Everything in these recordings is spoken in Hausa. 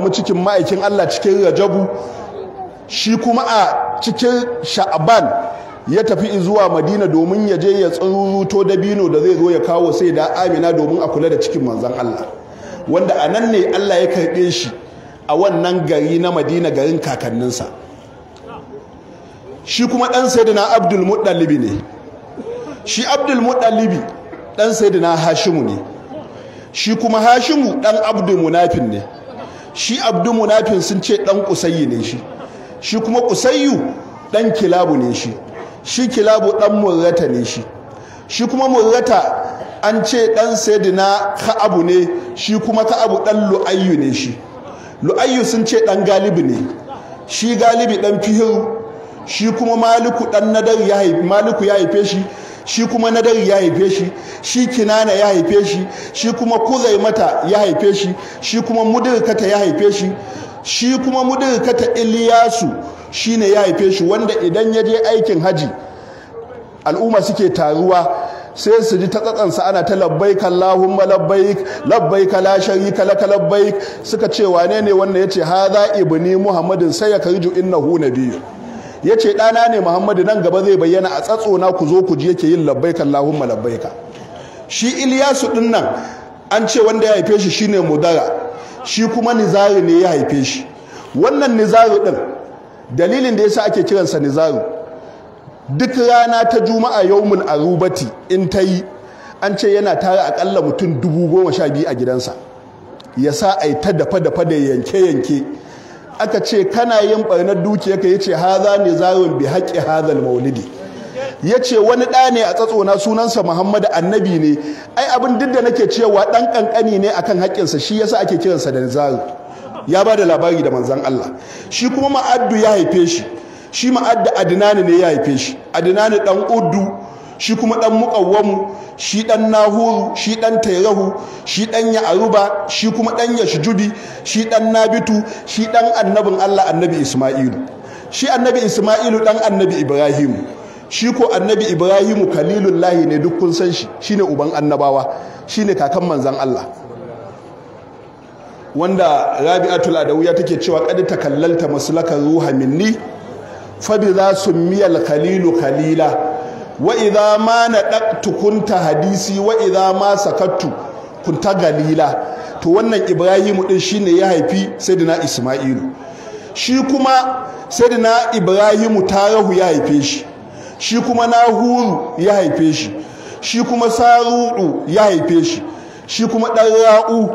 mu cikin ma'aikin Allah cikin Rajabu shi kuma a cikin Sha'aban ya tafi zuwa Madina domin ya je ya tsuruto dabino da zai zo ya kawo sai da Amina domin a kula da cikin manzon Allah wanda a nan ne Allah ya karɓe shi a wannan gari na Madina garin kakanninsa shi kuma ɗan Sayyidina Abdul Muttalibi ne shi Abdul Muttalibi ɗan Sayyidina Hashimu ne shi kuma Hashimu ɗan Abdul Munafin ne shi abdu munafin sun ce dan kusayyi ne shi shi kuma kusayyu dan kilabu ne shi shi kilabu dan murrata ne shi shi kuma murrata an ce dan ka ka'abu ne shi kuma ka'abu dan lu'ayyu ne shi lu'ayyu sun ce dan galibi ne shi galibi dan fihiru. shi kuma maliku dan nadar ya haife maliku ya haife shi shi kuma nadari ya haife shi shi kinana ya haife shi shi kuma mata ya haife shi shi kuma mudirkata ya haife shi shi kuma mudirkata iliyasu shi ne ya haife shi wanda idan ya je aikin haji al'umma suke taruwa sai su ji ta tsatsansa ana ta labbaik Allahumma labbaik labbai la sharika laka suka ce wane ne wannan yace hadha ibni muhammadin sai ya karju innahu biyu. ya ce ɗana ne muhammadu nan gaba zai bayyana a tsatso na ku zo ku ji yake yin labbaikan allahumma labbaika shi iliyasu ɗin nan an ce wanda ya haife shi shine mudara shi kuma nizaru ne ya haife shi wannan nizaru ɗin dalilin da ya sa ake kiransa nizaru duk rana ta juma'a a arubati in ta yi an ce yana tara akalla mutum dubu goma sha biyu a gidansa ya sa a yi ta dafa-dafa da yanke-yanke aka ce kana yin ɓarnar dukiya ka yace haza ne zarun bi haqqi hadal maulidi yace wani ɗa ne a tsatsona sunansa Muhammadu annabi ne ai abin duk da nake cewa ɗan kankani ne akan haƙƙinsa shi yasa ake kiransa da zarun ya ba da labari da manzan Allah shi kuma ma'addu ya haife shi shi ma'adda adinani ne ya haife shi adinani dan udu. shi kuma dan muqawwamu shi dan nahuru shi dan tayrahu shi dan aruba shi kuma dan shujubi shi dan nabitu shi dan annabin Allah annabi Isma'ilu shi annabi Isma'ilu dan annabi Ibrahim shi ko annabi Ibrahim kalilullahi ne duk kun san shi shine uban annabawa shine kakan manzan Allah wanda rabi'atul ya take cewa kad kallalta maslaka ruha minni fa bi za miyal khalilu khalila wa idza ma nadaktu kunta hadisi wa idza ma sakattu kunta galila to wannan ibrahim din shine ya haifi sayyidina isma'ilu shi kuma sayyidina ibrahimu tarahu ya haife shi shi kuma nahuru ya haife shi shi kuma saru'u ya haife shi shi kuma dan ra'u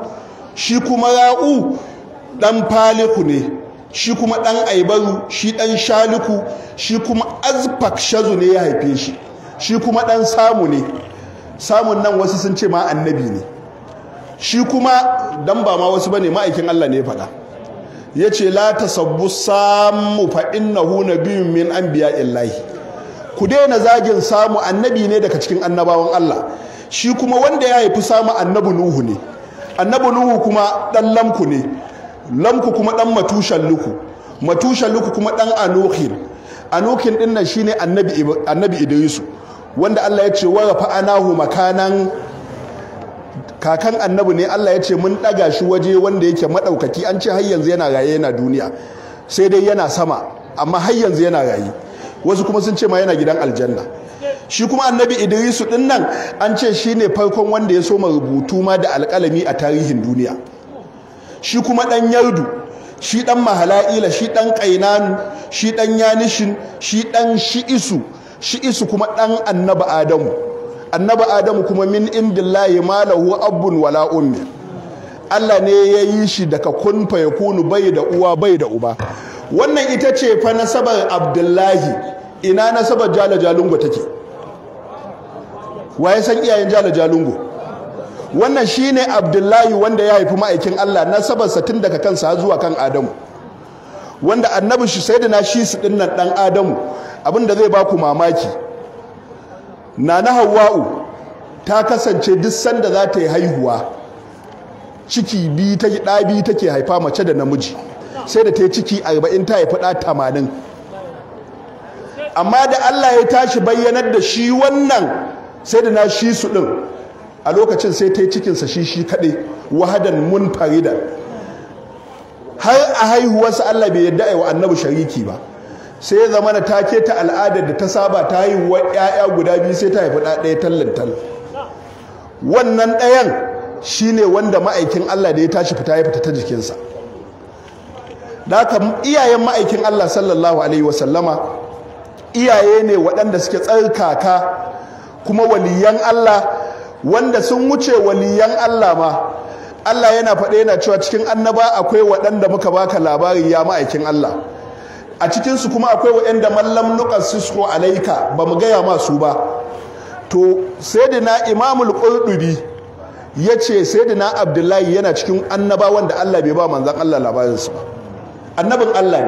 shi kuma ra'u dan faliku ne shi kuma dan aibaru shi dan shaliku shi kuma azfak shazu ne ya haife shi shi kuma ɗan samu ne samun nan wasu sun ce ma annabi ne shi kuma dan ba ma wasu bane ma'aikin Allah ne faɗa ya ce la tasabbu samu fa innahu nabiyyun min an biya illahi ku daina zagin samu annabi ne daga cikin annabawan Allah shi kuma wanda ya haifi samu annabi nuhu ne annabi nuhu kuma ɗan lamku ne lamku kuma ɗan matushan luku matushen luku kuma ɗan anokin anokin ɗinnan nan shine annabi annabi idrisu wanda Allah ya ce Anahu rafa'anahu makanan kakan annabi ne Allah ya ce mun ɗaga shi waje wanda yake maɗaukaki an ce har yanzu yana raye yana duniya sai dai yana sama amma har yanzu yana raye wasu kuma sun ce ma yana gidan aljanna shi kuma annabi idrisu din nan an ce shi ne farkon wanda ya soma rubutu ma da alƙalami a tarihin duniya shi kuma ɗan yardu shi ɗan mahala'ila shi ɗan ƙainanu shi ɗan yanishin shi ɗan shi'isu shi isu kuma ɗan annaba adamu annaba adamu kuma min indillahi malahu Abun wala ummi Allah ne ya yi shi daga kun fa kunu bai da uwa bai da uba wannan ita ce fa nasabar abdullahi ina nasabar jala jalungo take waye san iyayen jala jalungo wannan shine abdullahi wanda ya haifi ma'aikin Allah nasabarsa tun daga kansa zuwa kan adamu wanda annabin shi sai da na shi su dinnan dan adamu abinda zai ba ku mamaki na na hawa'u ta kasance duk sanda za ta yi haihuwa ciki bi ta ɗa ta take haifa mace da namiji sai da ta yi ciki arba'in ta haifi ɗa tamanin amma da allah ya tashi bayyanar da shi wannan sai da na shi su ɗin a lokacin sai ta yi cikinsa shi shi kaɗai wahadan mun farida har a haihuwarsa Allah bai yadda ai wa annabi shariki ba sai ya zama ta ta al'adar da ta saba ta haihuwar ƴaƴa guda biyu sai ta haifi ɗaya tallan wannan ɗayan shine wanda ma'aikin Allah da ya tashi fita ya fita ta jikinsa da haka iyayen ma'aikin Allah sallallahu alaihi wasallama iyaye ne waɗanda suke tsarkaka kuma waliyan Allah wanda sun wuce waliyan Allah ma Allah yana faɗe yana cewa cikin annaba akwai waɗanda muka baka labari ya ma'aikin Allah a cikinsu kuma akwai waɗanda mallam nuqassisu alaika ba mu gaya masu ba to saidina imamul qurdubi yace saidina abdullahi yana cikin annaba wanda Allah bai ba manzan Allah labarinsu annabin Allah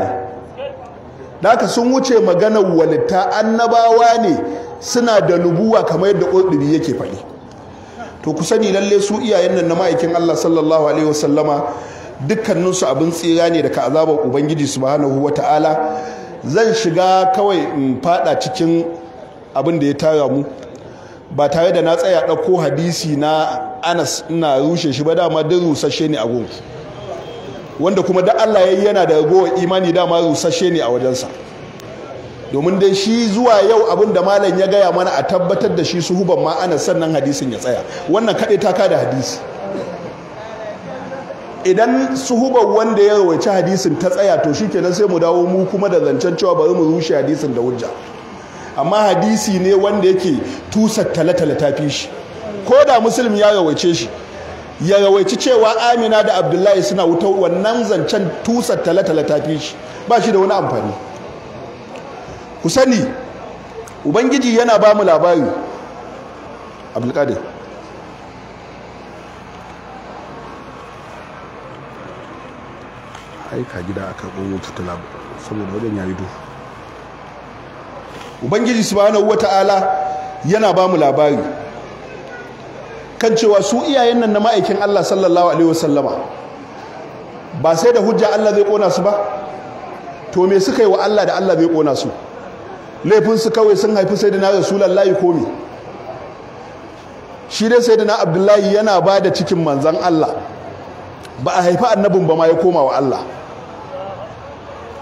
ne haka sun wuce maganar walitta annabawa ne suna da lubuwa kamar yadda ƙulɗubi yake faɗi to ku sani lalle su iyayen nan na ma'aikin Allah sallallahu alaihi wasallama dukkaninsu abin tsira ne daga azabar ubangiji subhanahu ta'ala, zan shiga kawai in fada cikin abin da ya tara mu ba tare da na tsaya ɗauko hadisi na anas ina rushe shi ba dama duk rusashe ne a wanda kuma da Allah ya yi yana da ragowar imani dama rusashe ne a wajensa domin dai shi zuwa yau abin da malam ya gaya mana a tabbatar da shi suhuban ma ana sannan hadisin ya tsaya wannan kaɗai ta da hadisi idan suhuban wanda ya rawaici hadisin ta tsaya to shi kenan sai mu dawo mu kuma da zancen cewa bari mu rushe hadisin da hujja amma hadisi ne wanda yake tusar talatala ta fi shi ko da musulmi ya rawaice shi ya rawaici cewa amina da abdullahi suna wuta wannan zancen tusar talatala ta fi shi ba shi da wani amfani ku sani ubangiji yana ba mu labari abdulkadir aika gida aka ɓoyo fitila saboda wajen yayi duhu ubangiji subhanahu wata'ala yana ba mu labari kan cewa su iyayen nan na ma'aikin Allah sallallahu alaihi wasallama ba sai da hujja Allah zai kona su ba to me suka yi wa Allah da Allah zai kona su laifinsu kawai sun haifi sai da na rasulallahi komi shi dai sai da na abdullahi yana ba da cikin manzan allah ba a haifi annabin ba ma ya koma wa allah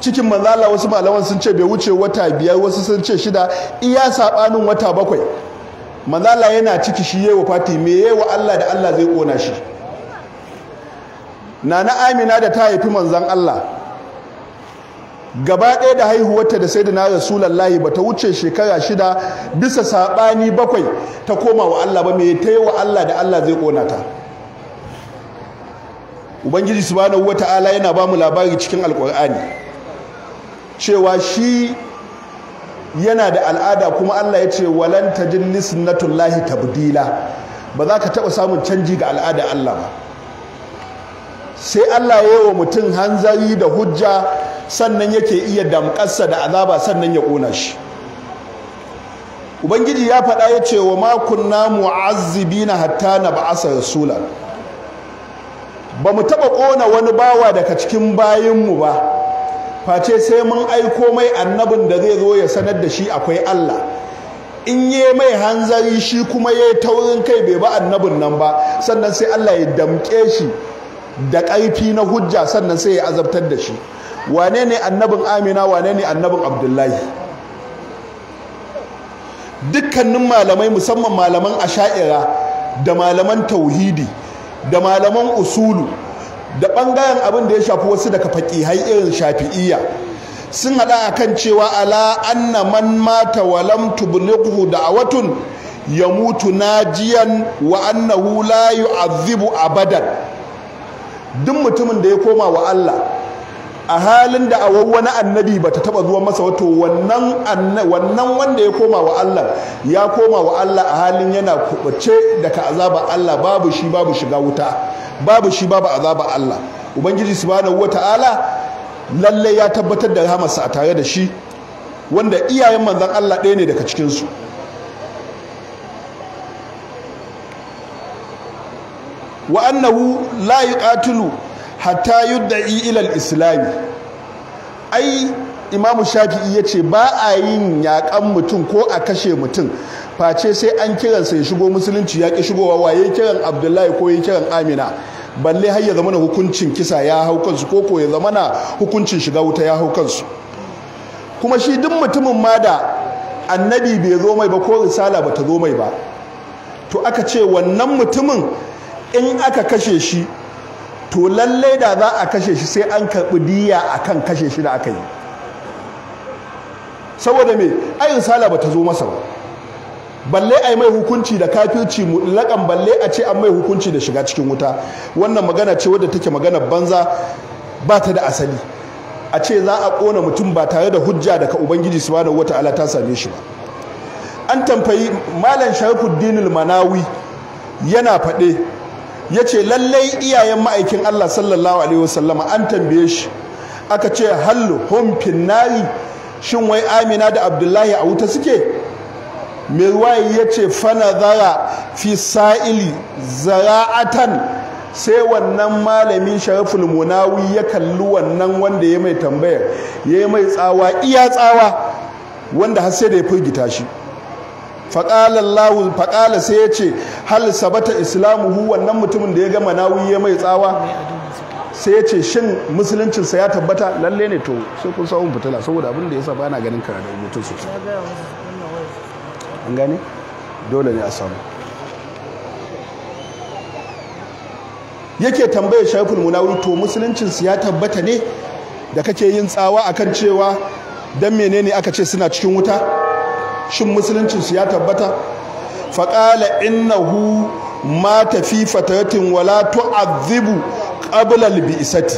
cikin manzan allah wasu malaman sun ce bai wuce wata biyar wasu sun ce shida iya saɓanin wata bakwai manzan allah yana ciki shi wa fati me wa allah da allah zai ƙona shi nana amina da ta haifi manzan allah gaba ɗaya da haihuwarta da sai na rasulallahi ba ta wuce shekara shida bisa saɓani bakwai ta koma wa Allah ba mai ta yi wa Allah da Allah zai ƙona ta ubangiji su wa ta'ala yana ba mu labari cikin alƙur'ani cewa shi yana da al'ada kuma Allah ya ce walan tullahi ta tabdila ba za ka taɓa samun canji ga al'ada Allah ba sai Allah ya yi wa mutum hanzari da hujja sannan yake iya damƙarsa da azaba sannan ya ƙona shi ubangiji ya faɗa ya ce wa makunna na hatta na ba'asa rasula ba mu taɓa ƙona wani bawa daga cikin bayinmu ba face sai mun aiko mai annabin da zai zo ya sanar da shi akwai allah in yi mai hanzari shi kuma ya yi taurin kai bai ba annabin nan ba sannan sai allah ya damƙe shi da ƙarfi na hujja sannan sai ya azabtar da shi wane ne annabin amina wane ne annabin abdullahi dukkanin malamai musamman malaman asha'ira da malaman tauhidi da malaman usulu da ɓangaren abin da ya shafi wasu daga faƙihai irin shafi'iyya sun haɗa a kan cewa ala anna man mata walam a watun ya mutu najiyan wa annahu la a abadan duk mutumin da ya koma wa Allah a halin da a wani annabi ba ta taba zuwa masa wato wannan wanda ya koma wa Allah ya koma wa Allah a halin yana kubace daga azaba Allah babu shi babu shiga wuta babu shi babu azaba Allah ubangiji subhanahu wata'ala lalle ya tabbatar da hamasa a tare da shi wanda iyayen manzon Allah ɗaya ne daga cikinsu. su wa annahu la yuqatilu hatta yudda'i ilal islami ai imamu shafi'i ya ce ba a yin yakan mutum ko a kashe mutum face sai an kiransa ya shigo musulunci ya ki shigowa waye kiran abdullahi ko ya kiran amina balle har ya zama na hukuncin kisa ya hau kansu ko ko ya zama na hukuncin shiga wuta ya hau kansu kuma shi duk mutumin ma da annabi bai zo mai ba ko risala ba ta zo mai ba to aka ce wannan mutumin in aka kashe shi to lallai da za a kashe shi sai an karɓi diya a kan kashe shi da aka yi saboda me ayin sala ba ta zo masa ba balle a yi mai hukunci da kafirci mutlaƙan balle a ce an mai hukunci da shiga cikin wuta wannan magana ce wadda take magana banza ba ta da asali a ce za a ƙona mutum ba tare da hujja daga ubangiji su wata ala ta same shi ba an tamfayi malam sharifuddin manawi yana faɗe ya ce lallai iyayen ma'aikin Allah sallallahu alaihi wasallama an tambaye shi aka ce hallu homfin finnari shin wai amina da abdullahi a wuta suke mai ya ce fana zara fi sa'ili zara'atan sai wannan malamin sharafin munawi ya kalli wannan wanda ya mai tambayar ya mai tsawa iya tsawa wanda har sai da ya firgita shi faƙala sai ya ce hal sabata islamuhu wannan mutumin da ya gama ya mai tsawa sai ya ce shin sa ya tabbata lalle ne to sai kun samu fitila saboda abin da ya ba na ganin karatu mutum sosai an gane dole ne a samu yake tambaye shaiful munawi to sa ya tabbata ne da kake yin tsawa akan cewa dan menene aka ce suna cikin wuta shin musuluncinsu ya tabbata faƙala innahu ma tafi wala tu'azzibu qabla bisati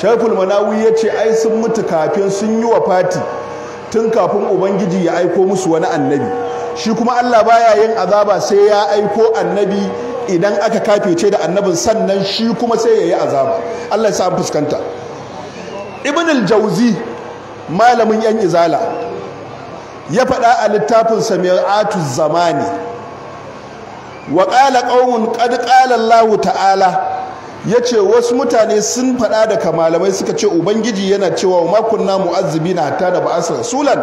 shaiful manawi yace ai sun mutu kafin sun yi wa fati tun kafin ubangiji ya aiko musu wani annabi shi kuma Allah baya yin azaba sai ya aiko annabi idan aka ce da annabin sannan shi kuma sai ya yi azaba Allah ya sa fuskanta ibn al-jauzi malamin yan izala ya faɗa a littafin samiyar Atus zamani wa ƙala ƙaunin ƙadƙalallahu ta'ala ya ce wasu mutane sun faɗa daga malamai suka ce ubangiji yana cewa wa makunna mu'azzabi na hatta da ba'asar rasulan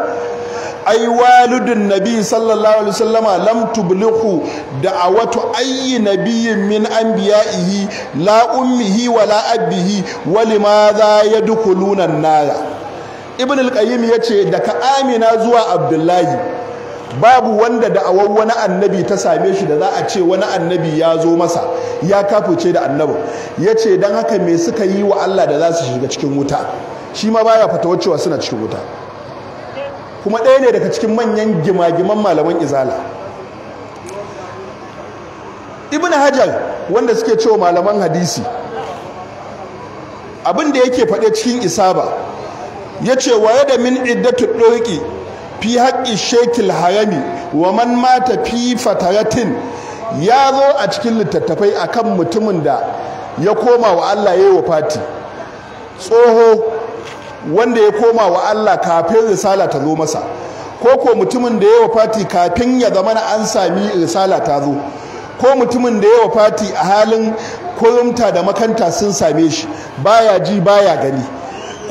ai walidun nabi sallallahu alaihi wasallama lam tublihu wato ayyina nabiyyin min anbiya'ihi la ummihi wala abbihi abihi za ya yadkhuluna an-nara ibn al-qayyim yace daga amina zuwa abdullahi babu wanda da'awar wani annabi ta same shi da za a ce wani annabi ya zo masa ya kafuce da annabin yace dan haka me suka yi wa Allah da za su shiga cikin wuta shi ma baya fatawar cewa suna cikin wuta kuma ɗaya ne daga cikin manyan gimagiman malaman izala ibn hajar wanda suke cewa malaman hadisi abin da yake faɗe cikin isaba ya ce waye da min iddatu ɗoki fi haƙƙi shekil hayami wa man mata fi fatayatin ya zo a cikin littattafai akan mutumin da ya koma wa Allah ya yi wa fati tsoho wanda ya koma wa Allah kafin risala ta zo masa ko ko mutumin da ya yi wa fati kafin ya zama na an sami risala ta zo ko mutumin da ya yi wa fati a halin kurumta da makanta sun same shi baya ji baya gani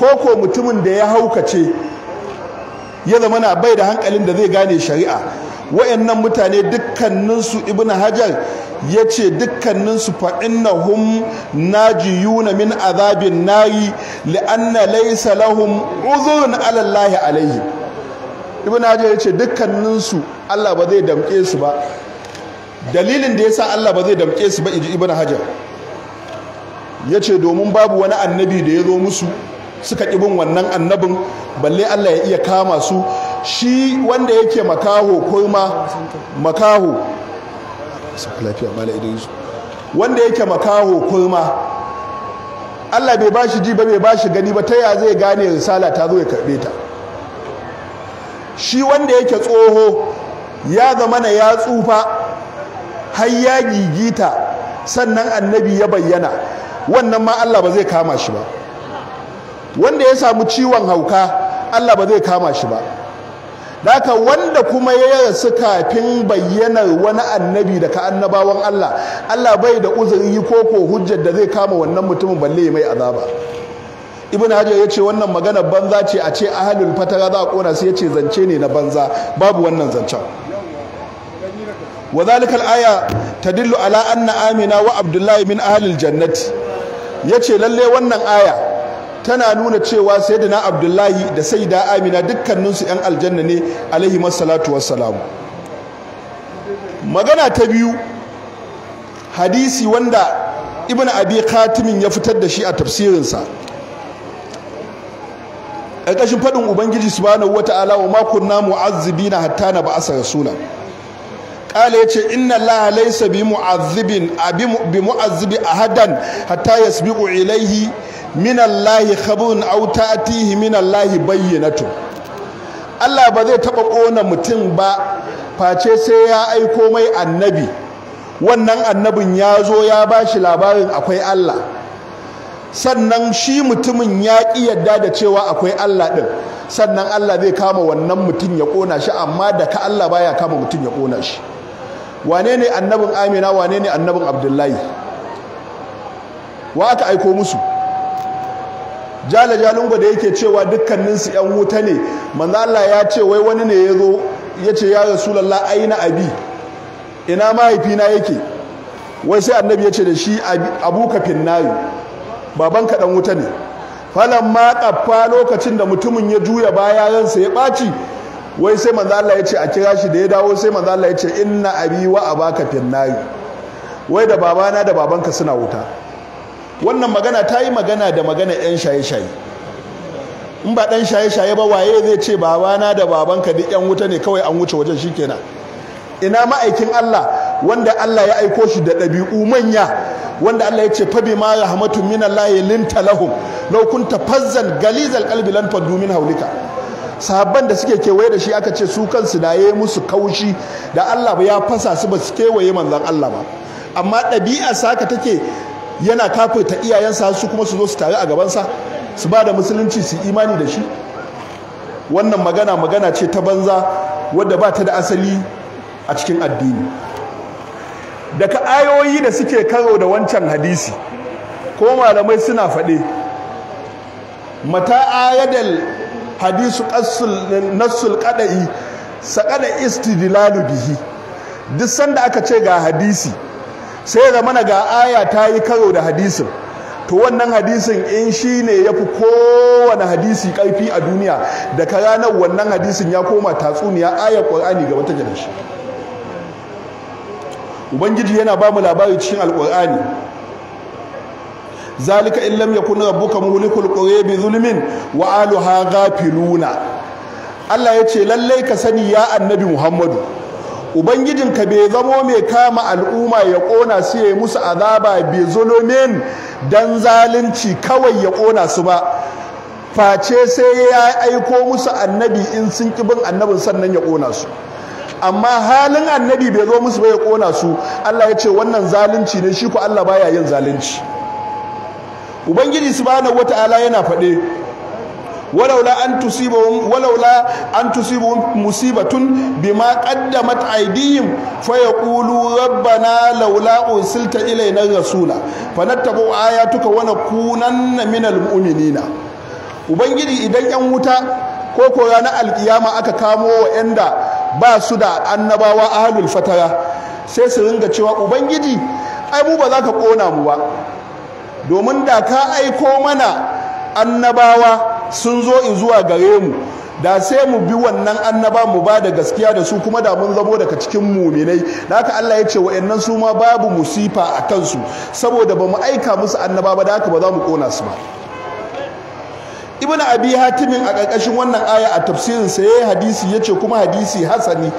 koko mutumin da ya haukace ya zama na bai da hankalin da zai gane shari'a wayannan mutane dukkaninsu Ibn hajar ya ce dukkaninsu fa'innahum yuna min azabin nari li'anna laisa lahum uzurin alallahi alaihi Ibn hajar ya ce dukkaninsu Allah ba zai damƙe su ba dalilin da ya sa Allah ba zai damƙe su ba inji ibn hajar ya ce domin babu wani annabi da ya zo musu suka ƙibin bin wannan annabin balle Allah ya iya kama su shi wanda yake makaho ko ma makaho wanda yake makaho ko ma Allah bai ba shi ji ba bai ba shi gani ba ta ya zai gane risala ta zo ya karbe ta shi wanda yake tsoho ya zama na ya tsufa har ya gigita sannan annabi ya bayyana wannan ma Allah ba zai kama shi ba wanda ya samu ciwon hauka Allah ba zai kama shi ba Daka wanda kuma ya rasu kafin bayyanar wani annabi daga annabawan Allah Allah bai da uzuri ko ko hujjar da zai kama wannan mutumin balle mai azaba ibn hajar ya ce wannan magana banza ce a ce halin fatara za a kona su ya ce zance ne na banza babu wannan zancen wa zalikal aya dillu ala anna amina wa abdullahi min ahalil jannati ya ce lalle wannan aya tana nuna cewa da na abdullahi da sayyida amina dukkaninsu yan aljanna ne alaihi masalatu wassalam magana ta biyu hadisi wanda ibn abi khatimin ya fitar da shi a tafsirinsa ƙarƙashin faɗin ubangiji subhanahu wata'ala wa ma kunna mu'azzibina hatta na ba'asa rasula قال يتي إن الله ليس بمعذب بمعذب أحدا حتى يسبق إليه minallahi khabun aw ta'tihi bayyana bayyinatu Allah ba zai taba kona mutum ba face sai ya aiko mai annabi wannan annabin ya zo ya ba shi labarin akwai Allah sannan shi mutumin ya ƙi yadda da cewa akwai Allah ɗin sannan Allah zai kama wannan mutum ya ƙona shi amma da ka Allah baya kama mutum ya ƙona shi wane ne annabin amina wane ne annabin abdullahi wa aka aiko musu jala jalungo da yake cewa dukkaninsu yan wuta ne manzo Allah ya ce wai wani ne ya zo ya ce ya rasulullah aina abi ina mahaifina yake wai sai annabi yace da shi abuka finnayu babanka dan wuta ne Falon ma kaffa lokacin da mutumin ya juya baya ransa ya ɓaci wai sai manzo Allah ya a kira shi da ya dawo sai manzo Allah ya ce inna abi wa abaka finnayu wai da babana da babanka suna wuta wannan magana ta yi magana da magana 'yan shaye-shaye in ba ɗan shaye-shaye ba waye zai ce babana da babanka duk 'yan wuta ne kawai an wuce wajen shikenan ina ma'aikin Allah wanda Allah ya aiko shi da ɗabi'u manya wanda Allah ya ce fabi ma rahmatu min Allah linta lahum law kunta fazzan galizal qalbi lan faddu min haulika sahabban da suke kewaye da shi aka ce su kansu da yayi musu kaushi da Allah ya fasa su ba su kewaye manzon Allah ba amma ɗabi'a saka take yana kafirta iyayensa su kuma su zo su tare a gabansa su ba da musulunci su imani da shi wannan magana magana ce ta banza wadda ba ta da asali a cikin addini daga ayoyi da suke karo da wancan hadisi ko malamai suna faɗe mata ayadal hadisu nassul sa kada istidlalu bihi duk sanda aka ce ga hadisi sai mana ga aya ta yi karo da hadisin to wannan hadisin in shi ne ya fi kowane hadisi karfi a duniya da ka ranar wannan hadisin ya koma tatsuniya ayar ƙwar'ani ga wata jana shi ubangiji yana ba mu labari cikin alƙwar'ani zalika in lam yakun rabbuka muhlikul qura bi zulmin wa aluha ghafiluna Allah ya ce lallai ka sani ya annabi Muhammadu ubangijinka bai zamo mai kama al'umma ya ƙona su ya yi musu azaba bai zulumin dan zalunci kawai ya ƙona su ba face sai ya aiko musu annabi in sun kibin bin annabin sannan ya kona su amma halin annabi bai zo musu ba ya ƙona su Allah ya ce wannan zalunci ne shi ku Allah baya yin zalunci ubangiji subhanahu wataala yana faɗe walaula an tusibahum walaula an tusibahum musibatun bima qaddamat aydihim fa yaqulu rabbana laula unsilta ilayna rasula fanattabu ayatuka wa nakunanna minal mu'minina ubangiji idan yan wuta ko ko ranar alkiyama aka kamo wa'anda ba su da annabawa ahlul fatara sai su ringa cewa ubangiji ai mu ba za ka kona mu ba domin da ka aiko mana annabawa sun zo in zuwa gare mu da sai mu bi wannan annaba mu ba da gaskiya da su kuma da mun zamo daga cikin muminai da haka Allah ya ce wa'annan su ma babu musifa a kansu saboda ba mu aika musu annaba ba da haka ba za mu kona su ba ibn abi hatimin a ƙarƙashin wannan aya a tafsirin sa yayi hadisi yace kuma hadisi hasani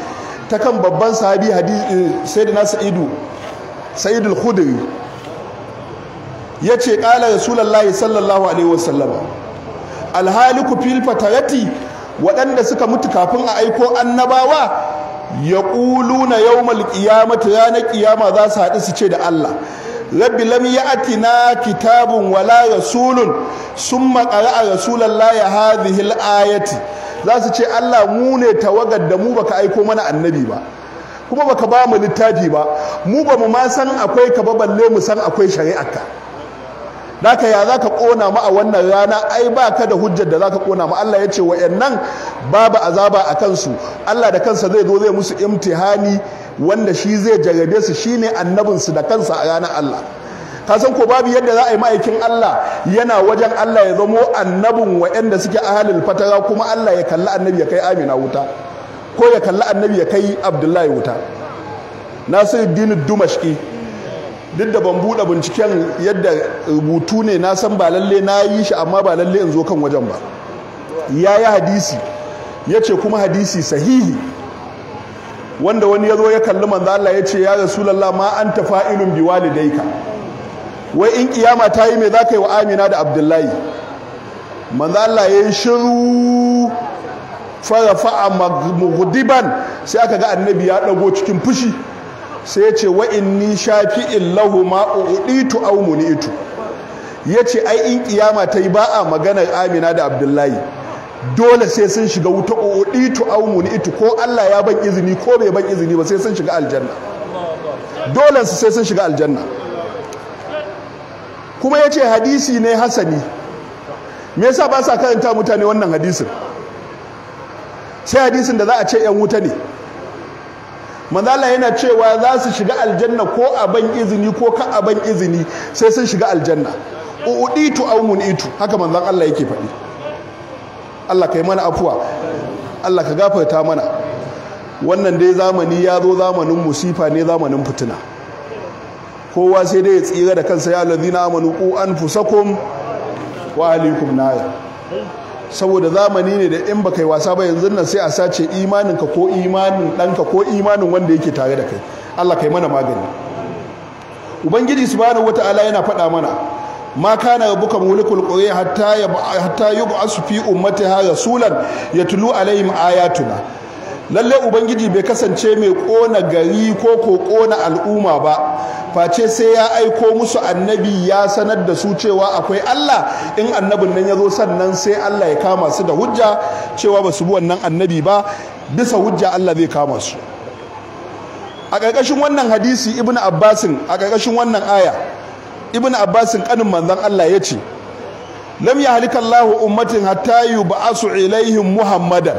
ta kan babban sahabi hadisi eh, sayyidina sa'idu sayyidul khudri yace qala rasulullahi sallallahu alaihi wasallam alhaliku fil fatarati waɗanda suka mutu kafin a aiko annabawa ya ƙuluna yawmal qiyamati ranar ƙiyama za su haɗu su ce da Allah rabbi lam ya na kitabun wala rasulun sun summa a rasulun laye ya ayati za su ce Allah mu ne tawagar da mu baka aiko mana annabi ba kuma baka ba mu littafi ba mu ba mu ma san akwai ka ba balle mu san akwai ka. Daka ya za ka ƙona mu a wannan rana ai ba ka da hujjar da za ka ƙona mu Allah ya ce wa'annan babu azaba a kansu Allah da kansa zai zo zai musu imtihani wanda shi zai jarabe su shi shine annabinsu da kansa a ranar Allah ka san ko babu yadda za a yi ma'aikin Allah yana wajen Allah ya zamo annabin wa'anda suke halin fatara kuma Allah ya kalli annabi ya kai Amina wuta ko ya kalli annabi ya kai Abdullahi wuta Nasiruddin Dumashki duk da ban buɗe binciken yadda rubutu ne na san ba lalle na yi shi amma ba lalle in zo kan wajen ba ya yi hadisi ya ce kuma hadisi sahihi wanda wani ya zo ya kalli manzo Allah ya ce ya rasulallah ma an ta fa'ilun bi walidaika wai in kiyama ta yi me za ka yi wa amina da abdullahi manzo Allah ya yi shiru a maghdiban sai aka ga annabi ya ɗago cikin fushi sai ce wa inni shafi'in lahu ma uditu aw ya yace ai in kiyama ta yi ba a magana Amina da Abdullahi dole sai sun shiga wuta uditu ni itu. ko Allah ya ban izini ko bai ban izini ba sai sun shiga aljanna dole su sai sun shiga aljanna kuma ya ce hadisi ne hasani me yasa ba sa karanta mutane wannan hadisin sai hadisin da za a ce yan wuta ne manzala yana cewa za su shiga aljanna ko a ban izini ko ka a ban izini sai sun shiga aljanna u'uditu aw munitu haka manzan Allah yake faɗi Allah ka yi mana afuwa Allah ka gafarta mana wannan dai zamani ya zo zamanin musifa ne zamanin fitina kowa sai dai ya tsira da kansa ya allazina amanu ku anfusakum wa alaikum naya. saboda zamani ne da in ba kai wasa ba yanzu nan sai a sace imaninka ko imanin ɗanka ko imanin wanda yake tare da kai Allah kai mana magani ubangiji subhanahu wata'ala yana faɗa mana ma kana rabbuka mulkul quri hatta hatta yub'asu fi ha rasulan yatlu alaihim ayatuna lalle ubangiji bai kasance mai kona gari ko ko kona al'umma ba face sai ya aiko musu annabi ya sanar da su cewa akwai Allah in annabin nan ya zo sannan sai Allah ya kama su da hujja cewa ba su bi wannan annabi ba bisa hujja Allah zai kama su a ƙarƙashin wannan hadisi ibn abbasin a ƙarƙashin wannan aya ibn abbasin kanin manzon Allah ya ce lam ya halika Allahu ummatin hatta ba'asu ilaihim muhammadan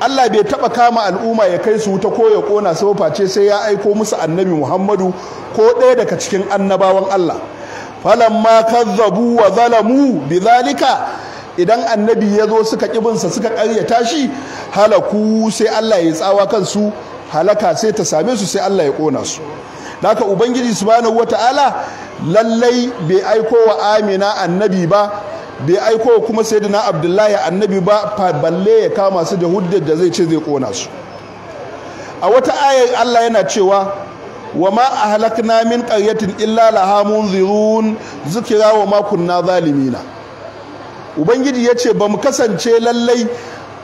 Allah bai taba kama al'umma ya kai su wuta ko ya kona su face sai ya aiko musu annabi Muhammadu ko ɗaya daga cikin annabawan Allah falamma kazzabu wa zalamu bizalika idan annabi ya zo suka ƙibinsa suka karyata shi halaku sai Allah ya tsawa kansu halaka sai ta same su sai Allah ya kona su haka ubangiji subhanahu lallai bai aiko wa amina annabi ba bai aiko kuma sai na abdullahi annabi ba balle ya kama su da huddar da zai ce zai kona su a wata ayar allah yana cewa wa ma a halakna min ƙaryatin illa laha zirun zikira wa ma na zalimina ubangiji ya ce ba mu kasance lallai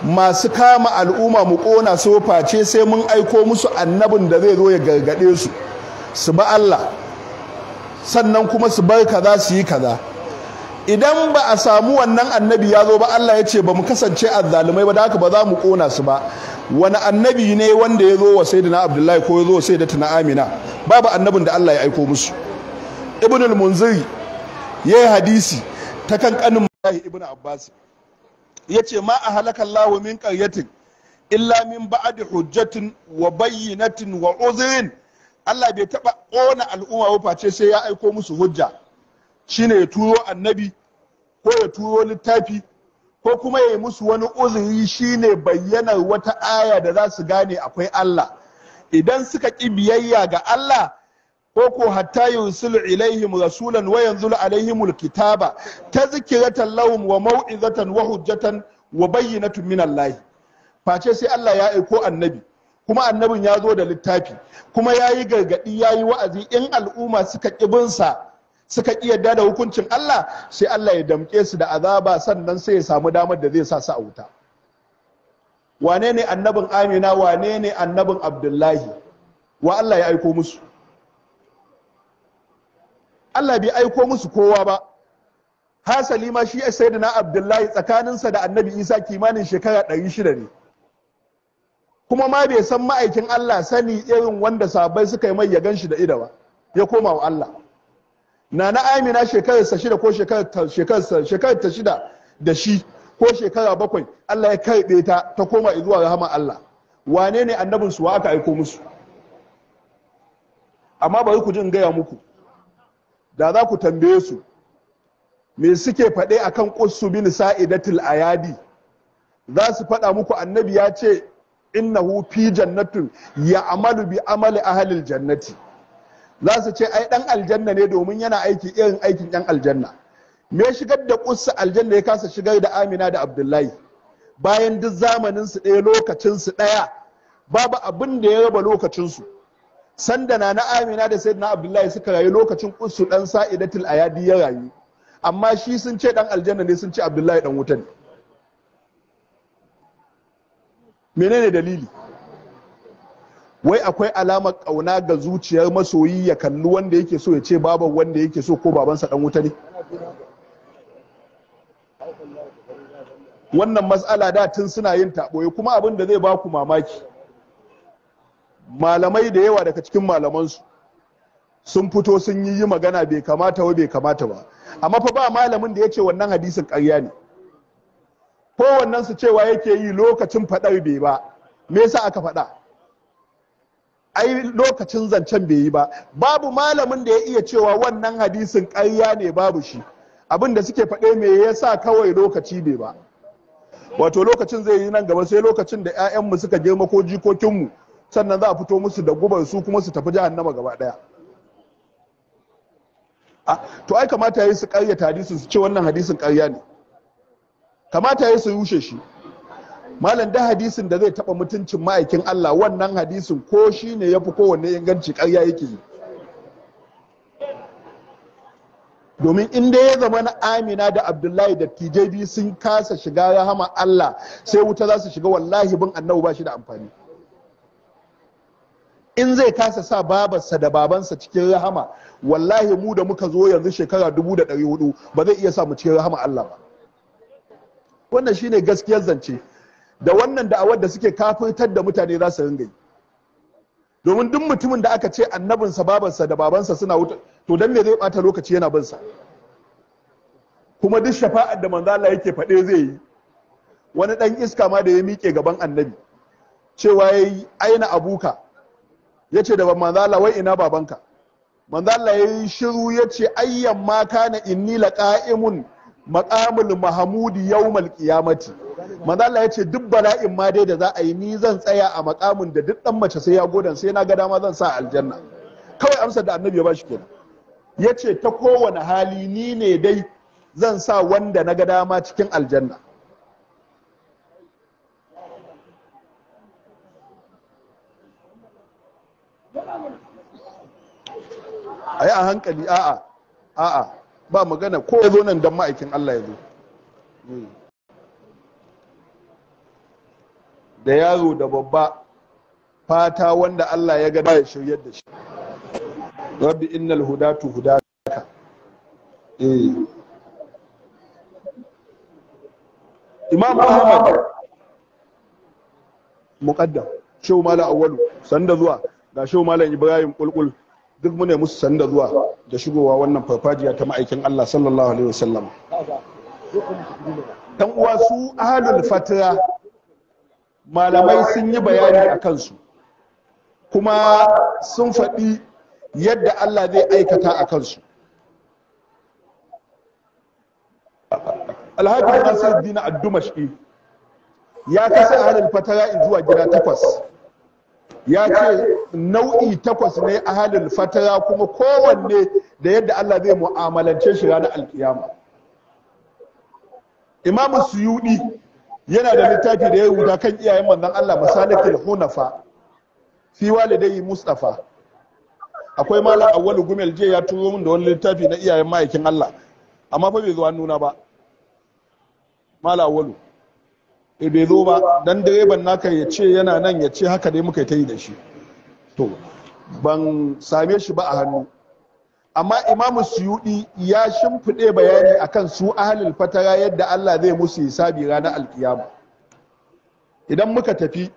masu kama al'umma mu kona su face sai mun aiko musu annabin da zai zo ya gargade su su ba allah sannan kuma su bar kaza su yi kaza idan ba a samu wannan annabi ya zo ba Allah ya ce ba mu kasance a azzalumai ba da haka ba za mu kona su ba wani annabi ne wanda ya zo wa sayyidina abdullahi ko ya zo wa tana amina babu annabin da Allah ya aiko musu ibnul munziri ya yi hadisi ta kan kanin mahi ibn abbas ya ce ma a halakan lawo min karyatin illa min ba'adi hujjatin wa bayyinatin wa uzirin Allah bai taɓa ƙona al'umma ba face sai ya aiko musu hujja shine ya turo annabi ko ya turo littafi ko kuma ya yi musu wani uzuri shine bayyanar wata aya da za su gane akwai Allah idan suka ƙi biyayya ga Allah ko ko hatta yursilu ilaihim rasulan wa yanzul alaihim ta tazkiratan lahum wa mau'izatan wa hujjatan wa bayyinatun min Allah face sai Allah ya aiko annabi kuma annabin ya zo da littafi kuma ya yi gargaɗi ya yi wa'azi in al'umma suka kibinsa suka ki yadda da hukuncin Allah sai Allah ya damke su da azaba sannan sai ya samu damar da zai sa su a wuta wane ne annabin Amina wane ne annabin Abdullahi wa Allah ya aiko musu Allah bai aiko musu kowa ba hasali ma shi na Abdullahi tsakaninsa da annabi Isa kimanin shekara ɗari shida ne kuma ma bai san ma'aikin Allah sani irin wanda sabai suka yi mai ya shi da ida ba ya koma wa Allah na na amina shekararsa shida ko shekarar ta shida da shi ko shekara bakwai Allah ya karɓe ta ta koma zuwa rahama Allah wane ne annabin su wa aka aiko musu amma bari ku jin gaya muku da za ku tambaye su me suke faɗe akan qussu bin sa'idatul ayadi za su faɗa muku annabi ya ce innahu fi jannatin ya amalu bi amali ahlil jannati za su ce ai dan aljanna ne domin yana aiki irin aikin yan aljanna me shigar da kusa aljanna ya kasa shigar da amina da abdullahi bayan duk zamanin su ɗaya lokacin su ɗaya babu abin da ya raba lokacin su sanda na na amina da na abdullahi suka rayu lokacin kusu dan sa'idatul ayadi ya rayu amma shi sun ce dan aljanna ne sun ce abdullahi dan wuta ne menene dalili wai akwai alamar ƙauna ga zuciyar masoyi ya kalli wanda yake so ya ce baban wanda yake so ko babansa dan wuta ne wannan matsala da tun suna yin taɓoye kuma abin da zai baku mamaki malamai da yawa daga cikin malamansu sun fito sun yi magana bai kamata ba bai kamata ba amma fa ba malamin da ya ce wannan hadisin karya ne ko wannan su cewa yake yi lokacin faɗar bai ba me yasa aka faɗa ai lokacin zancen bai yi ba babu malamin da ya iya cewa wannan hadisin ƙarya ne babu shi abin da suke faɗe me yasa kawai lokaci ne ba wato lokacin zai yi nan gaba sai lokacin da 'ya'yanmu suka girma ko jikokinmu sannan za a fito musu da gubar su kuma su tafi jahannama gaba daya to ai kamata ya yi su ƙaryata hadisin su ce wannan hadisin ƙarya ne kamata ya yi su rushe shi malam da hadisin da zai taba mutuncin ma'aikin Allah wannan hadisin ko shi ne ya fi kowanne inganci karya yake yi domin in dai ya zama na amina da abdullahi da biyu sun kasa shiga rahama Allah sai wuta za su shiga wallahi bin annabu ba shi da amfani in zai kasa sa babarsa da babansa cikin rahama wallahi mu da muka zo yanzu shekara dubu da ɗari ba zai iya sa mu cikin rahama Allah ba wannan shine gaskiyar zance da wannan da'awar da suke kafirtar da mutane za su ringa yi domin duk mutumin da aka ce annabinsa babansa da babansa suna wuta to dan me zai bata lokaci yana bin sa kuma duk shafa'ar da manzo Allah yake faɗe zai yi wani dan iska ma da ya miƙe gaban annabi cewa yayi aina abuka yace da manzo wai ina babanka manzo Allah yayi shiru yace ayyan ma kana inni laqa'imun maqamul mahmudi yawmal qiyamati manzo ya ce duk bala'in ma dai da za a yi ni zan tsaya a makamin da duk ɗan mace sai ya godan sai na ga dama zan sa aljanna kawai amsar da annabi ya bashi kenan ya ce ta kowane hali ni ne dai zan sa wanda na ga dama cikin aljanna a yi a hankali a'a a'a ba magana ko ya zo nan don ma'aikin Allah ya zo hmm. da yaro da babba fata wanda Allah ya gada ya shiryar da shi rabbi innal hudatu hudaka eh imam ahmad muqaddam shehu malam awwalu sanda zuwa ga shehu malam ibrahim kulkul duk mu ne musu sanda zuwa da shigowa wannan farfajiya ta ma'aikin Allah sallallahu alaihi wasallam dan uwa su ahlul fatira malamai sun yi bayani a kansu kuma sun faɗi yadda Allah zai aikata a kansu alhaji nasir dina addumashi ya kasa ahalin fatara zuwa gida takwas ya ce nau'i takwas ne a halin fatara kuma kowanne da yadda Allah zai mu'amalance shi ranar alkiyama Imamin suyudi yana da littafi da ya rubuta kan iyayen manzon Allah masalikul hunafa fi walidai mustafa akwai malam awwalu gumel je ya turo min da wani littafi na iyayen ma'aikin Allah amma fa bai zo nuna ba malam awwalu e bai zo ba dan direban naka ya ce yana nan ya ce haka dai muka yi ta yi da shi to ban same shi ba a hannu amma imamu suyudi ya shimfiɗe bayani akan su ahalil fatara yadda Allah zai musu hisabi ranar alkiyama idan muka tafi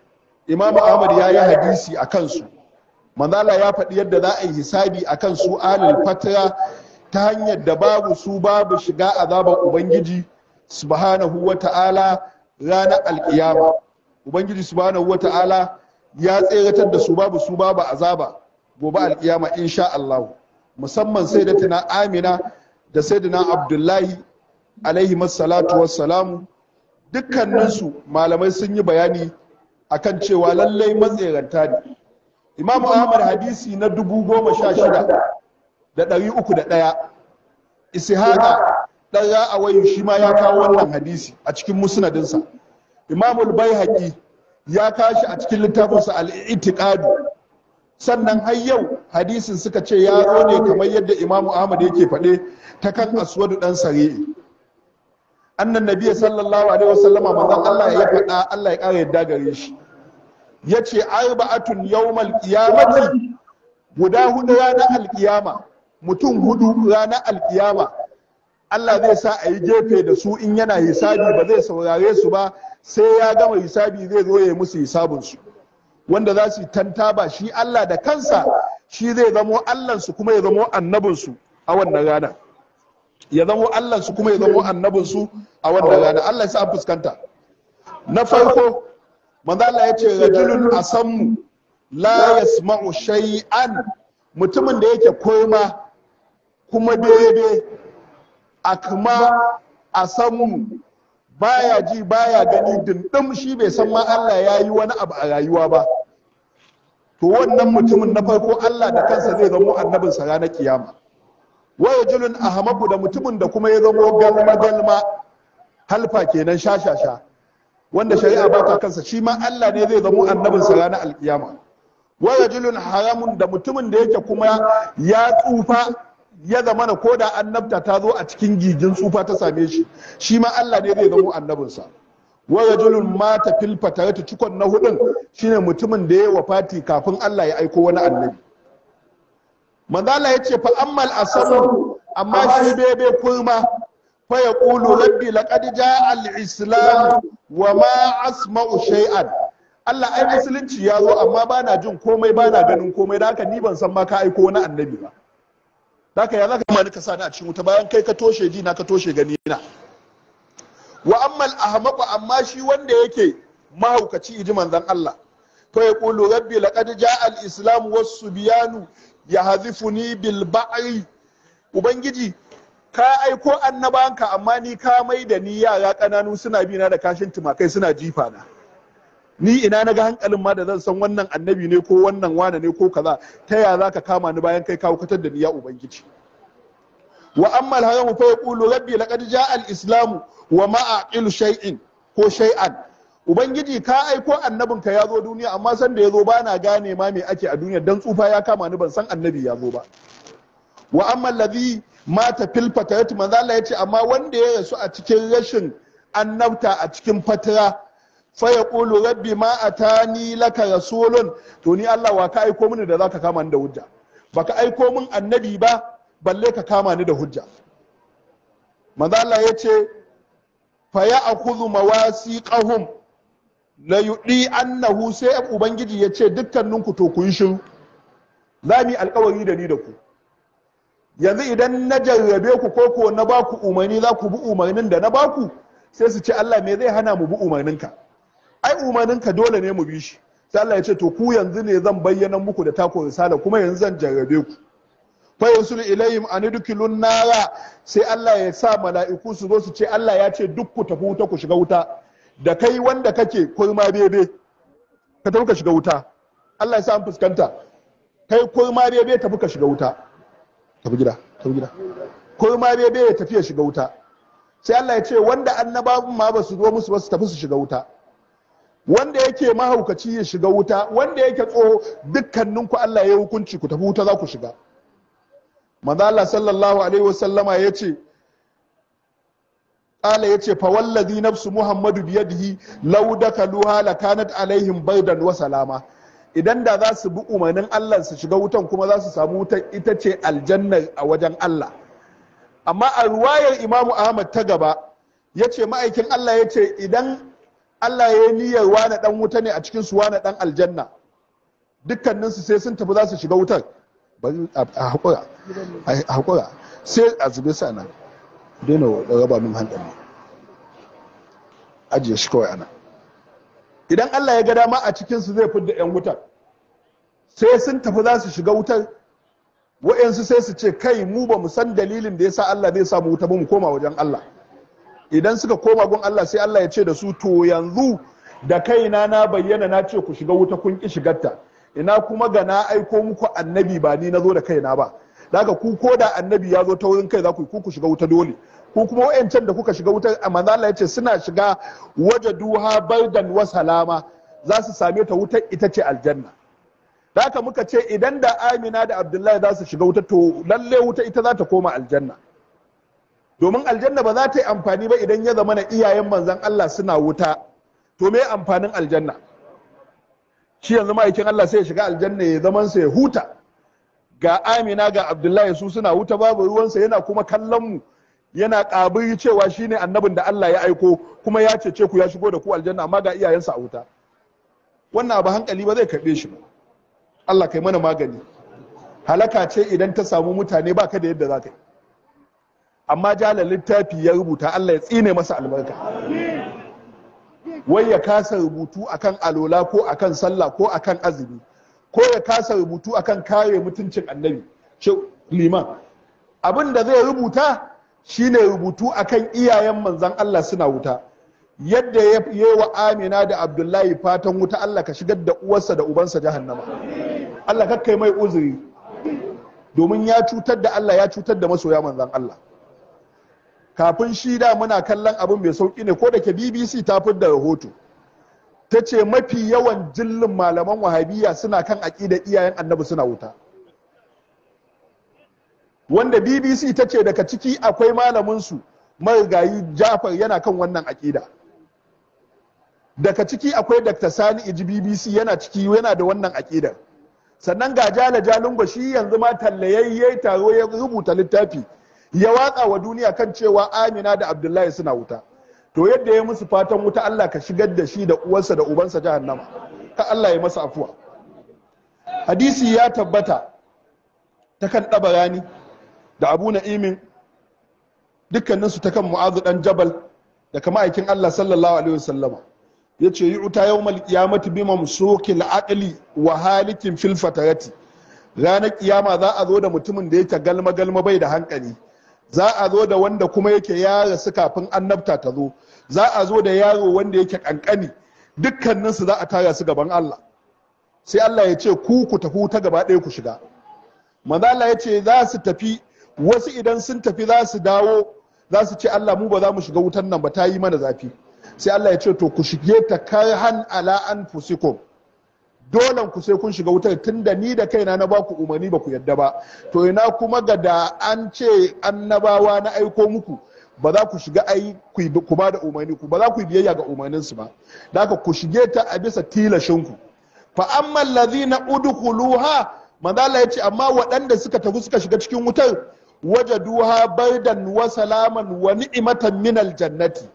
imamu ahmad ya yi hadisi a kansu manzala ya faɗi yadda za a yi hisabi akan su ahalil fatara ta hanyar da babu su babu shiga azabar ubangiji subhanahu wa ta'ala ranar alkiyama ubangiji subhanahu wa ta'ala ya tseratar da su babu su babu azaba gobe alkiyama insha Allah musamman sai da tana amina da sai da na abdullahi alaihi masalatu wassalamu dukkaninsu malamai sun yi bayani akan cewa lallai ranta ne imamu ahmad hadisi na dubu goma sha shida da ɗari uku da ɗaya ishaqa ɗan ra'awayi shi ma ya kawo wannan hadisi a cikin musnadinsa imamul bai ya kashi a cikin littafinsa al-itiqadu sannan har yau hadisin suka ce ya zo ne kamar yadda imamu ahmad yake faɗe ta kan aswadu dan sare. annan nabiya sallallahu alaihi wasallama manzon Allah ya faɗa Allah ya ƙara yadda gare shi yace arba'atun yawmal qiyamati guda hudu ranar alkiyama mutum hudu ranar alkiyama Allah zai sa a yi gefe da su in yana hisabi ba zai saurare su ba sai ya gama hisabi zai zo ya musu hisabinsu wanda za su tantaba shi Allah da kansa shi zai zamo Allahnsu kuma ya zamo annabinsu a wannan rana ya zamo Allahnsu kuma ya zamo annabinsu a wannan rana Allah ya sa an fuskanta na farko manzo Allah ya ce rajulun asammu la yasma'u shay'an mutumin da yake koma kuma daidai akma asammu baya ji baya gani dindim shi bai san ma Allah ya yi wani abu a rayuwa ba to wannan mutumin na farko Allah da kansa zai zamo annabinsa ranar kiyama wa yajulun ahmabu da mutumin da kuma ya zamo galma galma halfa kenan shashasha wanda shari'a ba ta kansa shi ma Allah ne zai zamo annabinsa ranar alkiyama wa yajulun haramun da mutumin da yake kuma ya tsufa ya zama na koda annabta ta zo a cikin gigin tsufa ta same shi shi ma Allah ne zai zama annabinsa wa rajulun mata fil fatarati cikon na hudun shine mutumin da ya Fati kafin Allah ya aiko wani annabi manzo ya ce fa ammal asabu amma shi bebe kurma fa yaqulu rabbi laqad jaa al islam wa ma asma'u shay'an Allah ai musulunci ya zo amma bana jin komai bana ganin komai da haka ni ban san ma ka aiko wani annabi ba zaka ya zaka ma ka sani a cikin wuta bayan kai ka toshe ji na ka toshe gani na wa ammal ahmaqu amma shi wanda yake mahaukaci iji manzon Allah ya qulu rabbi laqad jaa al islam was subyanu yahdhifuni bil ba'i ubangiji ka aiko annabanka amma ni ka mai da ni yara kananu suna bi na da kashin tumakai suna jifa na ni ina na ga hankalin ma da zan san wannan annabi ne ko wannan wane ne ko kaza ta ya za ka kama ni bayan kai kawo katar da ni ya ubangiji wa amma al fa yaqulu rabbi laqad jaa al-islamu wa ma aqilu shay'in ko shay'an ubangiji ka aiko annabin ka yazo duniya amma san da ya ba na gane ma me ake a duniya dan tsufa ya kama ni ban san annabi yazo ba wa amma alladhi mata fil fatayat manzo Allah yace amma wanda ya rasu a cikin rashin annabta a cikin fatara Faya Kulu, rabbi ma a ta ni laka rasulun to ni Allah wa ka aiko mini da zaka ka kama ni da hujja baka aiko min annabi ba balle ka kama ni da hujja manzo Allah ya ce fa ya akhudhu mawasiqahum la yudi annahu sai ubangiji yace ce dukkaninku to kun shiru za mu yi alkawari da ni da ku yanzu idan na jarrabe ku ko ko na ku umarni za ku bi umarnin da na ba ku, sai su ce Allah me zai hana mu bi ka. ai umarninka dole ne mu bi shi sai Allah ya ce to ku yanzu ne zan bayyana muku da tako risala kuma yanzu zan jarrabe ku fa yusul ilayhim an yudkilun nara sai Allah ya sa mala'iku su zo su ce Allah ya ce duk ku tafi wuta ku shiga wuta da kai wanda kake kurma bebe ka tafi ka shiga wuta Allah ya sa an fuskanta kai kurma bebe tafi ka shiga wuta tafi gida tafi gida kurma bebe ya tafi ya shiga wuta sai Allah ya ce wanda annabawan ma ba su zo musu ba su tafi su shiga wuta wanda yake mahaukaci ya shiga wuta wanda yake tsoho dukkaninku Allah ya hukunci ku tafi wuta za ku shiga manzo Allah sallallahu alaihi wasallama ya ce قال يتي فوالذي نفس محمد بيده لو دخلوها لكانت عليهم بيدا وسلاما idan da za su bi umarnin Allah su shiga wutan kuma za su samu wutan ita ce aljanna a wajen Allah amma a ruwayar Imam Ahmad ta gaba yace ma'aikin Allah yace idan Allah ya yi niyyar wane dan wuta ne a cikin su wane dan aljanna dukkanin su sai sun tafi za su shiga wutar a hakura sai a zube sana daina raba min hankali ajiye shi kawai ana idan Allah ya ga dama a cikin su zai fidda yan wutar sai sun tafi za su shiga wutar wa'yansu sai su ce kai mu ba mu san dalilin da yasa Allah zai samu wuta ba mu koma wajen Allah idan suka koma gun Allah sai Allah ya ce da su to yanzu da kaina na bayyana na ce ku shiga wuta kun ki shigarta ina kuma ga na aiko muku annabi ba ni na zo da kaina ba daga ku ko da annabi ya zo ta wurin kai za ku ku shiga wuta dole ku kuma wayancan da kuka shiga wuta amma Allah ya ce suna shiga waje duha bardan wa salama za su same ta wuta ita ce aljanna da ka muka ce idan da amina da abdullahi za su shiga wuta to lalle wuta ita za ta koma aljanna domin aljanna ba za ta yi amfani ba idan ya zama na iyayen manzan Allah suna wuta to me amfanin aljanna shi yanzu ma'aikin Allah sai ya shiga aljanna ya zaman sa ya huta ga Amina ga Abdullahi su suna wuta babu ruwansa yana kuma kallon mu yana kabiri cewa shine annabin da Allah ya aiko kuma ya cece ku ya shigo da ku aljanna amma ga iyayensa a wuta wannan abu hankali ba zai karbe shi ba Allah kai mana magani halaka ce idan ta samu mutane baka da yadda za ka yi amma jala littafi ya rubuta Allah ya tsine masa albarka wai ya kasa rubutu akan alola ko akan sallah ko akan azumi ko ya kasa rubutu akan kare mutuncin annabi liman abin da zai rubuta shine rubutu akan iyayen manzan Allah suna wuta yadda ya yi wa amina da abdullahi fatan wuta Allah ka shigar da uwarsa da ubansa jahannama Allah kakkai mai uzuri domin ya cutar da Allah ya cutar da masoya manzan Allah kafin shi da muna kallon abin mai sauki ne ko da ke bbc ta da rahoto ta ce mafi yawan jillin malaman wahabiyya suna kan aƙida iyayen annabi suna wuta wanda bbc ta ce daga ciki akwai malaminsu marigayi jafar yana kan wannan aƙida daga ciki akwai dr sani iji bbc yana ciki yana da wannan aƙidar sannan ga jala Jalingo shi yanzu ma tallayayye taro ya rubuta littafi ya watsa wa duniya kan cewa amina da abdullahi suna wuta to yadda ya musu fatan wuta allah ka shigar da shi da uwansa da ubansa jahannama ka allah ya masa afuwa hadisi ya tabbata ta kan rani, da abu na'imin dukkaninsu ta kan mu'azu dan jabal da kama aikin allah sallallahu alaihi wasallama ya ce yi uta yau mal kiyamati bi mamsukil aqli wa halikin fil fatarati ranar kiyama za a zo da mutumin da yake galma galma bai da hankali za a zo da wanda kuma yake ya su kafin annabta ta zo za a zo da yaro wanda yake kankani dukkaninsu za a tara su gaban Allah sai Allah ya ce ku ku tafi ta gaba ɗaya ku shiga Allah ya ce za su tafi wasu idan sun tafi za su dawo za su ce Allah mu ba za mu shiga wutan nan ba ta yi mana zafi sai Allah ya ce to ku shige ta karhan ala anfusikum dolan ku sai kun shiga wutar tun da ni da kaina na baku umarni ba ku yadda ba to ina kuma ga da an ce annabawa na aiko muku ba za ku shiga ai ku ba da umarni ku ba za ku biyayya ga umarnin su ba da haka ku shige ta a bisa tilashin ku fa amma allazina udkhuluha manzo Allah yace amma waɗanda suka tafi suka shiga cikin wutar wajaduha duha wa salaman wa ni'matan min aljannati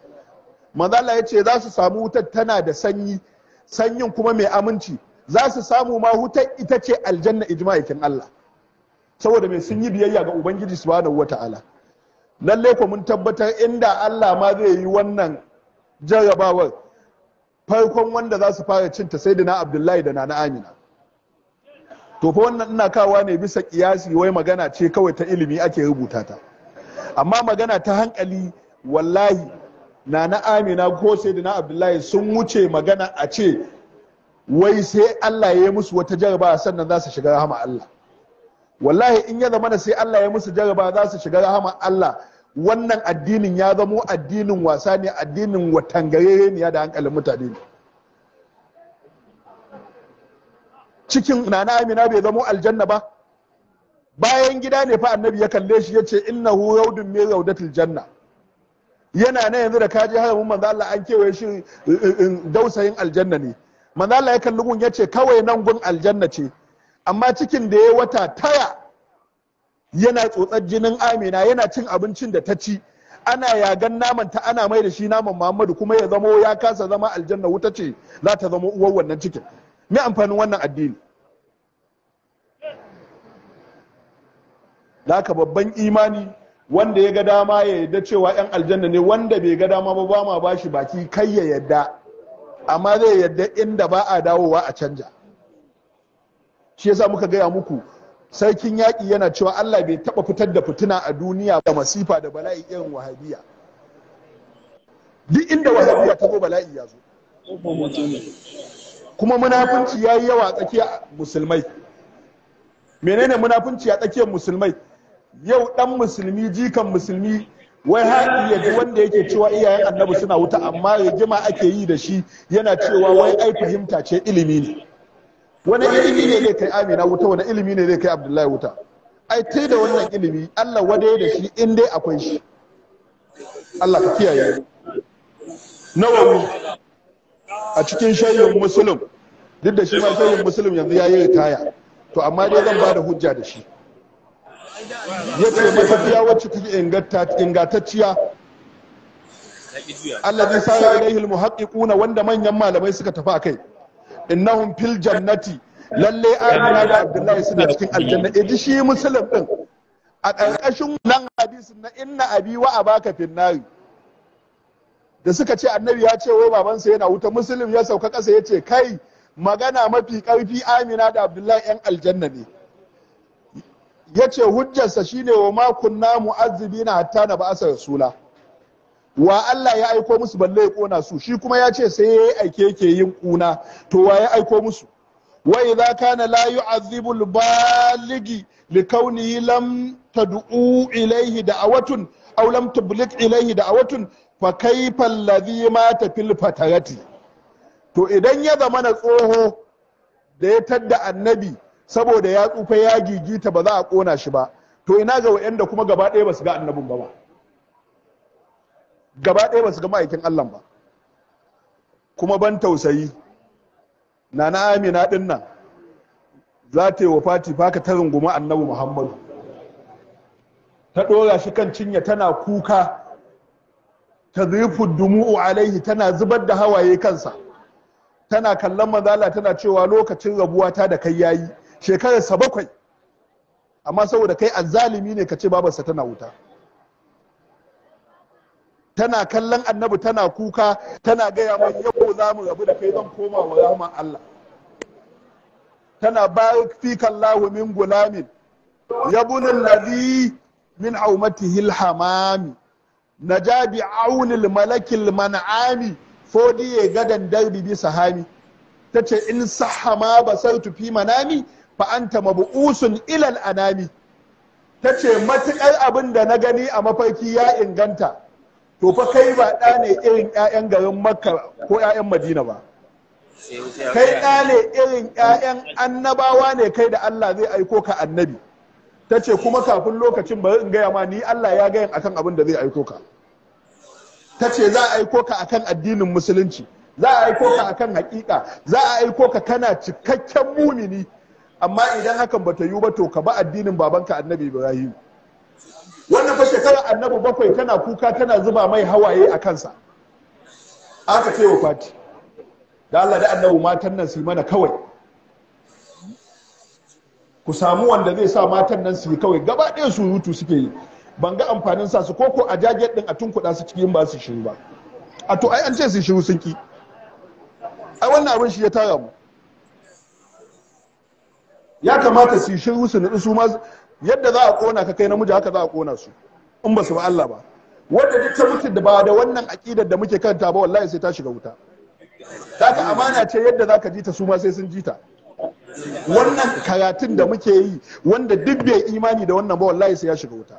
manzo Allah yace za su samu wutar tana da sanyi sanyin kuma mai aminci za su samu ma hutar ita ce aljanna ijma'ikin Allah saboda mai sun yi biyayya ga ubangiji subhanahu wata'ala lalle ko mun tabbatar inda Allah ma zai yi wannan jarrabawar farkon wanda za su fara cinta sai da na Abdullahi da na Amina to fa wannan ina kawa ne bisa kiyasi wai magana ce kawai ta ilimi ake rubuta ta amma magana ta hankali wallahi na na amina ko sai da na abdullahi sun wuce magana a ce wai sai Allah ya yi musu wata jaraba sannan za su shiga rahama Allah wallahi in ya zama sai Allah ya musu jaraba za su shiga rahama Allah wannan addinin ya zamo addinin wasa ne addinin watangarere ne da hankalin mutane cikin nana amina bai zamo aljanna ba bayan gida ne fa annabi ya kalle shi ya ce hu raudun mai raudatul janna yana na yanzu da kaji haramun manzo Allah an kewaye shi eh, eh, eh, dausayin aljanna ne manzo Allah ya kalli gun ce kawai nan gun aljanna ce amma cikin da ya wata taya yana tsotsar jinin Amina yana cin abincin da ta ci ana yagan naman ta ana mai da shi naman Muhammadu kuma ya zama ya kasa zama aljanna wuta ce za ta zama uwar wannan cikin me amfanin wannan addini haka babban imani wanda ya ga dama ya yadda cewa 'yan aljanna ne wanda bai ga dama ba ba ma bashi baki kai ya yadda amma zai yadda inda ba a dawowa a canja shi yasa muka gaya muku sarkin yaƙi yana cewa Allah bai taɓa fitar da fitina a duniya da masifa da bala'i irin wahabiya duk inda wahabiya ta zo bala'i ya zo kuma munafunci ya yi yawa a tsakiyar musulmai menene munafunci a tsakiyar musulmai yau ɗan musulmi jikan musulmi wai har iya ji wanda yake cewa iyayen annabi suna wuta amma rigima ake yi da shi yana cewa wai ai fahimta ce ilimi ne wani ilimi ne zai kai amina wuta wani ilimi ne zai kai abdullahi wuta ai te da wannan ilimi allah wade da shi in dai akwai shi allah ka kiyaye nawawi a cikin shayin musulun duk da shi ma shayin musulun yanzu ya yi ritaya to amma dai zan ba da hujja da shi ya ce matafiya wacce take ingantacciya Allah zai sa ilaihi almuhaqqiquna wanda manyan malamai suka tafi akai innahum fil jannati lalle amina da abdullahi suna cikin aljanna e, ji shi musulun din a ƙarƙashin nan hadisin na inna abi wa abaka finnari da suka ce annabi ya ce wai babansa yana wuta musulun ya sauka ƙasa ya ce kai magana mafi ƙarfi amina da abdullahi yan aljanna ne ya ce hujjarsa ne wa makon namu azibi na hatta na ba asa rasula wa Allah ya aiko musu balle ya kona su shi kuma ya ce sai ya aike ke yin kuna to wa ya aiko musu wa idza kana la yu'azzibu al-baligi likaunihi lam tad'u ilayhi da'awatun aw lam tublik ilayhi da'awatun fa kayfa alladhi mata fil fatarati to idan ya zama na tsoho da ya tadda annabi saboda ya tsufa ya gigita ba za a kona shi ba to ina ga wa'anda kuma gaba ɗaya ba su ga annabin ba gaba ɗaya ba su ga ma'aikin Allah ba kuma ban tausayi na na amina ɗin nan za ta yi wa fati faka ta runguma annabi muhammadu ta ɗora shi kan cinya tana kuka ta zirfu dumu'u alaihi tana zubar da hawaye kansa tana kallon mazala tana cewa lokacin rabuwa ta da kai yayi shekararsa bakwai amma saboda kai azzalimi ne ka ce babarsa tana wuta tana kallon annabi tana kuka tana gaya mai yau za mu rabu da kai zan koma wa rahman Allah tana ba fika Allahu min gulamin yabun alladhi min aumatihi alhamami naja bi aunil malakil man'ami fodiye gadan darbi bi sahami tace in sahama basartu fi manami Fa'anta anta mabu'usun ilal anami ta ce matuƙar abin da na gani a mafarki ya inganta to fa kai ba ɗa ne irin 'ya'yan garin makka ko 'ya'yan madina ba kai ɗa ne irin 'ya'yan annabawa ne kai da allah zai aiko ka annabi ta ce kuma kafin lokacin bari in gaya ma ni allah ya gayan akan abin da zai aiko ka ta ce za a aiko ka akan addinin musulunci za a aiko ka akan hakika za a aiko ka kana cikakken mumini amma idan hakan ba ta yiwu ba to ka ba addinin babanka annabi ibrahim wannan fa shekara annabi bakwai tana kuka tana zuba mai hawaye a kansa aka ce wa fati da Allah da annabi matan nan su mana kawai ku samu wanda zai sa matan nan su yi kawai gaba ɗaya surutu suke yi ban ga amfanin sa su koko a jage din a tunkuɗa su cikin ba su shiru ba a to ai an ce su shiru sun ki ai wannan abin shi ya tara mu ya kamata su shiru su nutsu su ma yadda za a kona ka kai namiji haka za a kona su in ba su ba Allah ba wanda duk ta mutu da ba da wannan aqidar da muke kanta ba wallahi sai ta shiga wuta ta amana ce yadda za ka ji ta su ma sai sun ji ta wannan karatun da muke yi wanda duk bai imani da wannan ba wallahi sai ya shiga wuta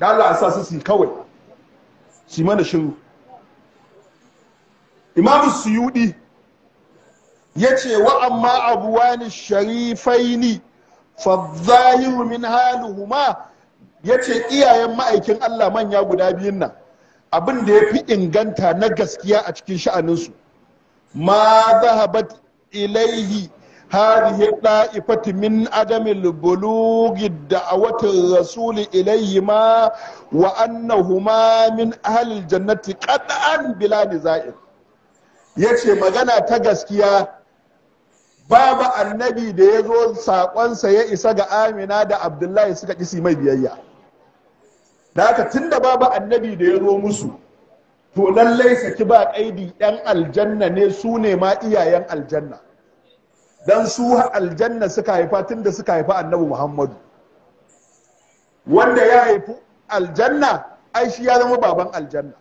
Allah a sa su su kawai shi mana shiru imamu suyudi ya ce wa amma abuwani sharifaini fadzahiru min haluhuma ya ce iyayen ma'aikin Allah manya guda biyun nan abin da ya fi inganta na gaskiya a cikin sha'aninsu ma zahabat ilaihi هذه الطائفة من عدم البلوغ الدعوة na إليهما وأنهما من أهل jannati قطعا bila نزاع yace magana ta gaskiya babu annabi da ya zo saƙonsa ya isa ga amina da abdullahi suka kisi mai biyayya da haka tun da babu annabi da ya zo musu to lallai saki ba ƙaidi ɗan aljanna ne su ne ma iyayen aljanna Don su aljanna suka haifa tun da suka haifa annabi muhammadu wanda ya haifi aljanna ai shi ya zama baban aljanna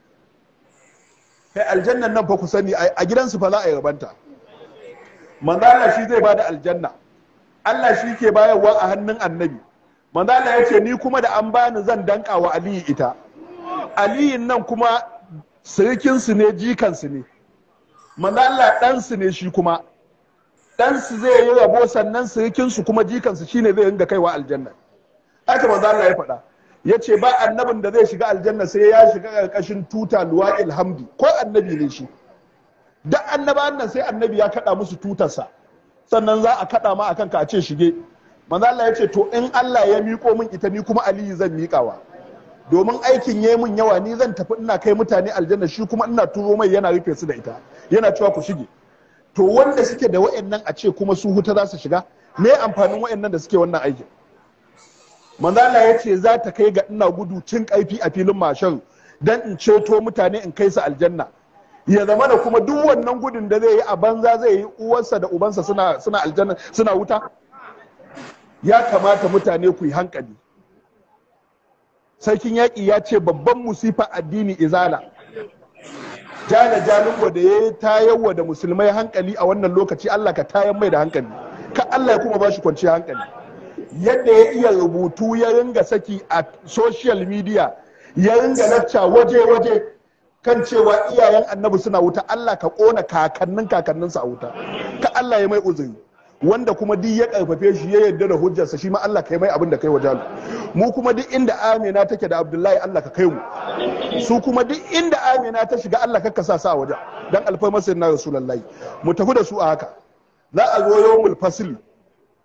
kai aljannan nan fa ku sani a gidansu fa za a yi rabanta manzo shi zai bada aljanna Allah shi ke bayarwa a hannun annabi manzo Allah ya ce ni kuma da an bani zan danka wa aliyu ita aliyin nan kuma sirikinsu ne jikansu ne manzo Allah ɗansu ne shi kuma ɗansu zai yi rabo sannan sirikinsu kuma jikansu shine zai ringa kaiwa aljanna Aka manzo ya faɗa ya ce ba annabin da zai shiga aljanna sai ya shiga ƙarƙashin tuta luwa ilhamdi ko annabi ne shi duk annabawan nan sai annabi ya kaɗa musu tutarsa sannan za a kaɗa ma akan ka a ce shige manzo Allah ya ce to in Allah ya miko min ita ni kuma aliyu zan miƙawa domin aikin yayi mun yawa ni zan tafi ina kai mutane aljanna shi kuma ina turo mai yana rufe su da ita yana cewa ku shige to wanda suke da wa'annan a ce kuma su huta za su shiga me amfanin wa'annan da suke wannan aikin manzo Allah ya ce za ta kai ga ina gudu cin kaifi a filin mashar dan in ceto mutane in kai su aljanna ya zama da kuma duk wannan gudun da zai yi a banza zai yi uwarsa da ubansa suna aljanna suna wuta ya kamata mutane ku yi hankali sarkin yaƙi ya ce babban musifa addini izala jana janin da ya tayarwa da musulmai hankali a wannan lokaci allah ka tayar mai da hankali ka allah ya kuma ba shi kwanciyar hankali yadda ya iya rubutu ya ringa saki a social media ya ringa lacca waje-waje kan cewa iyayen annabi suna wuta Allah ka kona kakannin kakanninsa a wuta ka Allah ya mai uzuri wanda kuma duk ya karfafe shi ya yarda da hujjarsa shi ma Allah ka yi mai abin da kai wajen mu kuma duk inda Amina take da Abdullahi Allah ka kai mu su kuma duk inda Amina ta shiga Allah ka sa sa wajen dan alfarmar rasu Rasulullahi mu tafi da su a haka za a zo yawmul fasl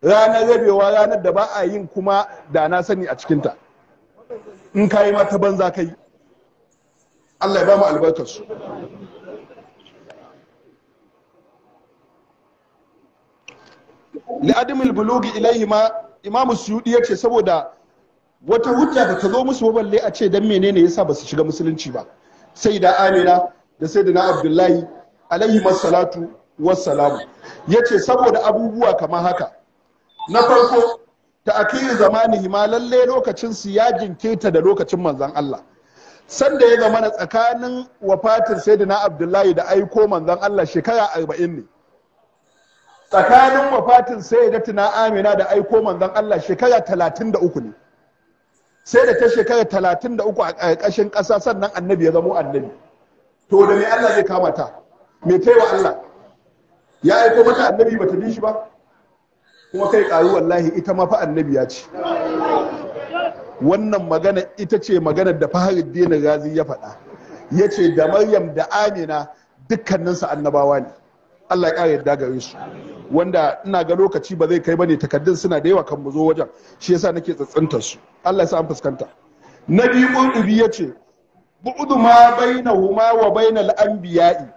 ranar rabewa ranar da ba a yin kuma da na sani a cikinta in ka yi mata banza kai Allah ya ba mu albarkarsu li'adimul bulugi ilaihi ma imamu suyudi yace saboda wata hujja da ta zo musu balle a ce dan menene yasa ba su shiga musulunci ba sai da amina da sai da na abdullahi alaihi masalatu wassalamu yace saboda abubuwa kamar haka na farko ta akiri zamani ma lalle lokacin su ya jinkirta da lokacin manzon Allah sanda ya gama na tsakanin wafatin sayyidina abdullahi da aiko manzon Allah shekara arba'in ne tsakanin wafatin sayyidatina amina da aiko manzon Allah shekara talatin da uku ne sai da ta shekara talatin da uku a ƙarƙashin ƙasa sannan annabi ya zamo annabi to da me Allah zai kama ta me ta wa Allah ya aiko mata annabi bata bi shi ba kuma kai ƙaru wallahi ita ma fa annabi ya ce wannan magana ita ce magana da Fakhruddin Razi ya faɗa ce da Maryam da Amina dukkaninsu annabawa ne Allah ya yadda yarda gare su wanda ina ga lokaci ba zai kai ba ne, takaddun suna da yawa kan muzo wajen shi yasa nake tsatsinta su Allah ya sa an fuskanta na biyu ƙurɗubi ya ce bu'udu ma baina huma wa baina al'anbiya'i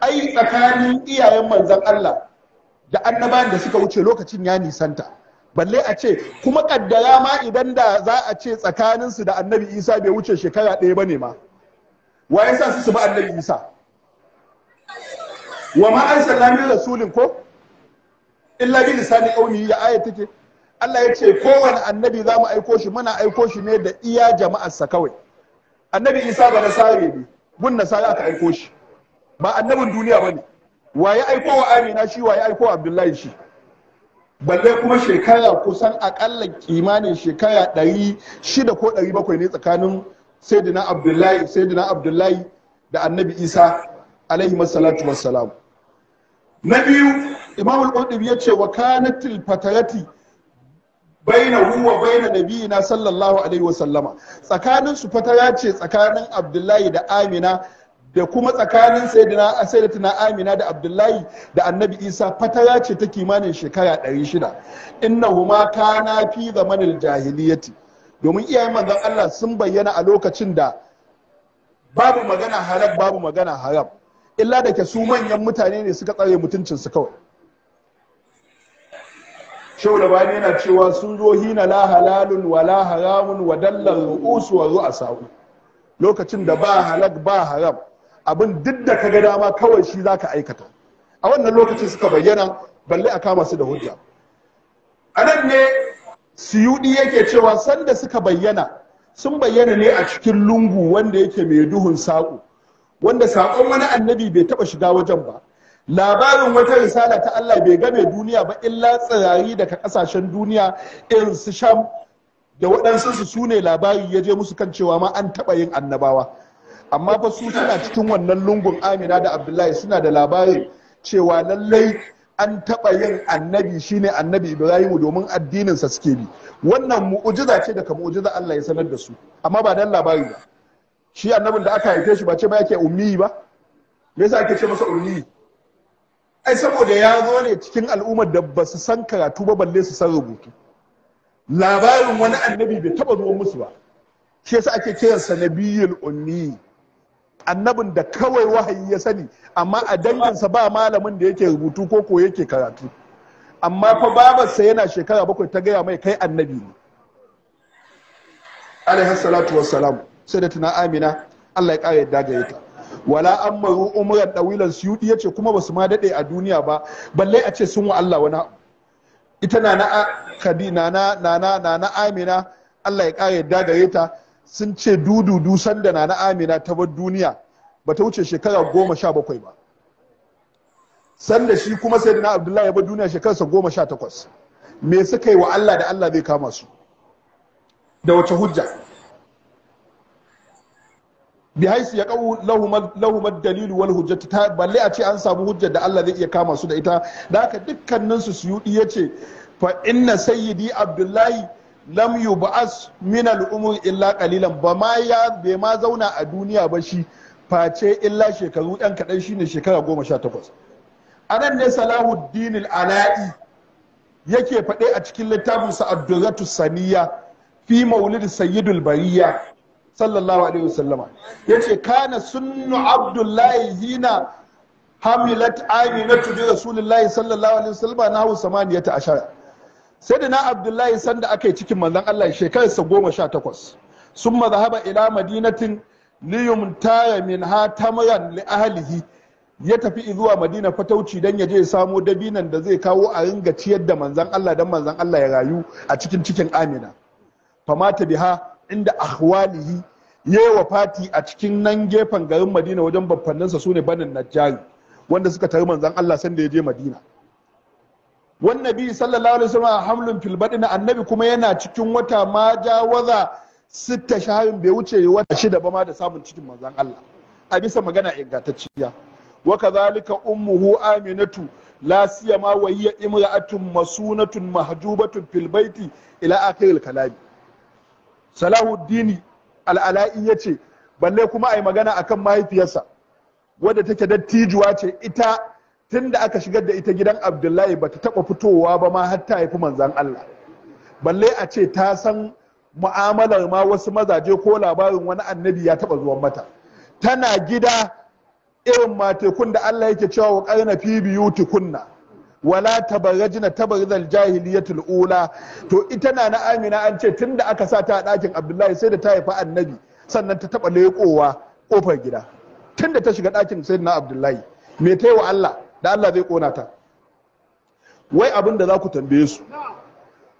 ai tsakanin iyayen manzon Allah da annabawan da suka wuce lokacin ya nisanta balle a ce kuma kaddara ma idan da za a ce tsakaninsu da annabi isa bai wuce shekara ɗaya ba ne ma wa ya sa su su ba annabi isa wa ma an sallamin rasulin ko illa bi lisani qaumi ya aya take Allah ya ce kowane annabi za mu aiko shi muna aiko shi ne da iya jama'arsa kawai annabi isa ba nasare ne gun nasara aka aiko shi ba annabin duniya ba ne wa ya aiko wa amina shi wa ya aiko wa abdullahi shi balle kuma shekara kusan akalla kimanin shekara ɗari shida ko ɗari bakwai ne tsakanin sayyidina abdullahi sayyidina abdullahi da annabi isa alaihi masalatu wassalam na biyu imam al-qurtubi ya ce wa kanatil fatarati baina huwa baina nabiyina sallallahu alaihi wasallama tsakanin su fatara ce tsakanin abdullahi da amina da kuma tsakanin sayyidatina amina da abdullahi da annabi isa fatara ce ta kimanin shekara 600 innahuma na fi zamanil jahiliyati domin iyayen manzon Allah sun bayyana a lokacin da babu magana haram, babu magana haram illa da ke su manyan mutane ne suka tsare mutuncinsu kawai shau da bani yana cewa sun zo hina la halalun wa la haramun wa dallar ru'usu wa ru'asa'u lokacin da ba halak ba haram abin duk da ka ga dama kawai shi za ka aikata a wannan lokacin suka bayyana balle a kama su da hujja a nan ne siyudi yake cewa sanda suka bayyana sun bayyana ne a cikin lungu wanda yake mai duhun saƙo wanda saƙon wani annabi bai taɓa shiga wajen ba labarin wata risala ta Allah bai game duniya ba illa tsirari daga ƙasashen duniya irin su sham da waɗansu su ne labari ya je musu kan cewa ma an taɓa yin annabawa amma fa su suna cikin wannan lungun amina da abdullahi suna da labarin cewa lallai an taɓa yin annabi shine annabi ibrahimu domin addininsa suke bi wannan mu'ujiza ce daga mu'ujiza allah ya sanar da su amma ba dan labari ba shi annabin da aka haife shi ba ce ba yake ummi ba me yasa ake ce masa ummi ai saboda ya zo ne cikin al'ummar da ba su san karatu ba balle su san rubutu labarin wani annabi bai taɓa zuwa musu ba shi yasa ake kiransa nabiyul ummi annabin da kawai wahayi ya sani amma a danginsa ba malamin da yake rubutu ko ko yake karatu amma fa babarsa yana shekara bakwai ta gaya mai kai annabi ne alaihi salatu wassalam sai da tuna amina Allah ya kara yadda gare ta wala ammaru umran dawilan suyudi yace kuma basu ma dade a duniya ba balle a ce sun wa Allah wani ita na na kadina na na na na amina Allah ya kara yadda gare ta sun ce dudu dusan da na amina ta bar duniya ba ta wuce shekara goma sha bakwai ba sanda shi kuma sai da na abdullahi ya bar duniya sa goma sha takwas me suka yi wa allah da allah zai kama su da wace hujja bi haisu ya kawo lahumar dalilu wal hujjata ta balle a ce an samu hujjar da allah zai iya kama su da ita da haka dukkaninsu su yudi ya ce fa inna sayyidi abdullahi lam yub'as min umur illa qalilan ba ma ya bai ma zauna a duniya ba shi face illa shekaru ɗan kaɗan shine shekara goma sha takwas anan ne salahuddin al'ala'i yake faɗe a cikin littafin sa ad saniya fi maulid sayyidul bariya sallallahu alaihi wasallama yace kana sunnu abdullahi hina hamilat aminatu bi rasulillahi sallallahu alaihi wasallama nahu samaniyata ashara sai da na abdullahi sanda aka yi cikin manzan allah shekararsa goma sha takwas sun haɓa ila madinatin liyum taya min ha tamayan li ahalihi ya tafi zuwa madina fatauci don ya je ya samo dabinan da zai kawo a ringa ciyar da manzan allah don manzan allah ya rayu a cikin cikin amina famata biha inda ahwalihi ya wa fati a cikin nan gefen garin madina wajen babbanninsa su ne banin najjari wanda suka tari manzan allah sanda ya je madina wan nabi sallallahu alaihi wasallam hamlun fil badina annabi kuma yana cikin wata ma jawaza sitta shaharin bai wuce wata shida ba ma da samun cikin manzon Allah a bisa magana ingantacciya wa kadhalika ummuhu aminatu la siyama wa hiya imra'atun masunatun mahjubatun fil baiti ila akhiril kalami salahuddin al'ala'i yace balle kuma ai magana akan mahaifiyarsa wadda take dattijuwa ce ita tun da aka shigar da ita gidan abdullahi ba ta taɓa fitowa ba ma har ta haifi manzan allah balle a ce ta san mu'amalar ma wasu mazaje ko labarin wani annabi ya taɓa zuwan mata tana gida irin matekun da allah yake cewa wa ƙarna fi biyu tukunna wala tabarrajina tabarzal jahiliyatul ula to ita na na amina an ce tun da aka sa ta a ɗakin abdullahi sai da ta haifi annabi sannan ta taɓa leƙowa ƙofar gida tun da ta shiga ɗakin na abdullahi me ta yi wa allah da Allah zai kona ta wai abin da za ku tambaye su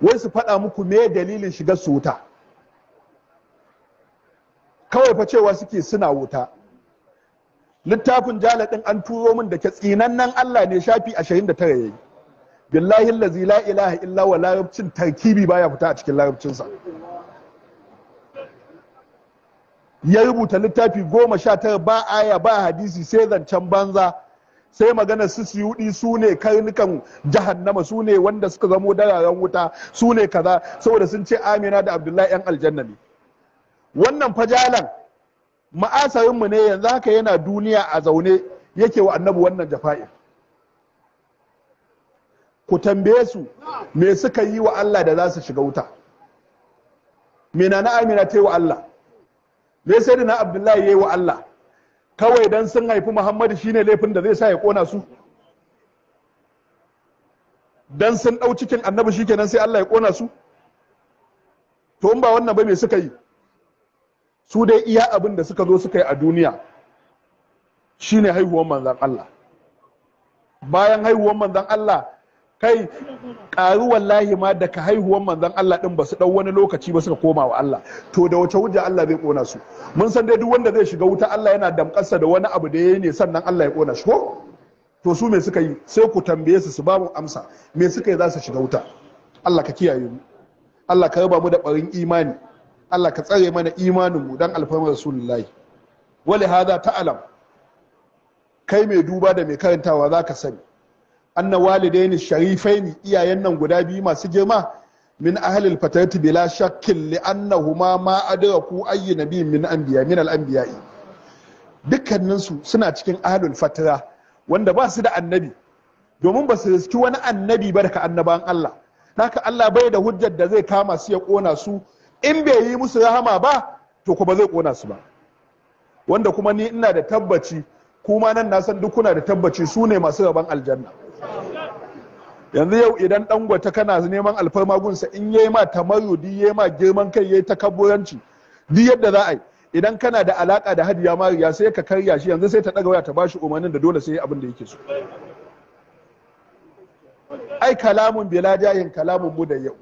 wai su faɗa muku me dalilin shiga su wuta kawai fa cewa suke suna wuta littafin jaladin an turo min da ke tsinannen Allah ne shafi ashirin da tara yayi billahi allazi la ilaha illa wa larabcin tarkibi baya fita a cikin larabcinsa ya rubuta littafi goma sha tara ba aya ba hadisi sai zancen banza sai magana su siyudi su ne karnukan jahannama su ne wanda suka zamo dararen wuta su ne kaza saboda sun ce amina da abdullahi yan aljanna wannan fajalan ma'asarinmu ne yanzu haka yana duniya a zaune yake wa annabu wannan jafa'in ku tambaye su me suka yi wa Allah da za su shiga wuta me na na amina ta yi wa Allah me sai da na abdullahi ya yi wa Allah kawai dan sun haifi muhammadu shine laifin da zai sa ya kona su dan sun ɗau cikin annabi kenan sai Allah ya kona su to in ba wannan ba me suka yi su dai iya abin da suka zo suka yi a duniya shine haihuwar manzon Allah bayan haihuwar manzon Allah kai ƙaru wallahi ma da ka haihuwan manzan Allah ɗin ba su ɗau wani lokaci ba suka koma wa Allah to da wace hujja Allah zai ƙona su mun san dai duk wanda zai shiga wuta Allah yana damƙarsa da wani abu da ya ne sannan Allah ya ƙona shi ko to su me suka yi sai ku tambaye su su bamu amsa me suka yi za su shiga wuta Allah ka kiyaye mu Allah ka raba mu da barin imani Allah ka tsare mana imanin mu dan alfarmar rasulullahi wali hada ta'alam kai mai duba da mai karantawa za ka sani anna walidaini sharifaini iyayen nan guda biyu masu girma min ahlil fatati bila shakkin li annahuma ma adraku ayyi nabiyyin min anbiya min al anbiya dukkanin su suna cikin ahlul fatara wanda ba su da annabi domin ba su riski wani annabi ba daga annaban Allah naka Allah bai da hujjar da zai kama su ya kona su in bai yi musu rahama ba to kuma zai kona su ba wanda kuma ni ina da tabbaci kuma nan na san duk kuna da tabbaci su ne masu rabon aljanna yanzu yau idan dangwata kana neman alfarma gunsa in yayi ma tamarudi yai ma girman kai yayi takabburanci duk yadda za a yi idan kana da alaka da hadiya mariya sai ka karya shi yanzu sai ta daga waya ta bashi umarnin da dole sai abin da yake so ai kalamun bila jahin kalamun mu da yau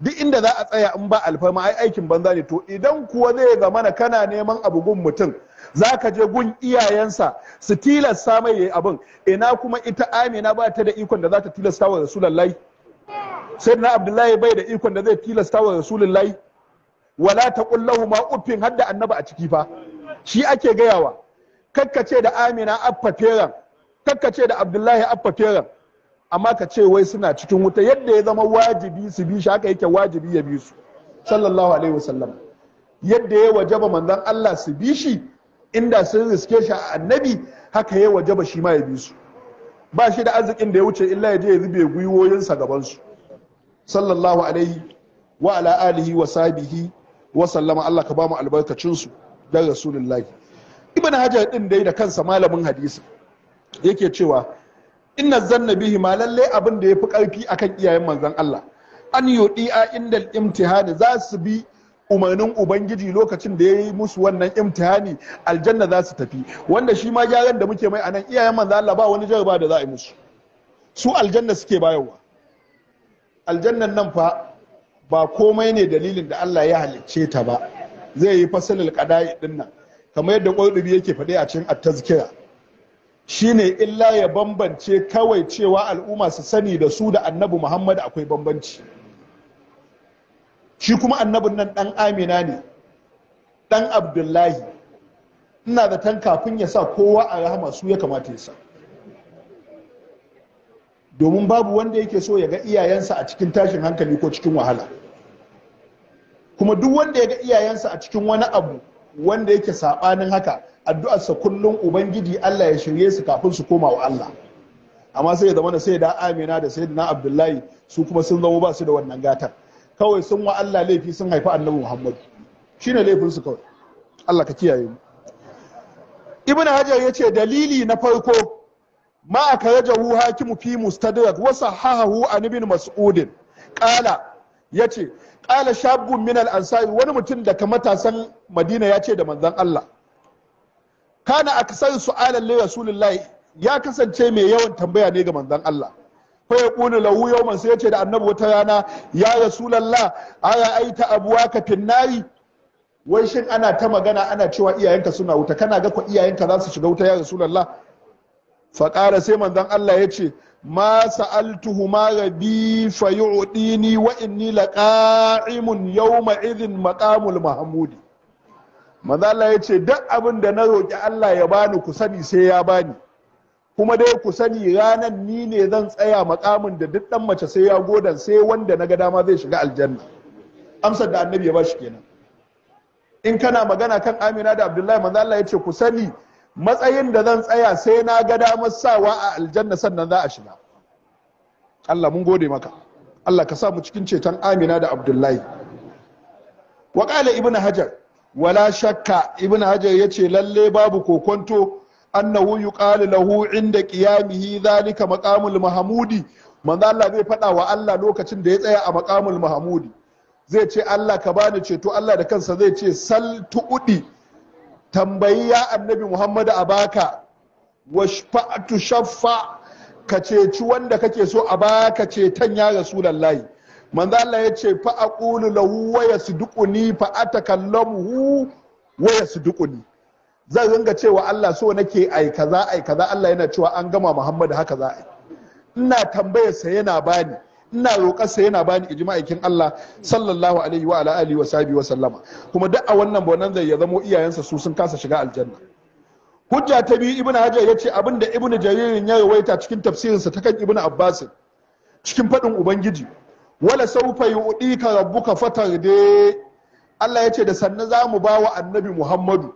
duk inda za a tsaya in ba alfarma ai aikin banza ne to idan kuwa zai zamana kana neman abu gun mutum za ka je gun iyayensa su tilasta mai yayi abin ina kuma ita amina ba ta da ikon da za ta tilasta wa rasulullahi sai na abdullahi bai da ikon da zai tilasta wa rasulullahi wala ta kullahu ma uffin hadda annaba a ciki fa shi ake gayawa kakkace da amina affa feran kakkace da abdullahi affa feran amma ka ce wai suna cikin wuta yadda ya zama wajibi su bi shi haka yake wajibi ya bi su sallallahu alaihi wasallam yadda ya wajaba manzon Allah su bi shi inda sun riske shi a annabi haka ya wajaba shi ma ya bi su ba shi da arzikin da ya wuce illa ya je ya zube gwiwoyinsa gaban su sallallahu alaihi wa ala alihi wa sabihi wa sallama Allah ka ba mu albarkacin su da rasulullahi ibn hajar din dai da kansa malamin hadisi yake cewa inna zanna bihi ma lalle abin da yafi karfi akan iyayen manzon Allah an yudi a indal imtihani za su bi umarnin ubangiji lokacin da ya yi musu wannan imtihani aljanna za su tafi wanda shi ma gyaran da muke mai anan iyayen manza Allah ba wani jaraba da za a yi musu su aljanna suke bayarwa aljannan nan fa ba komai ne dalilin da Allah ya halicce ta ba zai yi fasalil qada'i din nan kamar yadda qurdubi yake faɗi a cikin at-tazkira shine illa ya bambance kawai cewa al'umma su sani da su da annabi Muhammad akwai bambanci shi kuma annabin nan ɗan amina ne ɗan abdullahi ina da tan kafin ya sa kowa a rahama su ya kamata ya sa domin babu wanda yake so ya ga iyayensa a cikin tashin hankali ko cikin wahala kuma duk wanda ya ga iyayensa a cikin wani abu wanda yake saɓanin haka addu'arsa kullum ubangiji allah ya shirye su kafin su koma wa allah amma sai ya zama da sai da amina da sai da na abdullahi su kuma sun zama ba su da wannan gatar kawai sun wa Allah laifi sun haifi annabi Muhammad shine laifin su kawai Allah ka kiyaye mu Ibn Hajar yace dalili na farko ma hu hakimu fi mustadrak wa sahahu an ibn mas'ud qala yace qala shabun min al ansari wani mutum daga matasan Madina yace da manzon Allah kana aksar su'alan li rasulillahi ya kasance mai yawan tambaya ne ga manzon Allah fa ƙuni lahu yawman sai yace da annabi wata rana ya rasulullah aya aita abuwaka finnari wai shin ana ta magana ana cewa iyayenka suna wuta kana ga ko iyayenka za su shiga wuta ya rasulullah fa qala sai manzon Allah yace ma sa'altuhu ma rabi fa yu'dini wa inni laqa'imun yawma idhin maqamul mahmudi manzon Allah yace duk abin da na roki Allah ya bani ku sani sai ya bani kuma dai ku sani ranar ni ne zan tsaya makamin da duk dan mace sai ya godan sai wanda na ga dama zai shiga aljanna amsar da annabi ya ba kenan in kana magana kan amina da abdullahi manzo Allah ya ce ku sani matsayin da zan tsaya sai na ga damar sawa a aljanna sannan za a shiga Allah mun gode maka Allah ka sa mu cikin ceton amina da abdullahi wa qala ibnu hajar wala shakka ibnu hajar yace lalle babu kokonto annahu yuqalu lahu inda qiyamihi zalika maqamul mahmudi manzo Allah zai faɗa wa Allah lokacin da ya tsaya a maqamul mahmudi zai ce Allah ka bani ceto Allah da kansa zai ce sal tuudi tambayi ya annabi Muhammadu a baka washfa'tu shaffa ka ceci wanda kake so a baka ceton ya rasulullahi manzo Allah ya ce fa aqulu lahu wa yasduquni fa atakallamu wa yasduquni Zan ringa cewa Allah so nake ai kaza ai kaza Allah yana cewa an gama Muhammad haka za a ina tambayar sa yana bani ina roƙar sa yana bani ijma aikin Allah sallallahu alaihi wa ala alihi wa wa sallama kuma duk a wannan bonan zai ya zamo iyayensa su sun kasa shiga aljanna hujja ta biyu ibn hajar ya ce abinda ibn jaririn ya rawaita cikin tafsirin sa ta kan ibn abbas cikin faɗin ubangiji wala saufa yu'dika rabbuka fatarde Allah ya ce da sannan za mu ba wa annabi Muhammadu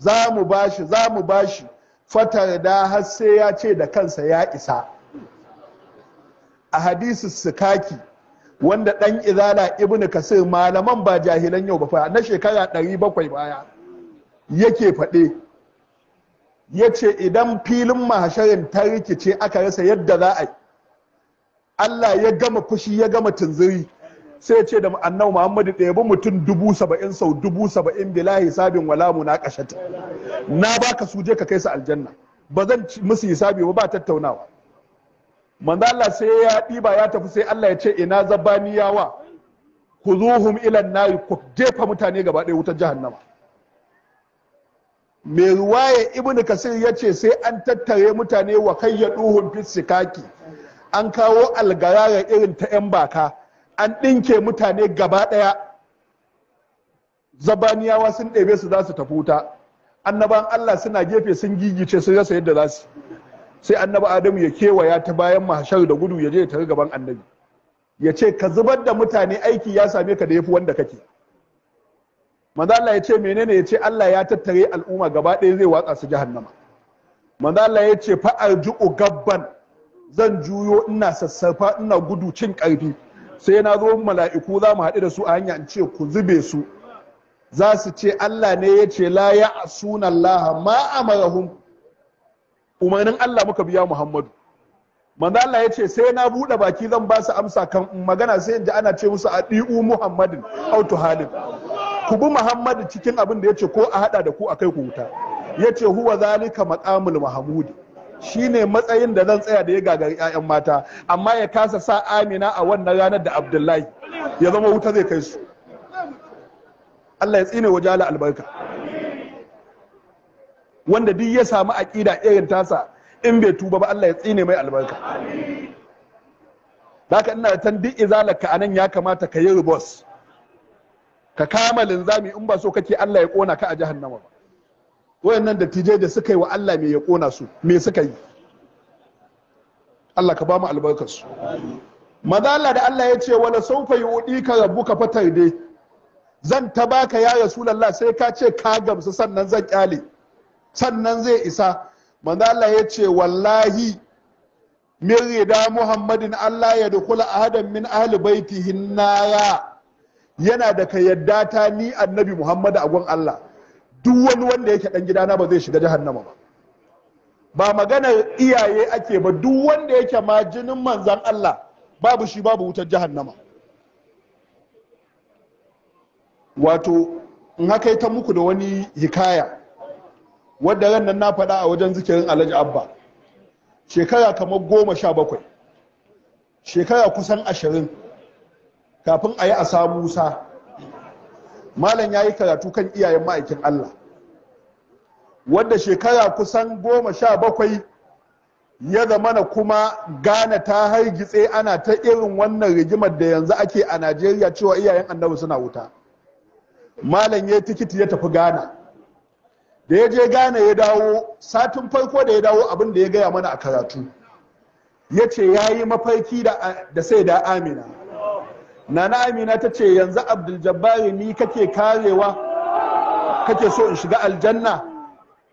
za mu shi za mu shi fatar da har sai ya ce da kansa ya isa a hadisi sikaki wanda dan izala ibnu kasir malaman ba jahilan yau ba fa na shekara 700 baya yake faɗe ya ce idan filin mahasharin ta rikice aka rasa yadda za a yi allah ya gama fushi ya gama tunziri sai ya ce da annabi muhammadu bi mutum dubu saba'in sau dubu saba'in bila hisabin na munaqashati na baka ka suje ka kai su aljanna ba zan musu hisabi ba ba tattaunawa manzo Allah sai ya ɗiba ya tafi sai Allah ya ce ina zabaniyawa ku zuhum ilan nayi ku jefa mutane gaba ɗaya wutar jahannama mai ruwaye ibn kasir ya ce sai an tattare mutane wa kayyaduhum duhun fisikaki an kawo algarara irin ta 'yan baka an ɗinke mutane gaba ɗaya zabaniyawa sun ɗebe su za su tafi wuta annaban allah suna gefe sun gigice sun rasa yadda za su sai annaba adamu ya kewaya ta bayan mahashar da gudu ya je ta gaban annabi ya ce ka zubar da mutane aiki ya same ka da yafi wanda kake manzo Allah ya ce menene ya ce Allah ya tattare al'umma gaba ɗaya zai watsa su jahannama manzo Allah ya ce fa arju'u gabban zan juyo ina sassafa ina gudu cin ƙarfi sai na zo mala'iku za mu haɗu da su a hanya in ce ku zube su za su ce Allah ne ya ce la ya sunan Allah ma marahun umarnin Allah muka biya Muhammadu manzo Allah ya ce sai na buɗe baki zan ba su amsa kan magana sai in ji ana ce musu ɗi'u Muhammadin autu halin ku bi Muhammadu cikin abin da ya ce ko a haɗa da ku a kai ku wuta ya ce huwa zalika maqamul mahmudi Shi ne matsayin da zan tsaya da ya gagari 'ya'yan mata amma ya kasa sa amina a wannan ranar da abdullahi ya zama wuta zai kai su allah ya tsine waje ala albarka wanda duk ya samu aƙida irin tasa in bai tuba ba allah ya tsine mai albarka haka ina tan duk izalarka a nan ya kamata ka yi ribos ka kama linzami in ba so kake allah ya kona ka a jahannama ba wayannan dattijai da suka yi wa Allah me ya kona su me suka yi Allah ka ba mu albarkarsu maza Allah da Allah ya ce wala saufa yudi ka rabu ka fatar dai zan ta baka ya rasulullah sai ka ce ka gamsu sannan zan kyale sannan zai isa manzo Allah ya ce wallahi min rida muhammadin Allah ya dukula ahadan min ahli baitihin nara yana da ka yadda ta ni annabi muhammad a gon Allah duk wani wanda yake dan gidana ba zai shiga jahannama ba ba maganar iyaye ake ba duk wanda yake ma jinin manzan Allah babu shi babu wutar jahannama wato in haka ta muku da wani hikaya wadda ran nan na faɗa a wajen zikirin alhaji abba shekara kamar goma sha bakwai shekara kusan ashirin kafin a yi a samu musa malam ya yi karatu kan iyayen ma'aikin Allah wadda shekara kusan goma sha bakwai ya zamana kuma gane ta hargitse ana ta irin wannan rigimar da yanzu ake a najeriya cewa iyayen annabi suna wuta malam ya tikiti ya tafi gana da ya je ghana ya dawo satin farko da ya dawo abin da ya gaya mana a karatu ya ce ya yi mafarki da sai da amina nana amina ta ce yanzu abdul ni kake karewa kake so in shiga aljanna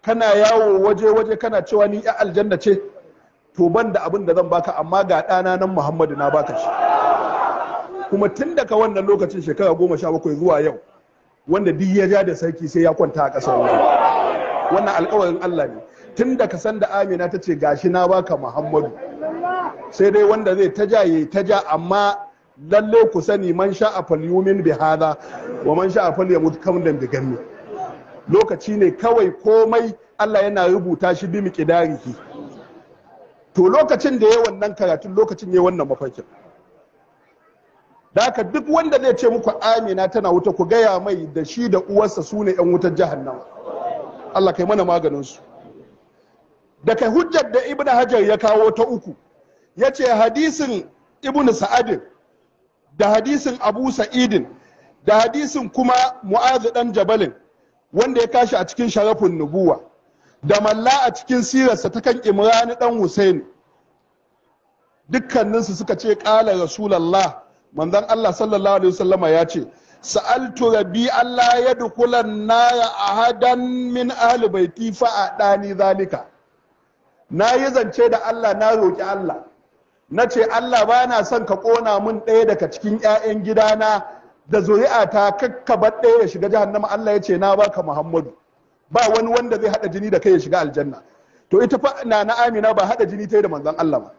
kana yawo waje-waje kana cewa ni ya aljanna ce to ban da abin da zan baka amma ga ɗana nan muhammadu na baka shi kuma tun daga wannan lokacin shekara goma sha bakwai zuwa yau wanda duk ya ja da sarki sai ya kwanta a ƙasar wani wannan alkawarin allah ne tun da ka san da amina ta ce gashi na baka muhammadu sai dai wanda zai ta ja ya ta ja amma lalle ku sani man a falyumin bi wa man mutu falyamut kaunan bi ne. lokaci ne kawai komai Allah yana rubuta shi bi miqdarihi to lokacin da ya wannan karatun lokacin ya wannan mafarkin da duk wanda zai ce muku amina tana wuta ku gaya mai da shi da uwarsa su ne yan wutar jahannama Allah kai mana maganin su Daga kai hujjar da ibnu hajar ya kawo ta uku ya ce hadisin ibnu sa'adin da hadisin abu sa'idin da hadisin kuma mu'azu dan jabalin wanda ya kashi a cikin sharafin nubuwa da malla a cikin sirarsa ta kan imrani dan husaini dukkaninsu suka ce kala rasulallah manzon allah sallallahu alaihi wasallama ya ce sa'altu rabbi allah ya dukulan nara ahadan min ahli baiti fa'adani a ɗani zalika nayi zance da allah na roki allah na ce Allah ba na son ka ƙona mun ɗaya daga cikin 'ya'yan gidana da zuri'ata kakkabar ɗaya ya shiga jahannama Allah ya ce na baka Muhammadu ba wani wanda zai haɗa jini da kai ya shiga aljanna to ita fa na na Amina ba haɗa jini ta yi da manzon Allah ba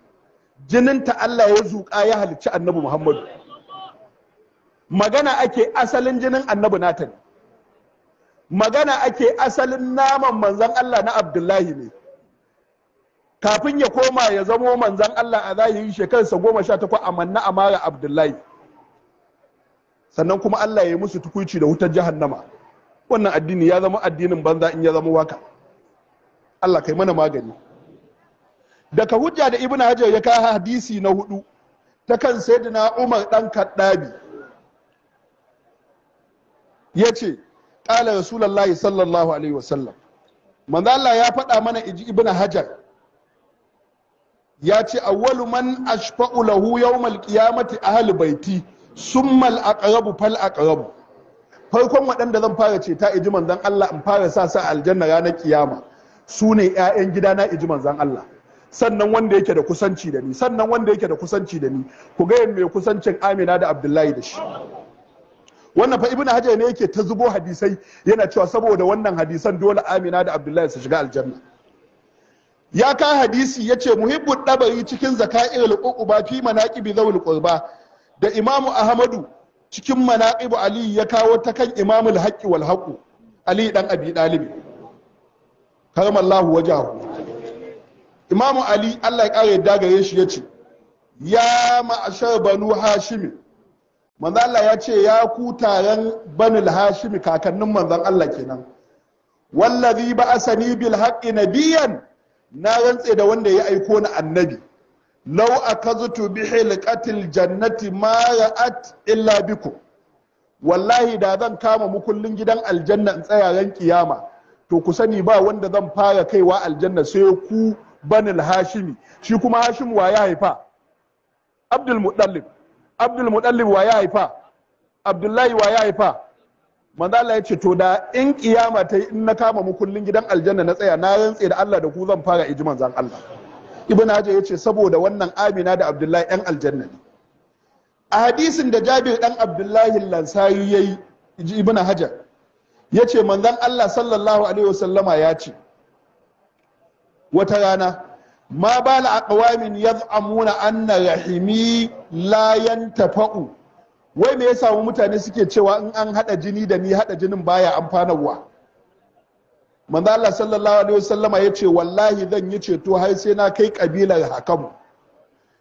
jininta Allah ya zuƙa ya halicci annabi Muhammadu magana ake asalin jinin annabi nata ne magana ake asalin naman manzon Allah na Abdullahi ne kafin ya koma ya zamo manzan Allah a zahiri shekarsa goma sha takwa a manna mara abdullahi sannan kuma Allah ya yi musu tukuici da wutar jahannama wannan addini ya zama addinin banza in ya zama waka Allah kai mana magani daga hujja da ibn hajar ya kawo hadisi na hudu ta kan sayyidina umar dan kaddabi ya ce ƙala rasulallah sallallahu alaihi wasallam manzo Allah ya faɗa mana ibn hajar ya ce awwalu man ashfa'u lahu yawmal qiyamati ahli baiti summal aqrabu fal aqrabu farkon waɗanda zan fara ce ta iji manzon Allah in fara sa sa aljanna ranar kiyama su ne 'ya'yan gidana iji zan Allah sannan wanda yake da kusanci da ni sannan wanda yake da kusanci da ni ku ga mai kusancin Amina da Abdullahi da shi wannan fa ibnu hajar ne yake ta zubo hadisai yana cewa saboda wannan hadisan dole Amina da Abdullahi su shiga aljanna ya ka hadisi ya ce muhibbu ɗabari cikin zaka'ir al ba fi manaƙibi zawul qurba da imamu ahmadu cikin manaƙibu ali ya kawo ta kan imamul haqqi wal haƙu ali dan abi dalib karamallahu wajahu imamu ali Allah ya kare dagare shi ya ce. ya ma'ashar banu hashimi manzan Allah ya ce ya ku taron banu hashimi kakannin manzan Allah kenan wallazi ba'asani bil na nabiyan na rantse da wanda ya aiko ni annabi law akaztu bi hilqatil jannati ma ra'at illa biku. wallahi da zan kama mukullin gidan aljanna in tsaya ran kiyama to ku sani ba wanda zan fara kaiwa aljanna sai ku banil hashimi shi kuma hashim wa ya haifa abdul muɗallib abdul muɗallib wa ya haifa abdullahi wa ya haifa manzo Allah ya ce to da in kiyama ta in na kama mu kullun gidan aljanna na tsaya na rantse da Allah da ku zan fara ijiman zan Allah ibn hajar ya ce saboda wannan amina da abdullahi yan aljanna ne a hadisin da jabir dan abdullahi lansayi yayi ibn hajar ya ce manzon Allah sallallahu alaihi wasallama ya ce wata rana ma bala aqwamin yaz'amuna anna rahimi la yantafa'u wai me ya samu mutane suke cewa in an hada jini da ni hada jinin baya amfanarwa manzo Allah sallallahu alaihi wasallama yace wallahi zan yi ceto har sai na kai kabilar hakamu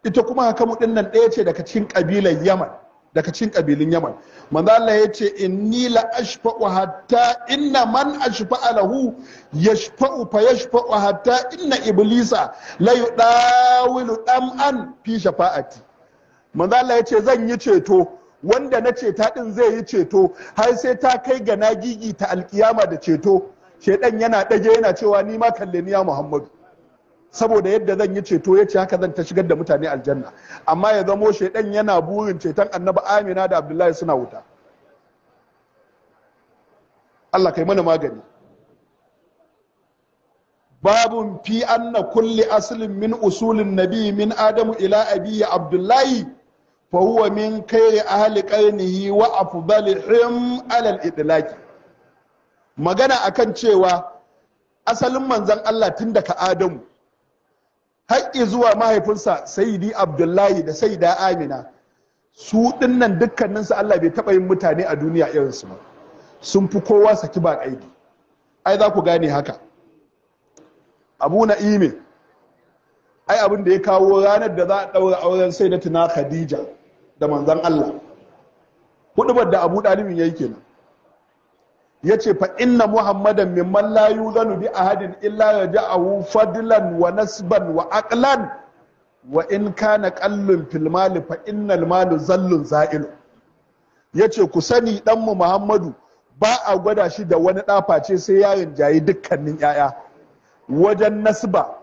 ita kuma hakamu din nan ɗaya ce daga cikin kabilar Yaman daga cikin kabilun Yaman manzo Allah yace inni la ashfa'u hatta inna man ashfa'a lahu yashfa'u fa yashfa'u hatta inna iblisa la yudawilu dam'an fi shafa'ati manzo Allah yace zan yi ceto wanda na ceta din zai yi ceto har sai ta kai ga nagigi ta alkiyama da ceto shedan yana ɗage yana cewa ni ma kalle ni ya muhammadu saboda yadda zan yi ceto ya ce haka zan ta shigar da mutane aljanna amma ya zamo shedan yana burin ceton annabi amina da abdullahi suna wuta allah kai mana magani babun fi anna kulli aslin min usulin nabi min adamu ila abiya abdullahi fa huwa min khairi ahli qarnihi wa afdalihim alal itlaqi magana akan cewa asalin manzon Allah tun daga Adamu haƙƙi zuwa mahaifinsa sayyidi Abdullahi da Sa'ida Amina su dinnan dukkaninsu Allah bai taɓa yin mutane a duniya irinsu ba sun fi kowa saki ba aiki ai za ku gane haka abu imel. ai abin da ya kawo ranar da za a ɗaura auren sai na tuna khadija da manzan allah hudubar da abu ɗalibin ya yi kenan ya ce fa inna muhammadan mimman la yuzanu bi ahadin illa raja'ahu fadlan wa nasban wa aqlan wa in kana qallun fil mali fa innal malu zallun za'ilu yace ku sani dan mu muhammadu ba a gwada shi da wani dafa ce sai yarin jayi dukkanin yaya wajen nasba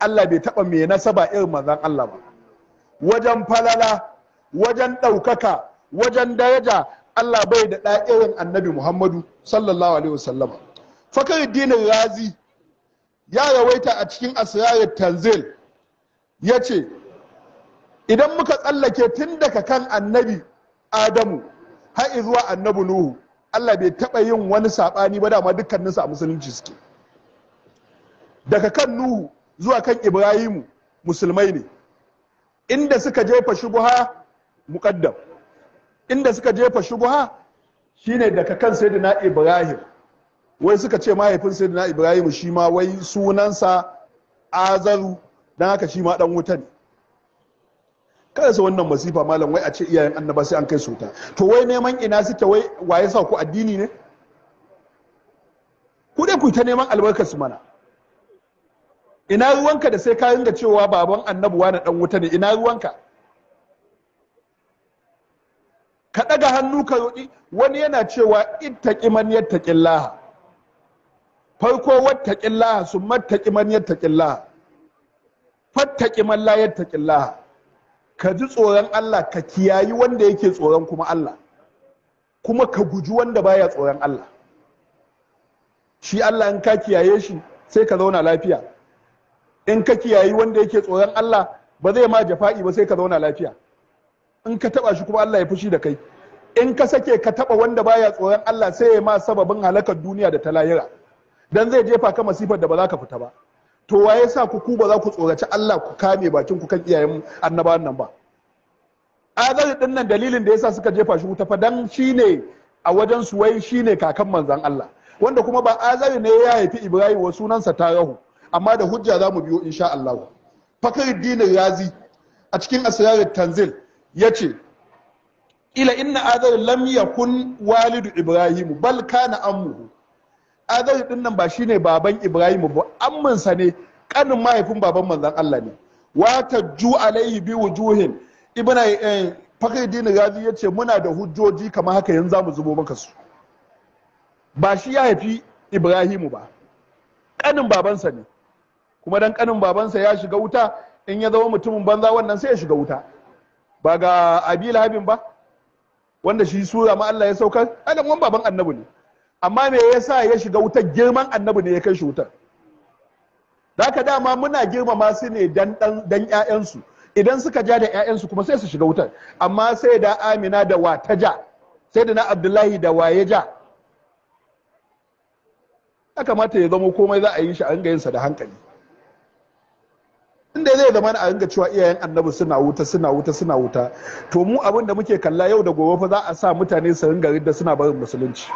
Allah bai taɓa mai nasaba irin mazan Allah ba wajen falala wajen ɗaukaka wajen daraja Allah bai da ɗa irin annabi Muhammadu sallallahu alaihi wasallama fakar dinin razi ya rawaita a cikin asirarar tanzil ya ce idan muka tsallake tun daga kan annabi adamu har zuwa annabi nuhu Allah bai taɓa yin wani saɓani ba dama dukkaninsu a musulunci suke daga kan nuhu zuwa kan ibrahimu musulmai ne inda suka jefa shubuha muqaddam inda suka jefa shubuha shine daga kan sayyidina ibrahim wai suka ce mahaifin sayyidina ibrahim shi ma wai sunansa azaru dan haka shi ma dan wuta ne kada su wannan masifa malam wai a ce iyayen annaba sai an kai sauta. to wai neman ina suke wai waye sa ku addini ne ku dai ku ta neman albarkar su mana ina ruwanka da sai ka ringa cewa baban annabuwa na dan wuta ne ina ruwanka ka ɗaga hannu ka roƙi wani yana cewa ittaqi man yattaqillah farko wattaqillah sun mattaqi man yattaqillah fattaqi man la yattaqillah ka ji tsoron Allah ka kiyayi wanda yake tsoron kuma Allah kuma ka guji wanda baya tsoron Allah shi Allah in ka kiyaye shi sai ka zauna lafiya in ka kiyayi wanda yake tsoron Allah ba zai ma jafa'i ba sai ka zauna lafiya in ka taba shi kuma Allah ya fushi da kai in ka sake ka taba wanda baya tsoron Allah sai ya ma sababin halakar duniya da ta dan zai jefa ka masifar da ba za ka fita ba to waye sa ku ku ba za ku tsoraci Allah ku kame bakin ku kan iyayen annabawan nan ba azali din nan dalilin da yasa suka jefa shi wuta fa dan shine a wajen su wai shine kakan manzon Allah wanda kuma ba azali ne ya haifi Ibrahim wa sunansa Tarahu amma da hujja za mu biyo insha Allah fakhruddin razi a cikin asrar tanzil yace ila inna adar lam yakun walidu ibrahim bal kana ammuhu adar din nan ba shine baban ibrahim ba ammansa ne kanin mahaifin baban manzon Allah ne wa tajju alaihi bi wujuhin fakar eh, fakhruddin razi ce muna da hujjoji kamar haka yanzu zamu zubo maka su ba shi ya haifi ibrahimu ba kanin babansa ne kuma dan kanin babansa ya shiga wuta in ya zama mutumin banza wannan sai ya shiga wuta ba ga abil habin ba wanda shi sura ma Allah ya saukar adam wan baban annabi ne amma me yasa ya shiga wutar girman annabi ne ya kai shi wutar haka dama muna girmama su ne dan dan ƴaƴansu idan suka ja da ƴaƴansu kuma sai su shiga wutar amma sai da Amina da wa ta ja sai da na Abdullahi da ya ja ya kamata ya zama komai za a yi shi a ringa yin sa da hankali inda zai zama a ringa cewa iyayen annabi suna wuta suna wuta suna wuta to mu abin da muke kalla yau da gobe fa za a sa mutane su ringa ridda suna barin musulunci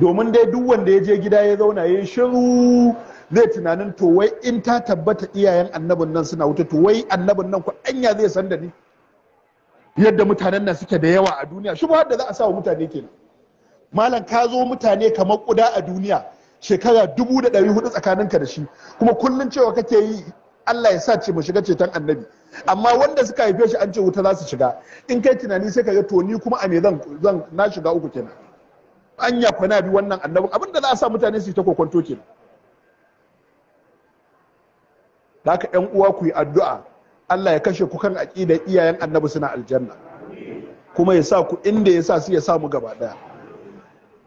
domin dai duk wanda ya je gida ya zauna ya shiru zai tunanin to wai in ta tabbata iyayen annabin nan suna wuta to wai annabin nan ku anya zai san da ni yadda mutanen nan suke da yawa a duniya shi ba da za a sa wa mutane kenan malam ka zo mutane kamar kuda a duniya shekara dubu da ɗari hudu tsakaninka da shi kuma kullum cewa kake yi Allah ya sa ce mu shiga ceton annabi amma wanda suka haife shi an ce wuta za su shiga in kai tunani sai ka ga to ni kuma a me zan zan na shiga uku kenan an ya kwana bi wannan annabin abin za a sa mutane su yi ta kokonto kenan da haka yan uwa ku yi addu'a Allah ya kashe ku kan aqidar iyayen annabi suna aljanna kuma ya sa ku inda ya sa su ya samu gaba ɗaya.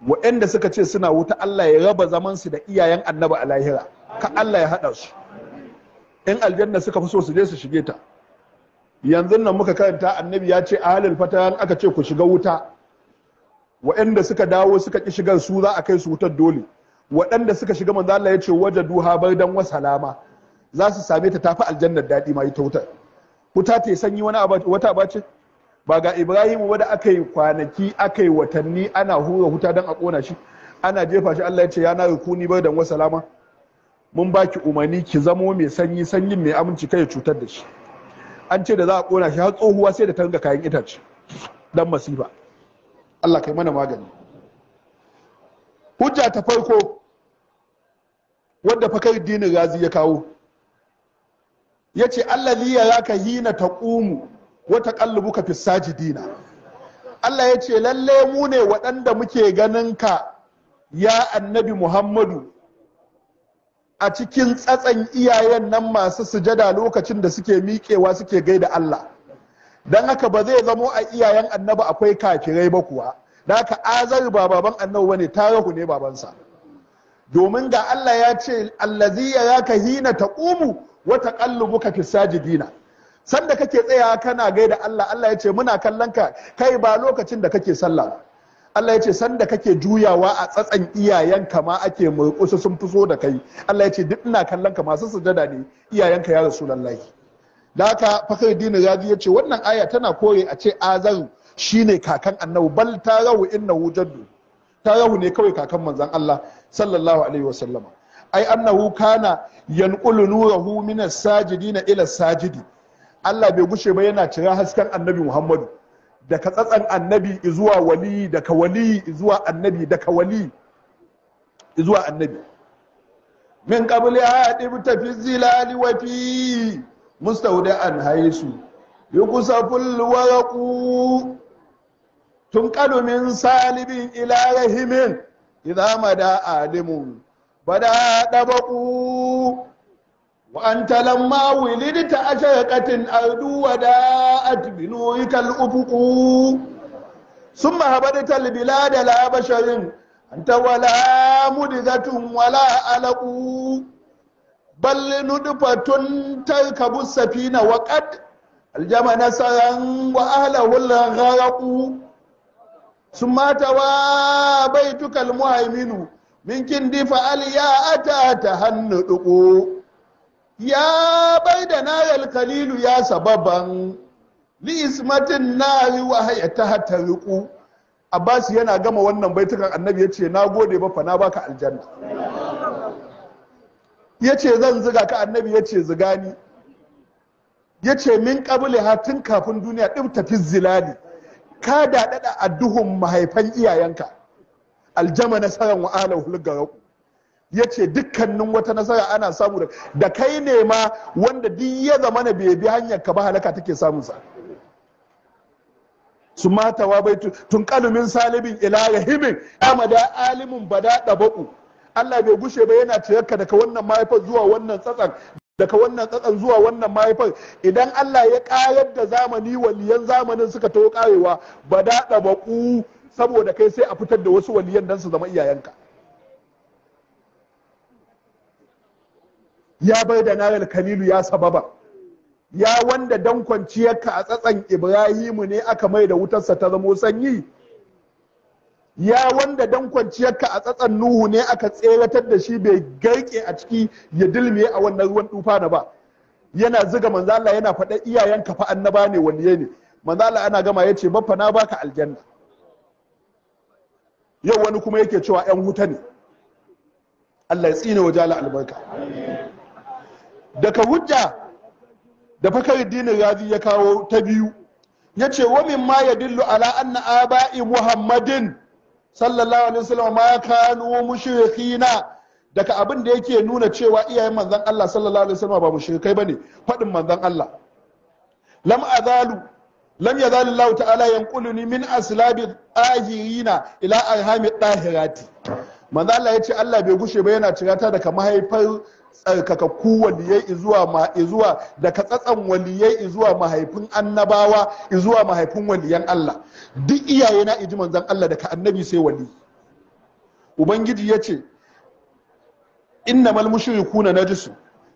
waɗanda suka ce suna wuta Allah ya raba zaman su da iyayen annabi a lahira ka Allah ya haɗa su in aljanna suka fi so su je su shige ta yanzu nan muka karanta annabi ya ce a ahalil fatayan aka ce ku shiga wuta waɗanda suka dawo suka ki shigar su za a kai su wutar dole waɗanda suka shiga manzo Allah ya ce bar dan wa salama za su same ta tafi aljannar daɗi ma ta wutar wuta ta yi sanyi wani wata abaci. ba ga ibrahimu wadda aka yi kwanaki aka yi watanni ana hura huta don a kona shi ana jefa shi allah ya ce ya na rukuni bar da wasalama mun baki umarni ki zamo mai sanyi sanyin mai aminci kai cutar da shi an ce da za a kona shi har tsohuwa sai da ta tanga kayan itace dan masifa allah kai mana magani hujja ta farko wadda fakar dinin razi ya kawo ya ce allah liya ya ka hina ta ƙumu wata kallubuka fi sajidina Allah ya ce lalle mu ne waɗanda muke ganin ka ya annabi Muhammadu a cikin tsatsan iyayen nan masu sujada lokacin da suke miƙewa suke gaida Allah don haka ba zai zamo a iyayen annabi akwai kafirai ba kuwa da haka azar ba baban annabi bane tarihu ne babansa domin ga Allah ya ce allazi ya ka hina taqumu wa taqallubuka fi sajidina sanda kake tsaya kana gaida Allah Allah ya ce muna kallon ka kai ba lokacin da kake sallah Allah ya ce sanda kake juyawa a tsatsan iyayenka ma ake murƙusa sun fuso da kai Allah ya ce duk ina kallon ka masu sujada ne iyayenka ya rasulullahi da haka fakhruddin razi ya ce wannan aya tana kore a ce azaru shine kakan annabi bal tarawu innahu jaddu rahu ne kawai kakan manzon Allah sallallahu alaihi wasallama ai annahu kana yanqulu nurahu min as-sajidina ila as-sajidi Allah bai gushe ba yana cira hasken annabi Muhammadu daga tsatsan annabi zuwa wali daga wali zuwa annabi daga wali zuwa annabi min qabli hadibta fi zilali wa fi mustawda'an haisu yukusaful waraqu tunqalu min salibin ila rahimin idza mada alimun bada dabaqu Wa'antar mawul lita a shakatun ardua da adiminu kal afuƙu, sun mahaɓaɗa talabila da labarai, an taɓa lamuɗi ga wala alaƙu. Ɓalli nufa tun tarka busafi na waƙar, aljama nasarar wa'ala wurin raraƙu, sun mata wa baitu kalmomi mini ɗinka ata ta hannu ya bai da nayar kalilu ya sababan li ismatin nari wa haya ta hatariku abbas yana gama wannan baitukan annabi ya ce na gode ba fa na baka aljanna ya ce zan ziga ka annabi ya ce ziga ya ce min kabule hatun kafin duniya ɗin tafi zilali ka daɗaɗa a duhun mahaifan iyayenka aljama nasarar wa'alar hulgarau ya ce dukkanin wata nasara ana samu da kai ne ma wanda duk ya zama na bai hanyar ka ba halaka take sa. su mata bai tun kalumin salibin ila rahimin amada alimin bada dabaku Allah bai gushe ba yana ciyarka daga wannan mahaifar zuwa wannan tsatsan daga wannan tsatsan zuwa wannan mahaifar idan Allah ya kayar da zamani waliyan zamanin suka taho karewa bada dabaku saboda kai sai a fitar da wasu waliyan dan su zama iyayenka ya bai da nayar kalilu ya sababa ya wanda dan kwanciyarka a tsatsan ibrahimu ne aka mai da wutarsa ta zamo sanyi ya wanda dan kwanciyarka a tsatsan nuhu ne aka tseratar da shi bai garke a ciki ya dilme a wannan ruwan tufa na ba yana ziga Manzala yana faɗa iyayen iyayenka fa annaba ne wani ne manzo ana gama yace baffa na baka aljanna yau wani kuma yake cewa yan huta ne Allah ya tsine wa jala albarka daga hujja da fakar dinin razi ya kawo ta biyu ya ce wa min ma ya dillu ala anna aba'i muhammadin sallallahu alaihi wasallam ma kanu mushrikina daga abin da yake nuna cewa iyayen Manzan Allah sallallahu alaihi wasallam ba mushrikai bane fadin manzon Allah lam azalu lam yazal Allah ta'ala yanquluni min aslabi ahirina ila arhami ɗahirati. manzon Allah ya ce, Allah bai gushe ba yana cirata daga mahaifar tsarkaka ku waliyai izuwa ma izuwa daga tsatsan waliyai izuwa mahaifin annabawa izuwa mahaifin waliyan Allah duk iyaye na iji manzon Allah daga annabi sai wali ubangiji yace innamal mushrikuna najisu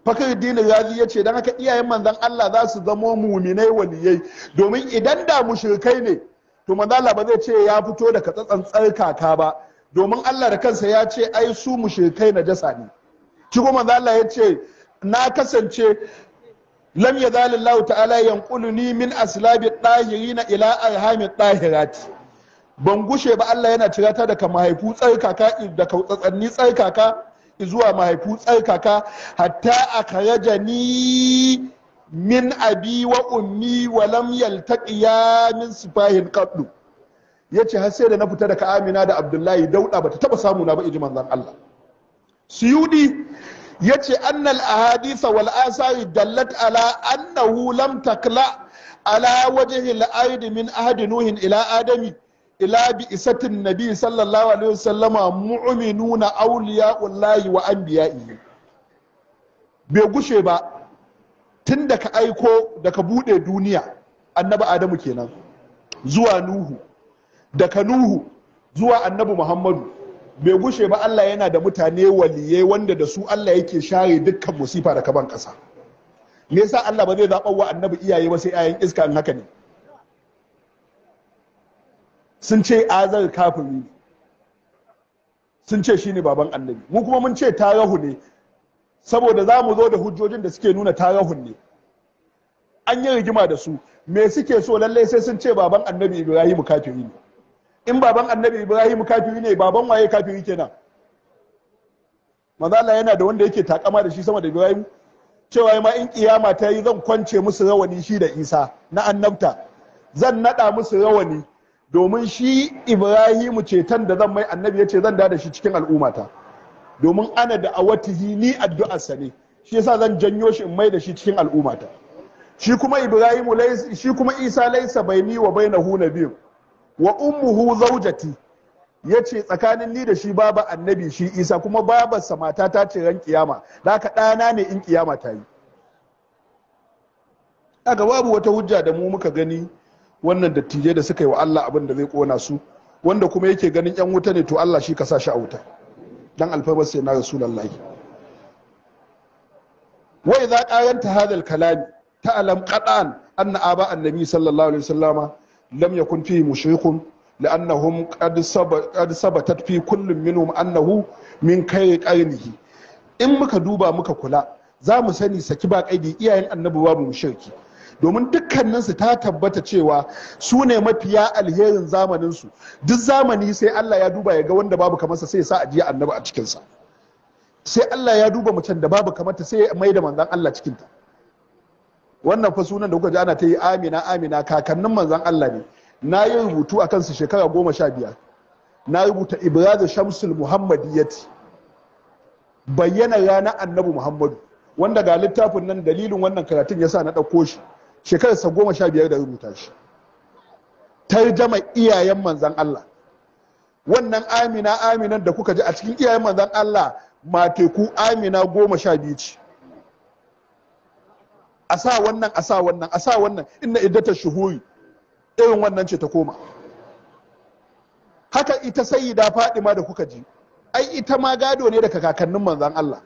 fakhruddin razi ya ce don haka iyayen manzon Allah za su zamo muminai waliyai domin idan da mushrikai ne to manzo Allah ba zai ce ya fito daga tsatsan tsarkaka ba domin Allah da kansa ya ce ai su mushrikai najasa ne ci kuma ya ce na kasance lam zalin Allah ta'ala ni min ɗahiri na ila alhamin ɗahirati ban gushe ba Allah yana cirata daga mahaifu tsarkaka da kautsatsanni tsarkaka zuwa mahaifu tsarkaka hatta a ni min abi wa ummi wa lam yaltaqiya min sifahin qaddu yace har sai da na fita daga Amina da Abdullahi dauda bata taɓa samu na ba iji Allah suyudi ya ce annal ahadisa wal asari dallat ala annahu lam takla ala wajhi al min ahadi nuhin ila adami ila bi isatin nabi sallallahu alaihi wasallama mu'minuna awliya'ullahi wa anbiya'i bai gushe ba tun da aiko da ka bude duniya annabi adamu kenan zuwa nuhu daga nuhu zuwa annabi muhammadu bai gushe ba Allah yana da mutane waliye wanda da su Allah yake share dukkan musifa da kaban ƙasa me yasa Allah ba zai zaɓa wa annabi iyaye ba sai ayan iska in haka ne sun ce azar kafiri ne sun ce shine baban annabi mu kuma mun ce tarahu ne saboda za mu zo da hujjojin da suke nuna tarahun ne an yi rigima da su me suke so lallai sai sun ce baban annabi ibrahim kafiri ne in baban annabi ibrahim kafiri ne baban waye kafiri kenan manzo Allah yana da wanda yake takama da shi sama da ibrahim cewa ma in kiyama ta yi zan kwance musu rawani shi da isa na annabta zan nada musu rawani domin shi ibrahimu ceton da zan mai annabi ya ce zan da shi cikin al'ummata domin ana da awatihi ni addu'arsa ne shi yasa zan janyo shi in mai da shi cikin al'ummata shi kuma ibrahim shi kuma isa laisa bayni wa bainahu nabiyyun wa ummuhu zaujati yace tsakanin ni da shi baba annabi shi isa kuma babarsa mata ta ce ran kiyama da ka ɗana ne in kiyama ta yi aga babu wata hujja da mu muka gani wannan dattijai da suka yi wa Allah abin da zai kona su wanda kuma yake ganin yan wuta ne to Allah shi ka sa shi a wuta dan alfabar sai na rasulullahi wa idza qaranta hadal kalami ta ta'lam qadan anna aba annabi sallallahu alaihi wasallama لم يكن فيه mushrikun لأنهم قد قد ثبتت في كل منهم أنه من كي قرنه in muka duba muka kula za mu sani saki ba kaidi iyayen annabi babu mushriki domin dukkaninsu ta tabbata cewa su ne mafiya alherin zamaninsu duk zamani sai Allah ya duba ya ga wanda babu kamarsa sai ya sa ajiya annabi a cikinsa sai Allah ya duba macen da babu kamarta sai ya maida manzon Allah cikinta wannan fa sunan da kuka ji ana ta yi amina amina kakannin manzan Allah ne na yi rubutu a kansu shekara goma sha biyar na rubuta Ibrahim shamsul Yati. bayyana ranar annabi muhammadu wanda ga littafin nan dalilin wannan karatun yasa na ɗauko shi shekararsa goma sha biyar da rubuta shi tarjama iyayen manzan Allah wannan amina aminan da kuka ji a cikin iyayen manzan Allah mateku amina goma sha biyu ce a sa wannan a sa wannan a sa wannan inna iddatar shuhuri irin wannan ce ta koma haka ita sayyida ma da kuka ji ai ita ma gado ne daga kakannin manzan Allah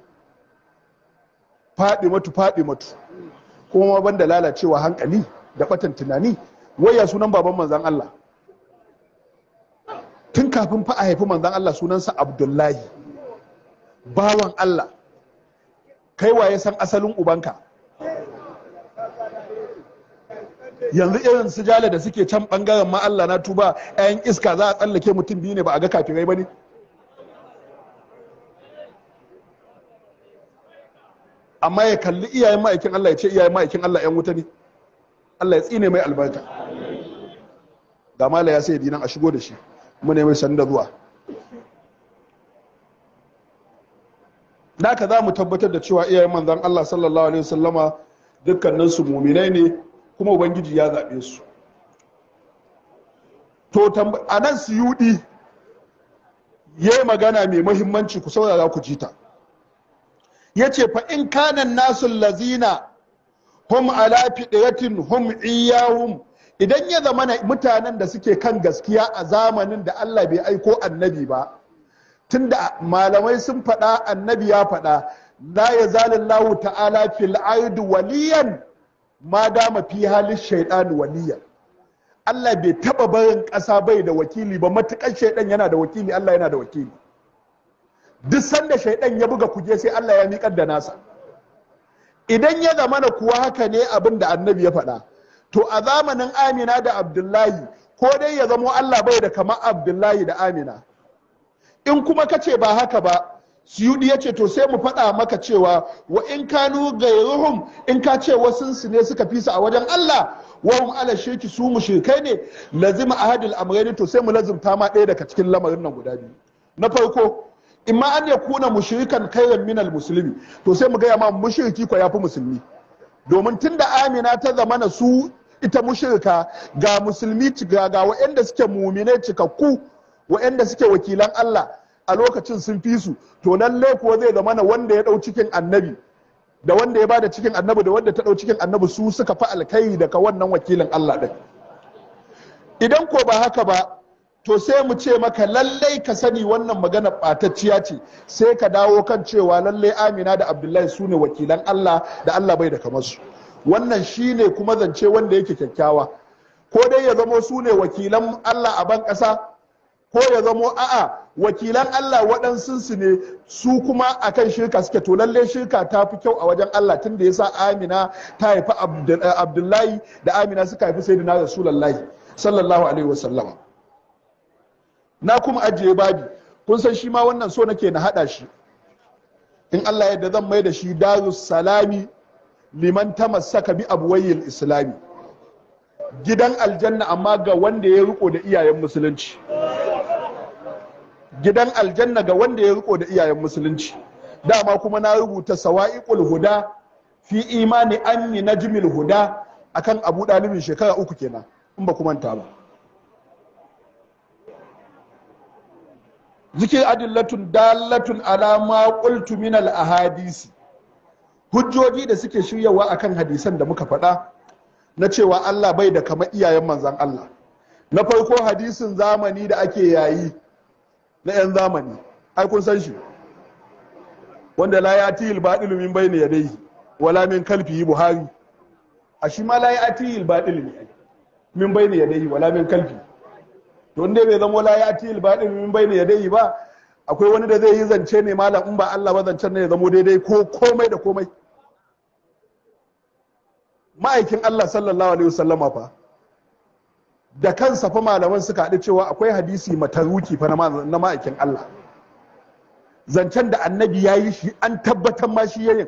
matu, faɗi matu, kuma banda lalacewa hankali da batan tunani waya sunan baban manzan Allah tun kafin fa a haifi manzan Allah sunansa Abdullahi bawan Allah kai waye san asalin ubanka yanzu irin su jale da suke can bangaren ma Allah na tuba ƴan iska za a tsallake mutum biyu ne ba a ga kafirai ba ne amma ya kalli iyayen ma'aikin Allah ya ce iyayen ma'aikin Allah 'yan wuta ne Allah ya tsine mai albarka ga mala ya sai dinan a shigo da shi mu ne mai sanda zuwa ka za mu tabbatar da cewa iyayen manzan Allah sallallahu alaihi wasallama dukkaninsu muminai ne kuma ubangiji ya zaɓe su to a nan siyudi ya yi magana mai mahimmanci ku saurara ku ji ta. ya ce fa in kanan nasu lazina hum ala fidayatin hum iyawun idan ya zama mutanen da suke kan gaskiya a zamanin da Allah bai aiko annabi ba tunda malamai sun faɗa annabi ya faɗa la ya zalin lahu ta'ala fil aidu waliyan ma dama fi halin shaidan waliya Allah bai taba barin ƙasa bai da wakili ba matukar shaidan yana da wakili Allah yana da wakili duk sanda shaidan ya buga kuje sai Allah ya miƙar da nasa idan ya zama na kuwa haka ne abin da annabi ya faɗa to a zamanin amina da abdullahi ko dai ya zamo Allah bai da kamar abdullahi da amina in kuma kace ba haka ba siyudi ya ce to sai mu faɗa maka cewa wa in kanu gairuhum in ka ce su ne suka fi su a wajen Allah wa hum ala shirki su mushrikai ne lazima ahadul amrayni to sai mu lazimta ma ɗaya daga cikin lamarin nan guda biyu na farko imma an ya kuna mushrikan khairan minal muslimi to sai mu gaya ma mushriki ko yafi musulmi domin tunda amina ta zamana su ita mushrika ga musulmi ga ga waɗanda suke muminai cikakku waɗanda suke wakilan Allah a lokacin sun fi su to lalle kuwa zai zama na wanda ya ɗau cikin annabi da wanda ya bada cikin annabi da wanda ta ɗau cikin annabi su suka fi alkai daga wannan wakilin Allah ɗin idan ko ba haka ba to sai mu ce maka lallai ka sani wannan magana batacciya ce sai ka dawo kan cewa lallai amina da abdullahi su ne wakilan allah da allah bai da kamar su wannan shine kuma zance wanda yake kyakkyawa ko dai ya zamo su ne wakilan allah a ban ƙasa ko ya zamo a'a wakilan Allah waɗansu su ne su kuma a kan shirka suke to lalle shirka ta fi kyau a wajen Allah tunda sa Amina ta haifi eh, Abdullahi da Amina suka haifi Sayyidina Rasulullahi sallallahu alaihi wasallama na kuma ajiye babi kun san shi ma wannan so nake na haɗa shi in Allah yadda zan mai da shi darus salami liman masaka bi abuwayil islami gidan aljanna amma ga wanda ya riko da iyayen musulunci gidan aljanna ga wanda ya riko da iyayen musulunci dama kuma na rubuta sawa'iqul huda fi imani anni najmil huda akan abu dalibin shekara uku kenan in ba manta ba zikir adillatun dalatun alama qultu min al ahadisi hujjoji da suke shiryawa akan hadisan da muka faɗa na cewa Allah bai da kamar iyayen manzon Allah na farko hadisin zamani da ake yayi na 'yan zamani ai kun san shi wanda la ya tihil baɗilu min bayni yadayhi wala min kalfihi buhari a shi ma la ya tihil baɗilu ne min bayni yadayhi wala min kalfi to inda bai zama la ya tihil baɗilu min bayni yadayhi ba akwai wani da zai yi zance ne malam in ba Allah ba zancen ne ya zamo daidai ko komai da komai ma'aikin Allah sallallahu alaihi wasallama fa da kansa fa malaman suka haɗu cewa akwai hadisi mataruki fa na ma'aikin Allah zancen da annabi ya yi shi an tabbatar ma shi yayin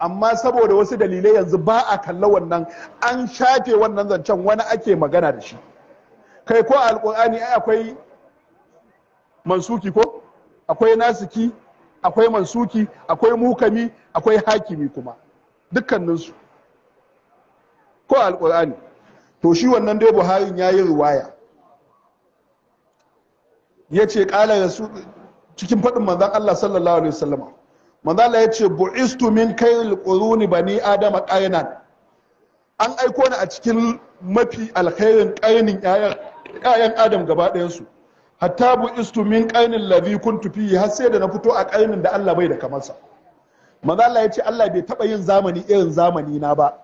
amma saboda wasu dalilai yanzu ba a kalla wannan an shafe wannan zancen wani ake magana da shi kai ko alƙur'ani ai akwai mansuki ko akwai nasiki akwai mansuki akwai mukami akwai hakimi kuma dukkaninsu ko a alƙur'ani to shi wannan dai buharin ya yi ruwaya ya ce ƙala su cikin faɗin manzan allah sallallahu alaihi wasallama manzan allah ya ce bu'istu min kairil ba ni adama qarnan an aiko ni a cikin mafi alkhairin ƙarnin ƴaƴan adam gaba ɗayansu hatta bu'istu min ƙarnin ladhi kun tufi har sai da na fito a ƙarnin da allah bai da kamarsa manzan allah ya ce allah bai taɓa yin zamani irin zamani na ba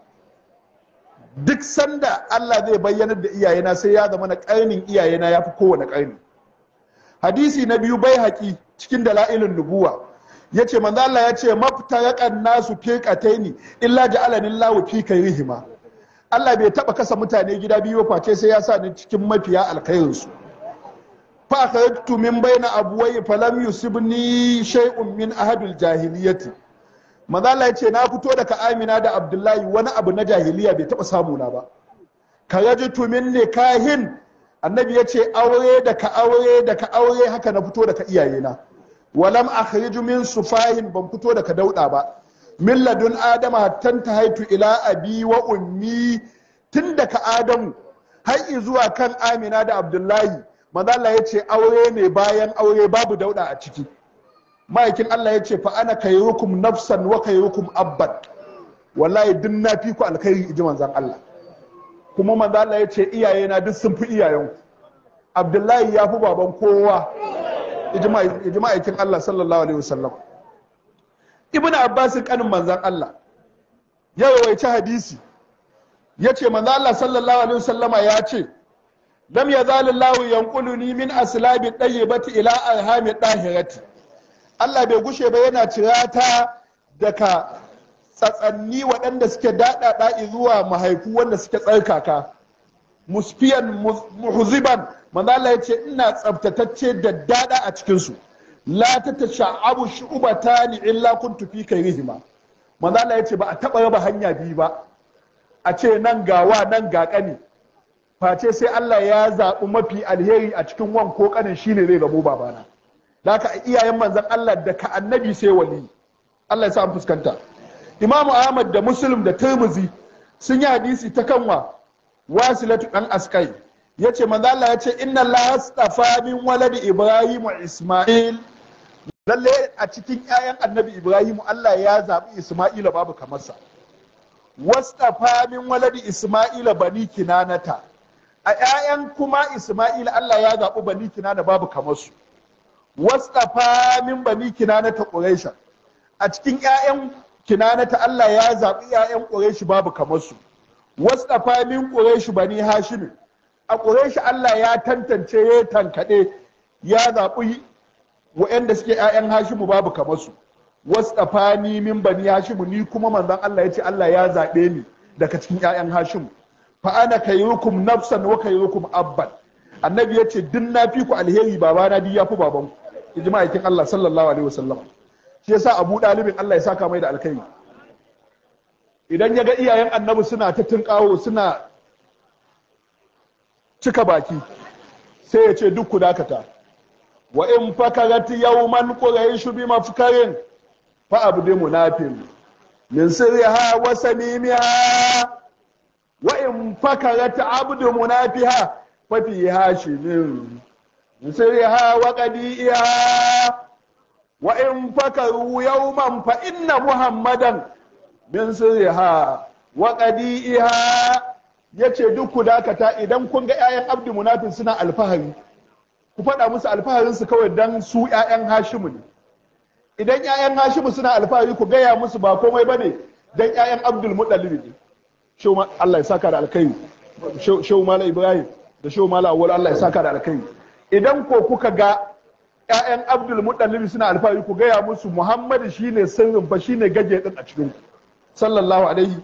duk sanda Allah zai bayyanar da iyayena sai ya zama na karnin iyayena ya fi kowane karni. hadisi na biyu bai haƙi cikin dala'ilin nubuwa ya ce manzo Allah ya ce mafita su nasu firƙataini illa alanin lawu fi rihima. Allah bai taɓa kasa mutane gida biyu ba face sai ya sa ni cikin mafiya alkhairinsu fa kharajtu min baina abwai falam yusibni shay'un min ahadil jahiliyyati mazala ya ce na fito daga amina da abdullahi wani abu na jahiliya bai taba samu na ba ka yaji tumin kahin. annabi ya ce aure da ka aure da ka aure haka na fito daga iyayena walam akhriju min sufahin ban fito daga dauda ba milladun adama hatan ta haitu ila abi wa ummi tun daga adamu har zuwa kan amina da abdullahi mazala ya ce aure ne bayan aure babu dauda a ciki ma'aikin Allah ya ce fa ana hukum nafsan wa hukum abban wallahi duk na fi ku alkhairi iji manzon Allah kuma manzon Allah ya ce iyaye na duk sun fi iyayen Abdullahi ya fi baban kowa iji ma'aikin Allah sallallahu alaihi wasallam Ibn Abbas kanin manzon Allah ya ci hadisi ya ce manzon Allah sallallahu alaihi wasallama ya ce lam yazalillahu yanquluni min aslabi bata ila alhami dahirati Allah bai gushe ba yana cirata daga tsatsanni waɗanda suke daɗaɗa zuwa mahaifu wanda suke tsarkaka musfiyan muhziban manzo Allah ce ina tsabtatacce da daɗa a cikinsu. cikin su la ta shu'batani illa kuntu fi rihima manzo Allah ce ba a taɓa raba hanya biyu ba a ce nan gawa nan ga ƙani face sai Allah ya zaɓi mafi alheri a cikin wan ko shi shine zai rabo babana da haka iyayen manzan Allah da ka annabi sai wali Allah ya sa an fuskanta Imam Ahmad da Muslim da turmuzi sun yi hadisi ta kanwa wasilatu dan askai yace manzo Allah yace inna Allah astafa min waladi Ibrahim wa Isma'il lalle a cikin 'ya'yan annabi Ibrahim Allah ya zabi Isma'il babu kamarsa wastafa min waladi isma'il bani kinanata a 'ya'yan kuma Isma'il Allah ya zabi bani kinana babu kamarsu su wastafa min bani kinanata quraisha a cikin ƴaƴan kinanata Allah ya zabi ƴaƴan quraishi babu kamar su wastafa min quraishi bani hashim a ƙurashi Allah ya tantance ya tankade ya zabi waɗanda suke ƴaƴan hashimu babu kamar su wastafa ni min bani hashimu ni kuma manzon Allah ya ce Allah ya zaɓe ni daga cikin ƴaƴan hashimu fa ana kayrukum nafsan wa kayrukum abban annabi ya ce duk na fi ku alheri babana biyu ya fi babanku in ji ma'aikin Allah sallallahu alaihi wasallam shi yasa Abu Dalibin Allah ya saka mai da alkai idan ya ga iyayen annabi suna ta tunkawo suna cika baki sai ya ce duk ku dakata wa in fakarat yawman quraish bi mafkarin fa abdu munafin min sirriha wa samimiha wa in fakarat abdu munafiha ففي هاشم سرها وقديئها وإن فكروا muhammadan min محمدا من سرها ha yace duku dakata idan kun ga 'ya'yan abdu munafin suna alfahari ku faɗa musu alfaharinsu kawai dan su 'ya'yan hashimu ne idan 'ya'yan hashimu suna alfahari ku gaya musu ba komai bane dan 'ya'yan abdul mudallib ne Allah ya saka da alkai shoma ibrahim da shi mala awwal Allah ya saka da alkai idan ko kuka ga 'ya'yan Abdul Muttalib suna alfahari ku gaya musu Muhammad shine sirrin fa shine gaje din a cikin ku sallallahu alaihi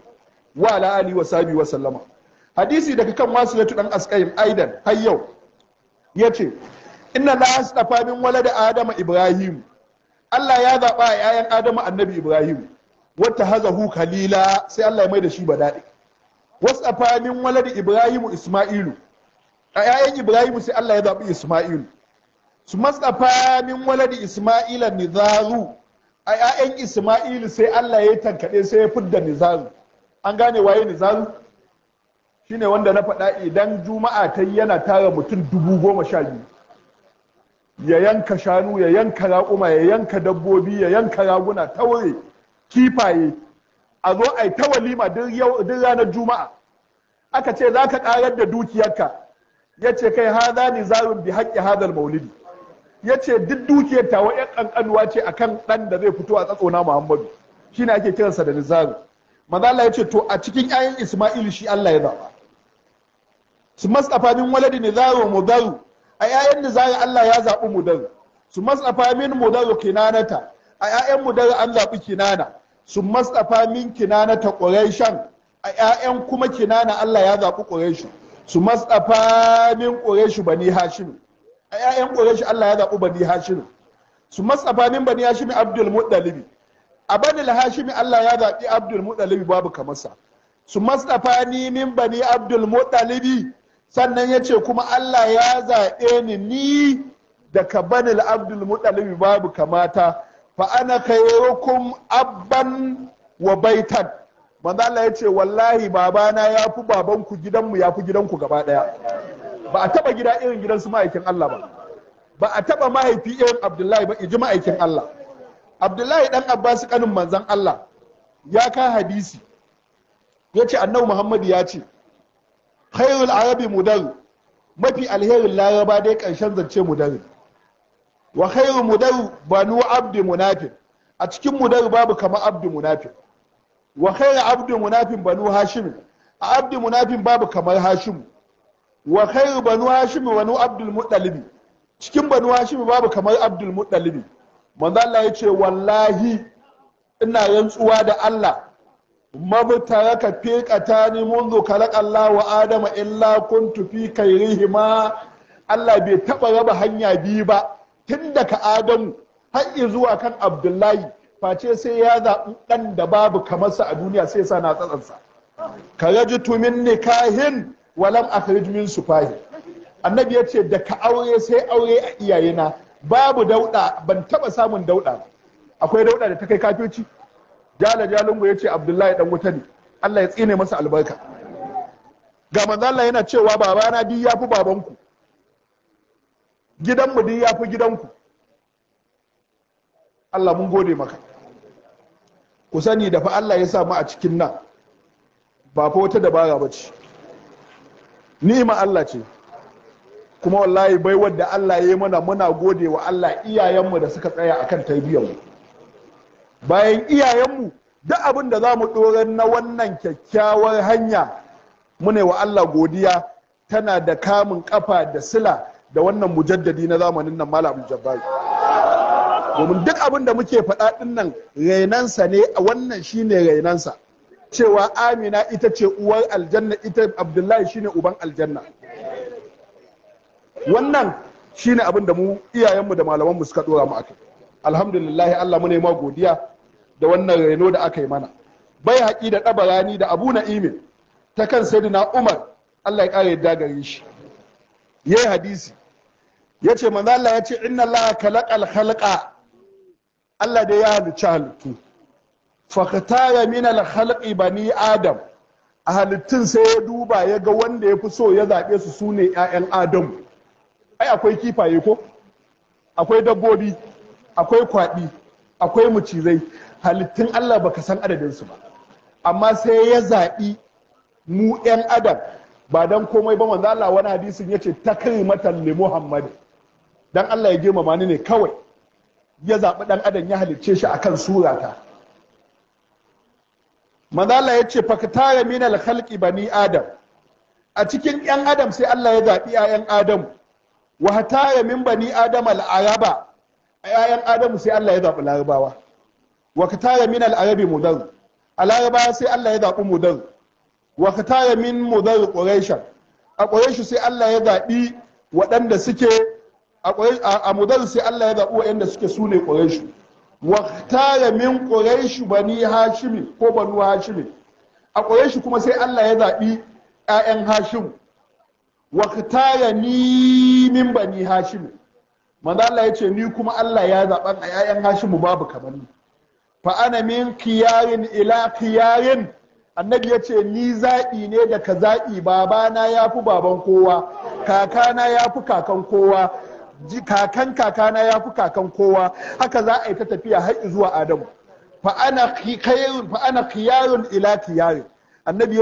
wa ala wa wa sallama hadisi daga kan wasu yatu dan asqaim aidan har yau yace inna la astafa min walad adama ibrahim Allah ya zaba 'ya'yan Adamu annabi Ibrahim wata hazahu kalila sai Allah ya mai da shi ba badadi wasafa min walad ibrahim isma'ilu a 'ya'yan ibrahim sai allah ya zaɓi isma'il su matsafa min waladi isma'ila nizaru a 'ya'yan isma'il sai allah ya yi tankaɗe sai ya fidda nizaru an gane waye nizaru shine wanda na faɗa idan juma'a ta yi yana tara mutum dubu goma sha biyu ya yanka shanu ya yanka raƙuma ya yanka dabbobi ya yanka raguna taure kifaye a zo a yi ta walima duk ranar juma'a aka ce za ka ƙarar da dukiyarka yace kai hada nizarun bi haƙƙi hadal maulidi yace duk dukiyar tawa yan ƙanƙanuwa ce a kan ɗan da zai fito a tsatsona Muhammadu shine ake kiransa da nizaru maza Allah ce to a cikin 'ya'yan Isma'il shi Allah ya zaɓa su masafa min waladi nizaru mudaru a 'ya'yan nizaru Allah ya zabi mudaru su masafa min mudaru kinanata a 'ya'yan mudaru an zaɓi kinana su masafa min kinanata quraishan a 'ya'yan kuma kinana Allah ya zaɓi quraishan su matsafa min ƙureshi bani hashim a 'ya'yan ƙureshi allah ya zaɓi bani hashim su matsafa min bani hashim abdul muɗalibi a bani hashim allah ya zaɓi abdul muɗalibi babu kamarsa su matsafa ni min bani abdul muɗalibi sannan ya ce kuma allah ya zaɓe ni ni daga bani abdul muɗalibi babu kamata fa ana khairukum abban wa baitan manzo Allah ya ce wallahi babana ya fi babanku gidanmu ya fi gidanku gaba daya ba a taba gida irin gidan su ma'aikin Allah ba ba a taɓa mahaifi irin Abdullahi ba iji ma'aikin Allah Abdullahi dan Abbas kanin manzon Allah ya ka hadisi ya ce annabi Muhammad ya ce khairul arabi mudar mafi alherin laraba dai ƙarshen zance mudar wa khairu mudar banu abdi munafin a cikin mudar babu kama abdi munafin wa khayra abdun munafin banu hashim abdun munafin babu kamar hashim wa khayru banu hashim wa nu abdul muttalibi cikin banu hashim babu kamar abdul muttalibi manzo Allah ya ce wallahi ina rantsuwa da Allah mabtaraka fiqatani منذ خلق Allah wa Adama illa kuntu fi kairihima Allah bai taba raba hanya biyu ba tun daga Adamu har zuwa kan Abdullahi face sai ya zaɓi ɗan da babu kamarsa a duniya sai sa na tsatsansa ka raji tumin nikahin walam akhrij min sufahi annabi ya ce da ka aure sai aure a iyayena babu dauɗa ban taɓa samun dauɗa akwai dauɗa da ta kai kafirci jala jalungu ya ce abdullahi dan wuta ne allah ya tsine masa albarka ga manzo allah yana cewa babana duk fi babanku gidanmu duk fi gidanku Allah mun gode maka ku sani da fa Allah ya samu a cikin nan ba fa wata dabara ba ce ni'ima Allah ce kuma wallahi bai wadda Allah ya yi mana muna gode wa Allah iyayenmu da suka tsaya akan tarbiyyarmu bayan iyayenmu duk abin da za mu ɗora na wannan kyakkyawar hanya mune wa Allah godiya tana da kamun kafa da sila da wannan mujaddadi na zamanin nan malam jabbari domin duk abin da muke faɗa ɗin nan rainansa ne wannan shi ne rainansa cewa amina ita ce uwar aljanna ita abdullahi shi ne uban aljanna wannan shi ne abin da mu iyayenmu da malamanmu suka ɗora mu aka alhamdulillah Allah mu ne ma godiya da wannan raino da aka yi mana bai haƙi da ɗabarani da abu na'imin ta kan sayyidina umar Allah ya ƙara yadda gare shi yayi hadisi Ya yace manzo Allah ce inna Allah khalaqal khalqa Allah dai ya halicci halittu fakataya min alhalqi bani adam a halittun sai ya duba ya ga wanda ya fi so ya zaɓe su sune 'ya'yan adam ai akwai kifaye ko akwai dabbobi akwai kwaɗi akwai macizai? halittun Allah baka san adadinsu ba amma sai ya zaɓi mu 'yan adam ba don komai ba manzo Allah wani hadisin yace takrimatan li Muhammad Don Allah ya girmama ni ne kawai ya zaɓi ɗan adam ya halicce shi a kan surata manzala ya ce fakatara min alkhalqi bani adam a cikin yan adam sai Allah ya zaɓi yayan adam wa hatara min bani adam al'araba a yayan adam sai Allah ya zaɓi larabawa wa katara min al'arabi mudar a larabawa sai Allah ya zaɓi mudar wa min mudar quraisha a quraishu sai Allah ya zaɓi waɗanda suke a mudar sai Allah ya zaɓi waɗanda suke su ne ƙwarai waktara min quraish bani hashimi ko banu hashimi a quraish kuma sai Allah ya zaɓi ƴaƴan hashim waktara ni min bani hashimi manzo Allah ya ce ni kuma Allah ya zaɓa a ƴaƴan hashim babu kamar ni fa ana min kiyayin ila kiyayin annabi ya ce ni zaɓi ne daga zaƙi. zaɓi babana ya fi baban kowa kakana ya fi kakan kowa kakan kakana ya fi kakan kowa haka za a yi ta tafiya har zuwa adamu fa ana khiyarun fa ana khiyarun ila khiyari annabi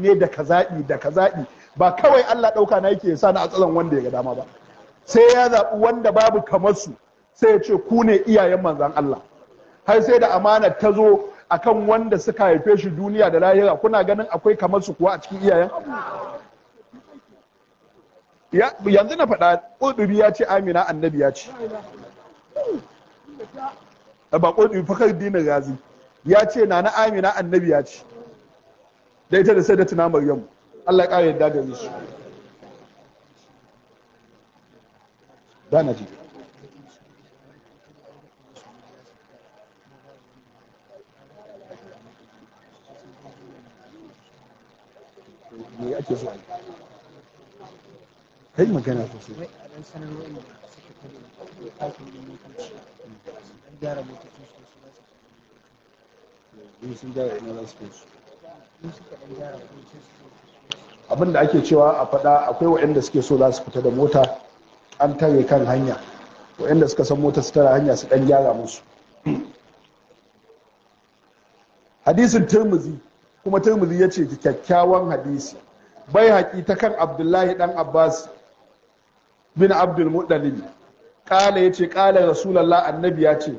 ne da ka zaɓi da ka zaɓi ba kawai Allah ɗauka na yake sa na a tsalan wanda ya ga dama ba sai ya zaɓi wanda babu kamarsu sai ya ce ku ne iyayen manzan Allah har sai da amana ta zo akan wanda suka haife shi duniya da lahira kuna ganin akwai kamarsu kuwa a cikin iyayen yanzu na faɗa ƙuduri ya ce amina annabi ya ce eh, ba ƙuduri fakar dina gazi ya ce na na amina annabi ya ce da ita da sai da tuna maryam allah ƙara yadda da su na ji ake so kai magana sosai abin da ake cewa a faɗa akwai waɗanda suke so za su fita da mota an tare kan hanya waɗanda suka san mota su tara hanya su ɗan gyara musu hadisin turmuzi kuma turmuzi ya ce kyakkyawan hadisi bai haƙi ta kan abdullahi ɗan abbas bin abdul muɗalibi ƙala ya ce rasulallah annabi ya ce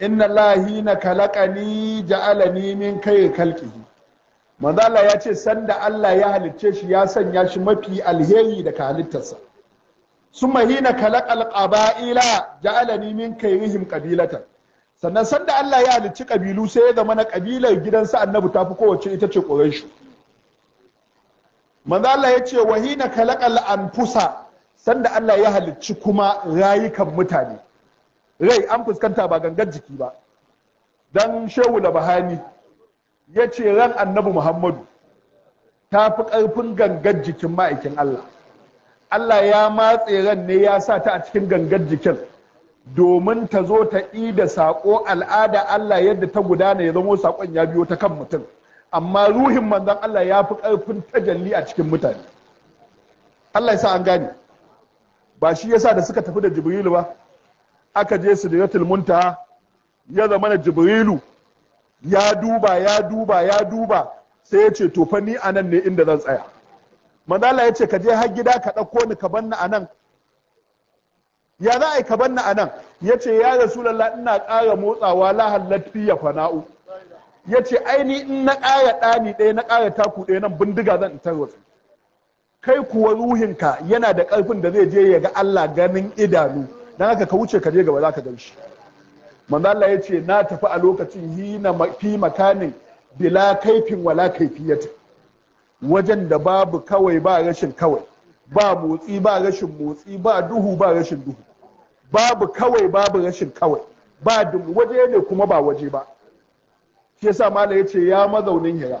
inna lahi na kalakani ja'alani min kai kalki manzala ya ce sanda Allah ya halicce shi ya sanya shi mafi alheri da halittarsa summa hina kalakal qaba'ila ja'alani min kai rihim qabilatan sannan sanda Allah ya halicci kabilu sai ya zama na kabilar gidansa annabi tafi kowace ita ce quraishu manzo Allah ya ce wahina kalakal anfusa sanda Allah ya halicci kuma rayukan mutane rai an fuskanta ba gangan jiki ba dan shehu labahani ya ce ran annabi muhammadu ta fi ƙarfin gangan jikin ma'aikin Allah Allah ya matse ran ne ya sa ta a cikin gangan jikin domin ta zo ta da saƙo al'ada Allah yadda ta gudana ya zamo saƙon ya biyo ta kan mutum amma ruhin manzon Allah ya fi ƙarfin tajalli a cikin mutane Allah ya sa an gane ba shi yasa da suka tafi da jibrilu ba aka je su sidratul munta ya zama na jibrilu ya duba ya duba ya duba sai ya ce to fa ni anan ne inda zan tsaya manzala ya ce ka je har gida ka ɗauko ni ka banna anan ya za a yi ka banna anan ya ce ya rasulallah ina ƙara motsawa la halatti ya fana'u ya ce aini in na ƙara ɗani ɗaya na kara taku ɗaya nan bindiga zan tarwatsu kai kuwa ruhinka yana da ƙarfin da zai je ya ga Allah ganin idanu don haka ka wuce ka je gaba za ka gan shi manzo Allah ya ce na tafi a lokacin hina fi makanin bila kaifin wala kaifiyata wajen da babu kawai ba rashin kawai ba motsi ba rashin motsi ba duhu ba rashin duhu babu kawai babu rashin kawai ba waje ne kuma ba waje ba shi yasa Malam ya ce ya mazaunin hira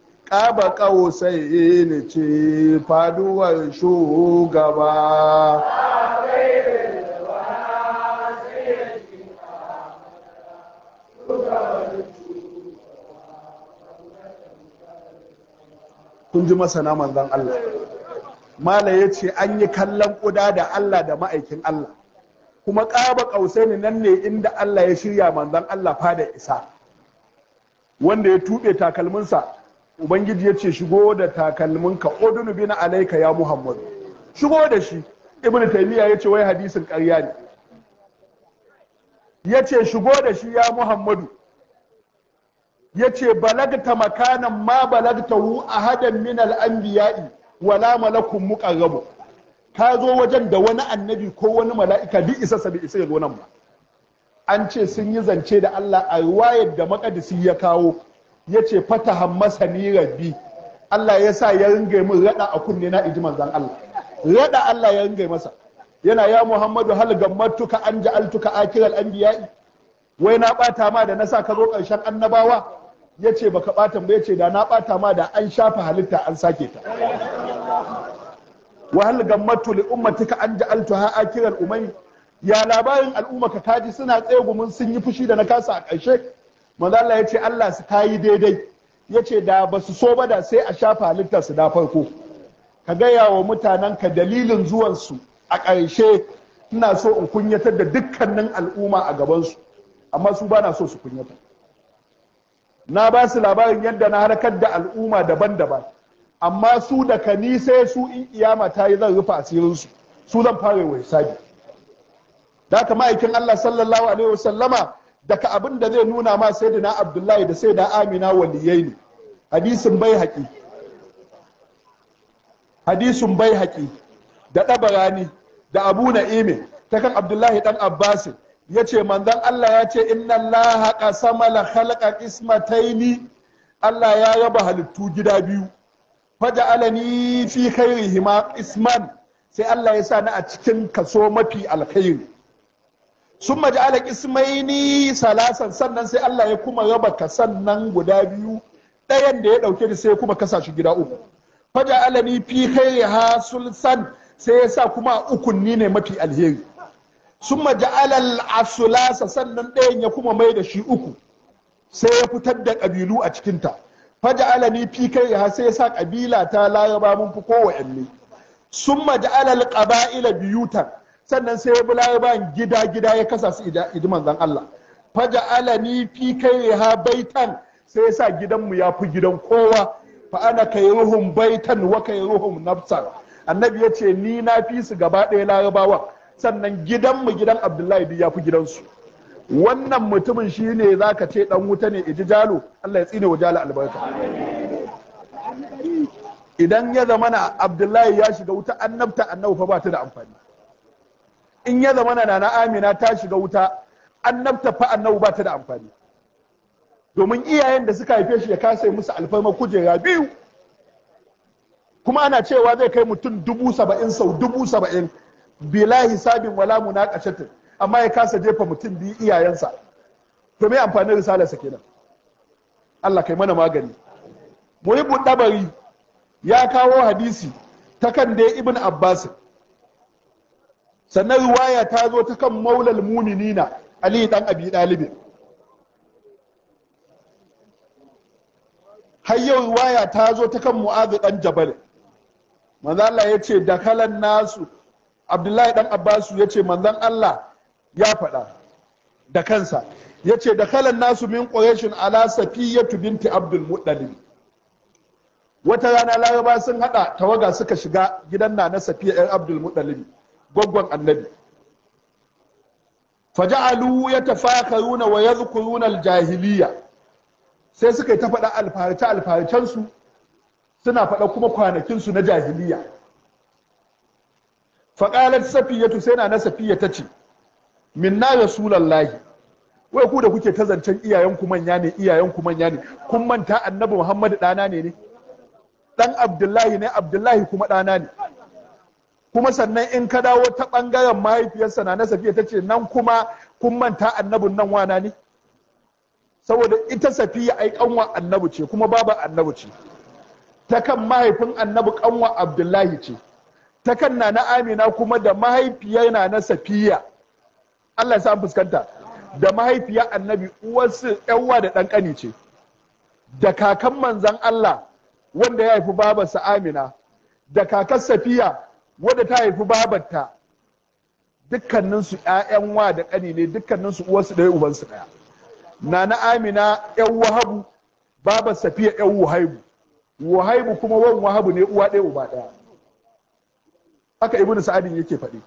ƙaba sai ne ce faduwar shugaba kun ji masana manzan Allah mala ya ce an yi kallon ƙuda da Allah da ma'aikin Allah kuma ƙaba ƙausai ne nan ne inda Allah ya shirya manzan Allah fada isa wanda ya tuɓe takalminsa ubangiji ya ce shigo da takalminka odunu bina alaika ya muhammad shigo da shi ibn taymiya ya ce wai hadisin ƙarya ne ya ce shigo da shi ya muhammadu ya ce balagta makanan ma a ahadan min al-anbiya'i wala malakun muqarrabu ka zo wajen da wani annabi ko wani mala'ika bi isa sabi isa ya zo nan ba an ce sun yi zance da Allah a riwayar da makadisi ya kawo ya ce fata hammasa ni rabbi Allah ya sa ya ringa min rada a kunne na iji manzan Allah rada Allah ya ringa masa yana ya Muhammadu hal gammatuka an ja'altuka akiral anbiya'i wai na bata ma da na sa ka zo karshen annabawa yace baka bata ba yace da na bata ma da an shafa halitta an sake ta wa hal gammatu li ummatika an ja'altuha akiral umay ya labarin al'umma ka kaji suna tsegumin sun yi fushi da na kasa a karshe. maza Allah ya ce Allah su ta yi daidai ya ce da ba su so ba da sai a shafa halitta su da farko ka gaya wa mutanen ka dalilin zuwansu a ƙarshe ina so in kunyatar da dukkanin al'umma a gabansu amma su ba na so su kunyata na ba su labarin yadda na harkar da al'umma daban-daban amma su da kani sai su in iyama ta yi zan rufe asirinsu su zan fara wa hisabi da ma'aikin Allah sallallahu alaihi wasallama daga abin da zai nuna ma sai na abdullahi da sai da amina waliyai ne hadisin bai haƙi hadisin bai haƙi da ɗabarani da abu ime ta kan abdullahi ɗan abbasin ya ce manzan allah ya ce inna allaha sama la khalqa ismataini allah ya raba halittu gida biyu alani fi khairihima isman sai allah ya sa ni a cikin kaso mafi alkhairi sun maja'ala ismaini salasan sannan sai Allah ya kuma raba kasan nan guda biyu ɗayan da ya ɗauke da sai ya kuma kasa shi gida uku faja alani fi ha sulsan sai ya sa kuma ukunni ne mafi alheri sun maja'ala asulasa sannan ɗayan ya kuma mai da shi uku sai ya fitar da ƙabilu a cikinta faja alani fi ha sai ya sa ƙabila ta laraba mun fi kowa ne sun maja'ala ƙaba'ila biyutan sannan sai ya bula ba gida gida ya kasa su idiman zan Allah faja ni fi kai ha baitan sai ya sa gidanmu ya fi gidan kowa fa ana kai ruhun baitan wa kai ruhun nafsar annabi ya ce ni na fi su gaba ɗaya larabawa sannan gidanmu gidan abdullahi duk ya fi gidansu wannan mutumin shi ne za ka ce wuta ne iji jalo allah ya tsine wa jalo albarka idan ya zama na abdullahi ya shiga wuta annabta annabi fa ba ta da amfani in ya zama na na amina ta shiga wuta annabta fa annabu ba ta da amfani domin iyayen da suka haife shi ya kasa musu alfarma kujera biyu kuma ana cewa zai kai mutum dubu saba'in sau dubu saba'in bila hisabin wala kashatin amma ya kasa jefa mutum biyu iyayensa to me amfanin risalarsa kenan Allah kai mana magani muhibbu dabari ya kawo hadisi ta kan dai ibn abbasin sannan riwaya ta zo ta kan maulal muminina ali dan abi dalibin har yau riwaya ta zo ta kan mu'azi dan jabal manzo Allah da kalan nasu abdullahi dan abbasu yace manzon Allah ya faɗa da kansa yace kalan nasu min quraishin ala safiyatu binti abdul muɗalibi wata rana laraba sun haɗa tawaga suka shiga gidan na na safiya yar abdul muɗalibi gwaggon annabi faja'alu yatafakaruna wa yadhkuruna kur'unar jahiliya sai suka yi ta faɗa alfarice alfaricen suna faɗa kuma kwanakin su na jahiliya faƙalar safiyatu sai na na safiya ta tace minna rasulullahi wai ku da kuke ta zancen iyayen ku manya ne iyayen ku manya ne kun manta annabi muhammadu ɗana ne ne dan abdullahi ne abdullahi kuma ɗana ne kuma sannan in ka dawo ta bangaren mahaifiyarsa na safiya ta ce nan kuma kun manta annabin nan wana ne saboda ita safiya ai kanwa annabi ce kuma baba annabi ce ta kan mahaifin annabi kanwa abdullahi ce ta kan na na amina kuma da mahaifiyar na na safiya allah ya sa fuskanta da mahaifiyar annabi uwarsu yawa da ɗan kani ce da kakan manzan allah wanda ya haifi babarsa amina da kakar safiya wadda ta haifi babarta dukkaninsu 'ya'yan wa da ƙani ne dukkaninsu uwarsu ɗaya ubansu ɗaya nana amina 'yan wahabu babar safiya 'yan wahaibu wahaibu kuma wan wahabu ne uwa ɗaya uba ɗaya haka ibn sa'adin yake faɗi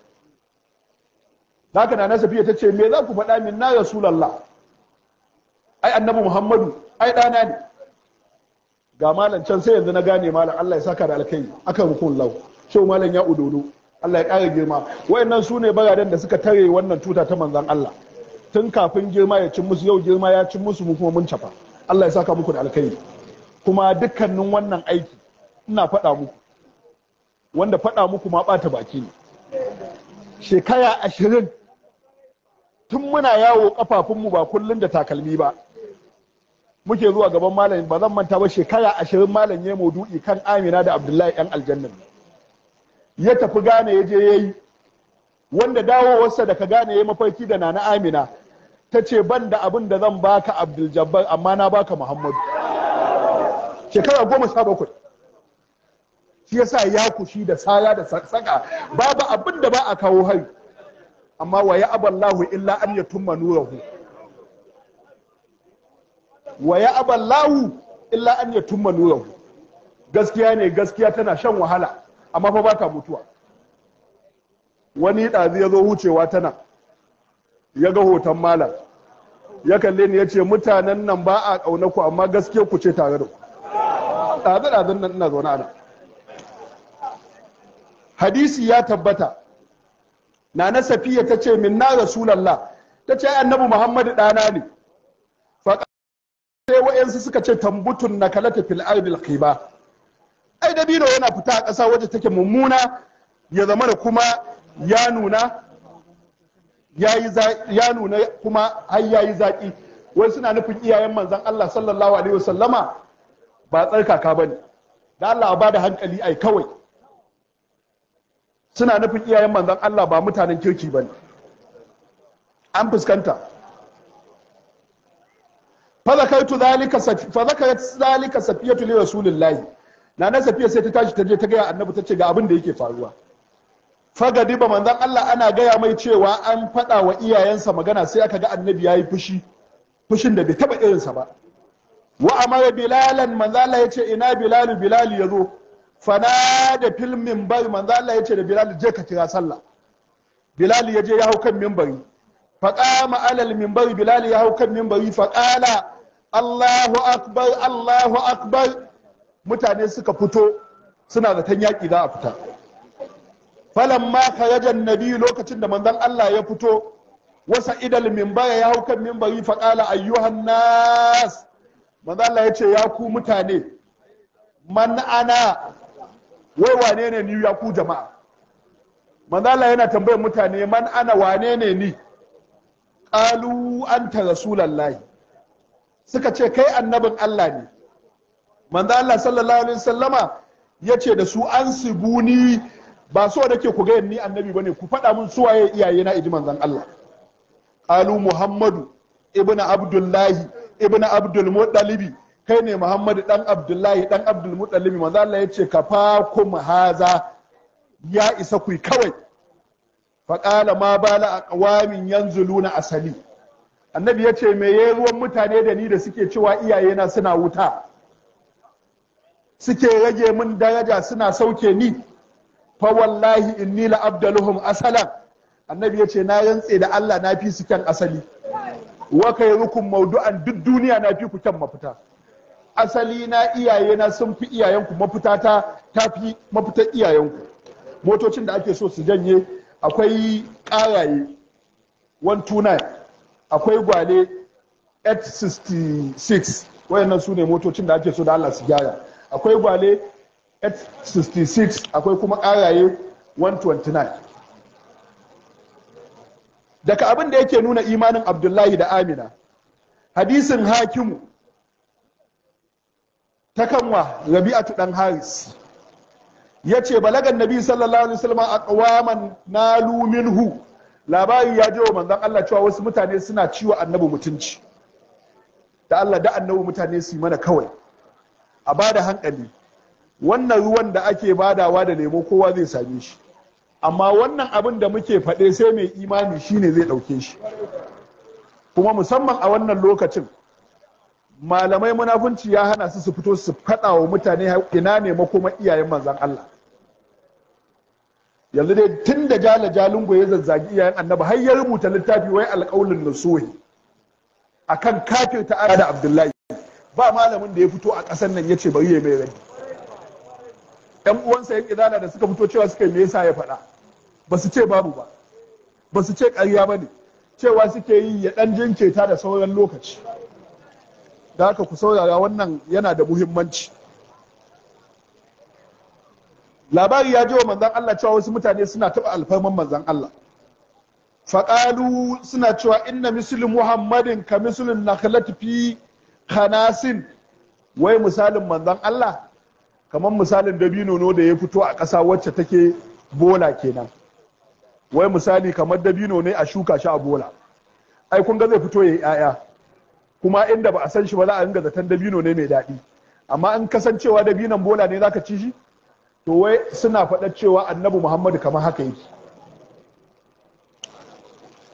haka nana safiya ta ce me za ku faɗa min na rasulallah ai annabi muhammadu ai ɗana ne ga malam can sai yanzu na gane malam allah ya saka da alkai akan rukun lau shehu malam ya ododo. Allah ya ƙara girma wayannan su ne baraden da suka tare wannan tuta ta manzan Allah tun kafin girma ya cin musu yau girma ya cin musu mu kuma mun cafa Allah ya saka muku da alkhairi kuma dukkanin wannan aiki ina faɗa muku wanda faɗa muku ma ɓata baki ne shekara ashirin tun muna yawo kafafunmu ba kullum da takalmi ba muke zuwa gaban malam ba zan manta ba shekara ashirin malam ya maudu'i kan amina da abdullahi yan aljannan ya tafi gane ya je ya yi. wanda dawowarsa da ka gane ya mafarki da nana amina ta ce ban da abin da zan baka abdul jabbar amma na baka muhammadu shekara goma sha bakwai shi yasa ya kushi da saya da saka. babu abin da ba a kawo hari amma wa ya aballahu illa an yatumma nurahu wa ya aballahu illa an nurahu gaskiya ne gaskiya tana shan wahala amma fa baka mutuwa wani ɗazi ya zo wucewa tana ya ga hoton malam ya kalle ni ya ce mutanen nan ba a ƙauna ku amma gaske ku ce tare da ku ɗazi ɗazin nan ina zaune ana hadisi ya tabbata na na safiya ta ce min na rasulallah ta ce annabi muhammadu ɗana ne sai wa'yansu suka ce tambutun na kalata fil ardil qiba ai dabino yana fita a ƙasa wadda take mummuna ya zama da kuma ya nuna ya nuna kuma har ya yi zaƙi wani suna nufin iyayen manzan Allah sallallahu alaihi wasallama ba tsarkaka ba ne da Allah ba da hankali ai kawai suna nufin iyayen manzan Allah ba mutanen kirki ba ne an fuskanta fa zakaitu zalika safiyatu li rasulillahi nana safiya sai ta tashi ta je ta gaya annabi ta ce ga abin da yake faruwa fagadi ba manzon Allah ana gaya mai cewa an faɗa wa iyayensa magana sai aka ga annabi yayi fushi fushin da bai taɓa irinsa ba wa amara bilalan manzo Allah ce ina bilalu bilal yazo fana da fil minbar manzo Allah ce da Bilali? je ka kira sallah bilal je ya hau kan mimbari faqama alal minbari bilal ya hau kan mimbari faqala Allahu akbar Allahu akbar mutane suka fito suna zaton yaƙi za a fita falan ma yajan nabi lokacin da manzon Allah ya fito wasa idal baya ya hau kan bari faƙala ayyuhan nas manzon Allah ya ce ya ku mutane man ana wai wane ne ni ya ku jama'a manzon Allah yana tambayar mutane man ana wane ne ni qalu anta rasulullahi suka ce kai annabin Allah ne manzo Allah sallallahu alaihi wasallama yace da su an sibuni ba so da ke ku ga ni annabi bane ku faɗa mun waye iyaye na idi manzon Allah qalu muhammadu ibnu abdullahi ibnu abdul kai ne muhammadu dan abdullahi dan abdul muttalibi manzo Allah yace kafakum haza ya isa ku kawai qala ma bala a yanzuluna yanzu luna asali annabi yace me ruwan mutane da ni da suke cewa iyaye na suna wuta suke rage min daraja suna sauke ni fa wallahi inni la abdaluhum asalan annabi ya ce na rantse da Allah na fi su kyan asali wa kai rukun maudu'an duk duniya na fi ku kyan mafita asali na iyaye na sun fi iyayenku mafita ta tafi mafitar iyayenku motocin da ake so su janye akwai karaye 129 akwai gwale 866 wayannan su ne motocin da ake so da Allah su gyara akwai gwale 866 akwai kuma ƙaraye 129 daga abin da yake nuna imanin abdullahi da amina hadisin hakimu ta kanwa rabi'atu dan haris ya ce balagan nabi sallallahu alaihi wasallam aqwaman nalu minhu labari ya je wa manzan Allah cewa wasu mutane suna ciwo annabi mutunci da Allah da annabi mutane su yi mana kawai a bada hankali wannan ruwan da ake badawa da lemo kowa zai same shi amma wannan abin da muke faɗe sai mai imani shine zai ɗauke shi kuma musamman a wannan lokacin malamai munafunci ya hana su su fito su faɗa wa mutane ina ne makoma iyayen manzan Allah yanzu dai tun da jala jalungo ya zazzagi iyayen annaba har ya rubuta littafi wai alƙaulin nusuhi akan kafirta da Abdullahi ba malamin da ya fito a ƙasar nan ya ce bari ya mai rai. yan uwansa yan idana da suka fito cewa suka yi me yasa ya faɗa ba su ce babu ba ba su ce ƙarya ba ne cewa suke yi ya ɗan jinketa da sauran lokaci da haka ku saurara wannan yana da muhimmanci labari ya ji wa manzan Allah cewa wasu mutane suna taɓa alfarman manzan Allah faƙalu suna cewa inna misilin muhammadin ka misulin na fi kanasin wai misalin manzon Allah kamar misalin dabino ne da ya fito a ƙasa wacce take bola kenan wai misali kamar dabino ne a shuka shi a bola ai kun ga zai fito yayi ƴaƴa kuma inda ba a san shi ba za a ringa zaton dabino ne mai daɗi amma in kasancewa dabinon bola ne zaka ci shi to wai suna faɗa cewa annabi muhammadu kamar haka yake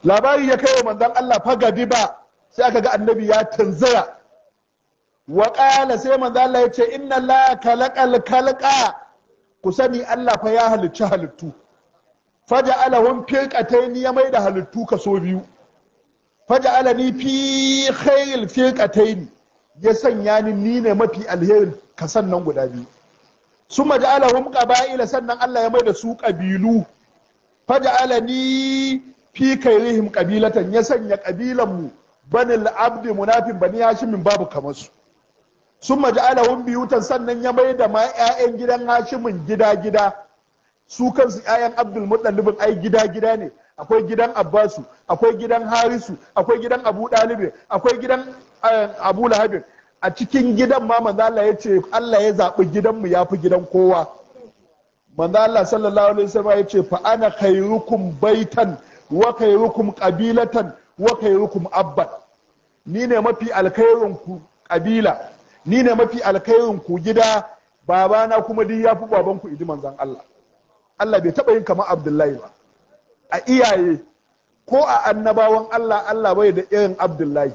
labari ya kai wa manzon Allah fagadi ba sai aka ga annabi ya tanzaya Waƙala sai mazala ya ce inna la ku sani Allah fa ya halicci halittu fiƙata ni ya maida halittu kaso biyu ni fi fiƙata ni, ya sanya ni ni ne mafi alherin ka nan guda biyu su maja'alahum qaba'ila sannan Allah ya mai da su ƙabilu. kabilu ni fi kairihim ƙabilatan ya sanya ƙabilanmu mu banil abdi munafin bani min babu kamar su sun maji hun biyutan sannan ya mai da ma 'ya'yan gidan hashimin gida-gida su kansu 'ya'yan abdul mutallibin ai gida-gida ne akwai gidan abbasu akwai gidan harisu akwai gidan abu ɗalibin akwai gidan eh, abu lahabin a cikin gidan ma manzo Allah ya ce Allah ya zaɓi gidanmu ya fi gidan kowa manzo Allah sallallahu alaihi wasallam ya ce fa ana khairukum baitan wa khairukum qabilatan wa khairukum abban ni ne mafi alkhairun ku ni ne mafi alkhairin ku gida babana kuma duk yafi baban ku idi manzan Allah Allah bai taba yin kamar Abdullahi ba a iyaye ko a annabawan Allah Allah bai da irin Abdullahi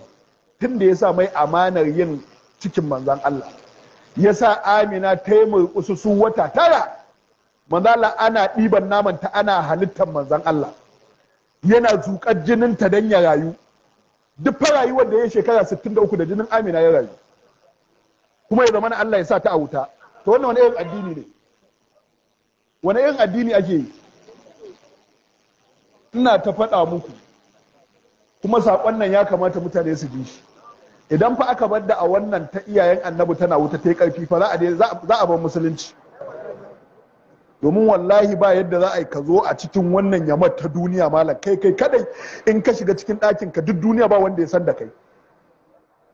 Tunda da yasa mai amanar yin cikin manzan Allah yasa Amina ta yi wata tara Manzan Allah ana ɗiban naman ta ana halittar manzan Allah yana zuƙar jininta don ya rayu duk fa rayuwar da ya shekara 63 da jinin Amina ya rayu kuma ya zama Allah ya sa ta a wuta to wannan wani irin addini ne wani irin addini ake yi ina ta faɗa muku kuma sakon nan ya kamata mutane su ji shi idan fa aka bar da a wannan ta iyayen annabi tana wuta ta yi ƙarfi fa za a bar musulunci domin wallahi ba yadda za a yi ka zo a cikin wannan yamar ta duniya malam kai kai kadai in ka shiga cikin ɗakin ka duk duniya ba wanda ya san da kai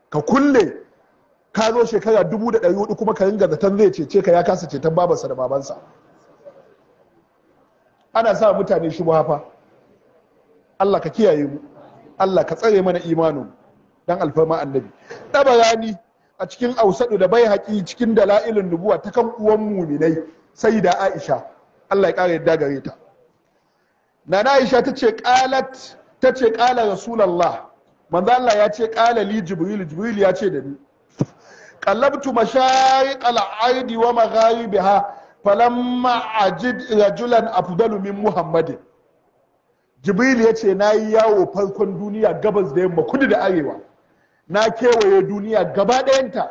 ka kulle ka zo shekara dubu da ɗari hudu kuma ka ringa zaton zai cece ka ya kasa ceton babansa da babansa ana sa mutane shi fa Allah ka kiyaye mu Allah ka tsare mana imanin dan alfarma annabi rani a cikin ausadu da bai haƙi cikin dala'ilin nubuwa ta kan uwan muminai sai da aisha Allah ya ƙara yadda gare ta nana aisha ta ce ƙalat ta rasulallah manzo Allah ya ce ƙala jibril jibril ya ce da ni kalabtu mashayiq al-aidi wa magharibiha falamma ajid rajulan afdalu min muhammadin jibril ya ce na yi yawo farkon duniya gabas da yamma kudu da arewa na kewaye duniya gaba ɗayanta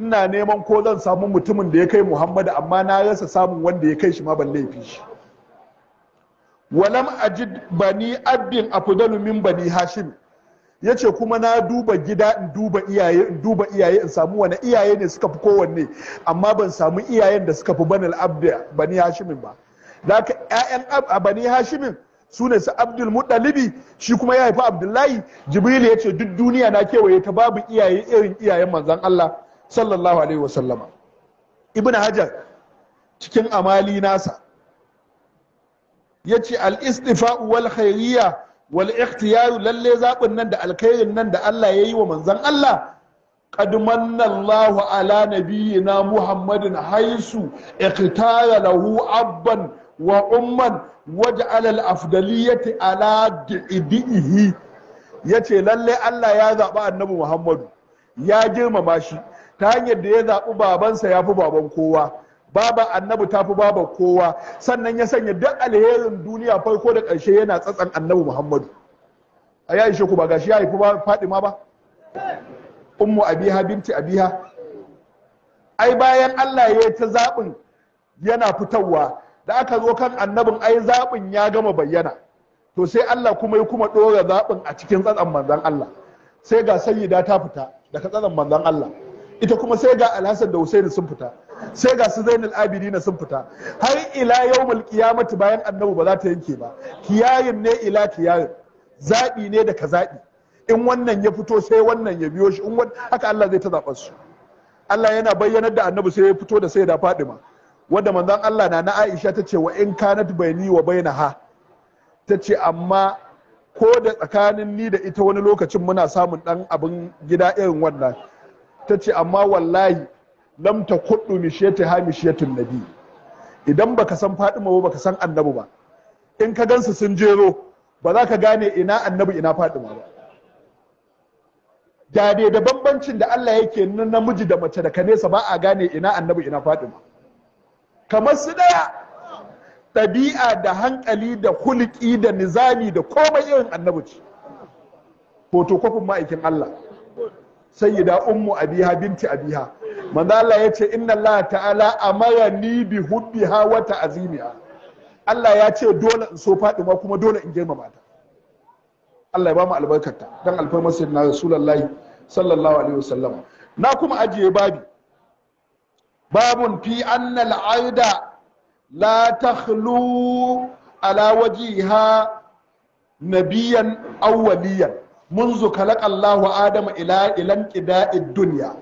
ina neman ko zan samu mutumin da ya kai muhammadu amma na rasa samun wanda ya kai shi ma laifi shi walam ajid bani abdin afdalu min bani hashim ya ce kuma na duba gida in duba iyaye in duba iyaye in samu wani iyaye ne suka fi kowanne amma ban samu iyayen da suka fi banal abda bani hashimin ba da haka ƴaƴan bani hashimin su ne su abdul muɗalibi shi kuma ya haifi abdullahi jibril ya ce duk duniya na kewaye ta babu iyaye irin iyayen manzon allah sallallahu alaihi wasallama ibn hajar cikin amali nasa ya ce al-istifa'u wal khairiyya wal ikhtiyaru lalle zaɓin nan da alkhairin nan da Allah ya yi wa manzan Allah qad manna Allahu ala nabiyyina Muhammadin haisu ikhtara lahu abban wa umman waj'ala al-afdaliyati ala di'ihi yace lalle Allah ya zaɓi annabi Muhammadu ya girmama shi ta hanyar da ya zaɓi babansa ya fi baban kowa baba annabi tafi baba kowa sannan ya sanya duk alherin duniya farko da ƙarshe yana tsatsan annabi muhammadu a ya ishe ku ba gashi ya haifi ma ba ummu abiha binti abiha ai bayan allah ya ta zaɓin yana fitowa da aka zo kan annabin ai zaɓin ya gama bayyana to sai allah kuma ya kuma ɗora zaɓin a cikin tsatsan manzan allah sai ga sayyida ta fita daga tsatsan manzan allah ita kuma sai ga alhassan da husaini sun fita sai ga su zainul abidina sun fita har ila yawmul qiyamati bayan annabi ba za ta yanke ba kiyayin ne ila kiyayin zabi ne da ka zabi in wannan ya fito sai wannan ya biyo shi in haka Allah zai ta zaɓar su Allah yana bayyanar da annabi sai ya fito da sai da Fadima wanda manzon Allah na na Aisha ta ce wa in kanat baini wa bainaha ta ce amma ko da tsakanin ni da ita wani lokacin muna samun dan abin gida irin wannan ta ce amma wallahi lam ta mi mishiyati ha mishiyatin nabi idan baka san fadima ba baka san annabi ba in ka gansu sun jero ba za ka gane ina annabi ina fadima ba da da bambancin da Allah yake na namiji da mace da ka nesa ba a gane ina annabi ina fadima kamar su daya ɗabi'a da hankali da hulki da nizami da komai irin annabi ce kwafin ma'aikin Allah sayyida ummu abiha binti abiha manzo Allah yace inna Allah ta'ala ni bi hubbiha wa ta'zimiha Allah ya ce dole in so ma kuma dole in girmama ta Allah ya ba mu albarkarta dan alfarmar sayyidina rasulullahi sallallahu alaihi wasallam na kuma ajiye babi babun fi annal aida la takhlu ala wajiha nabiyan awwaliyan منذ خلق الله آدم إلى إلى انقضاء الدنيا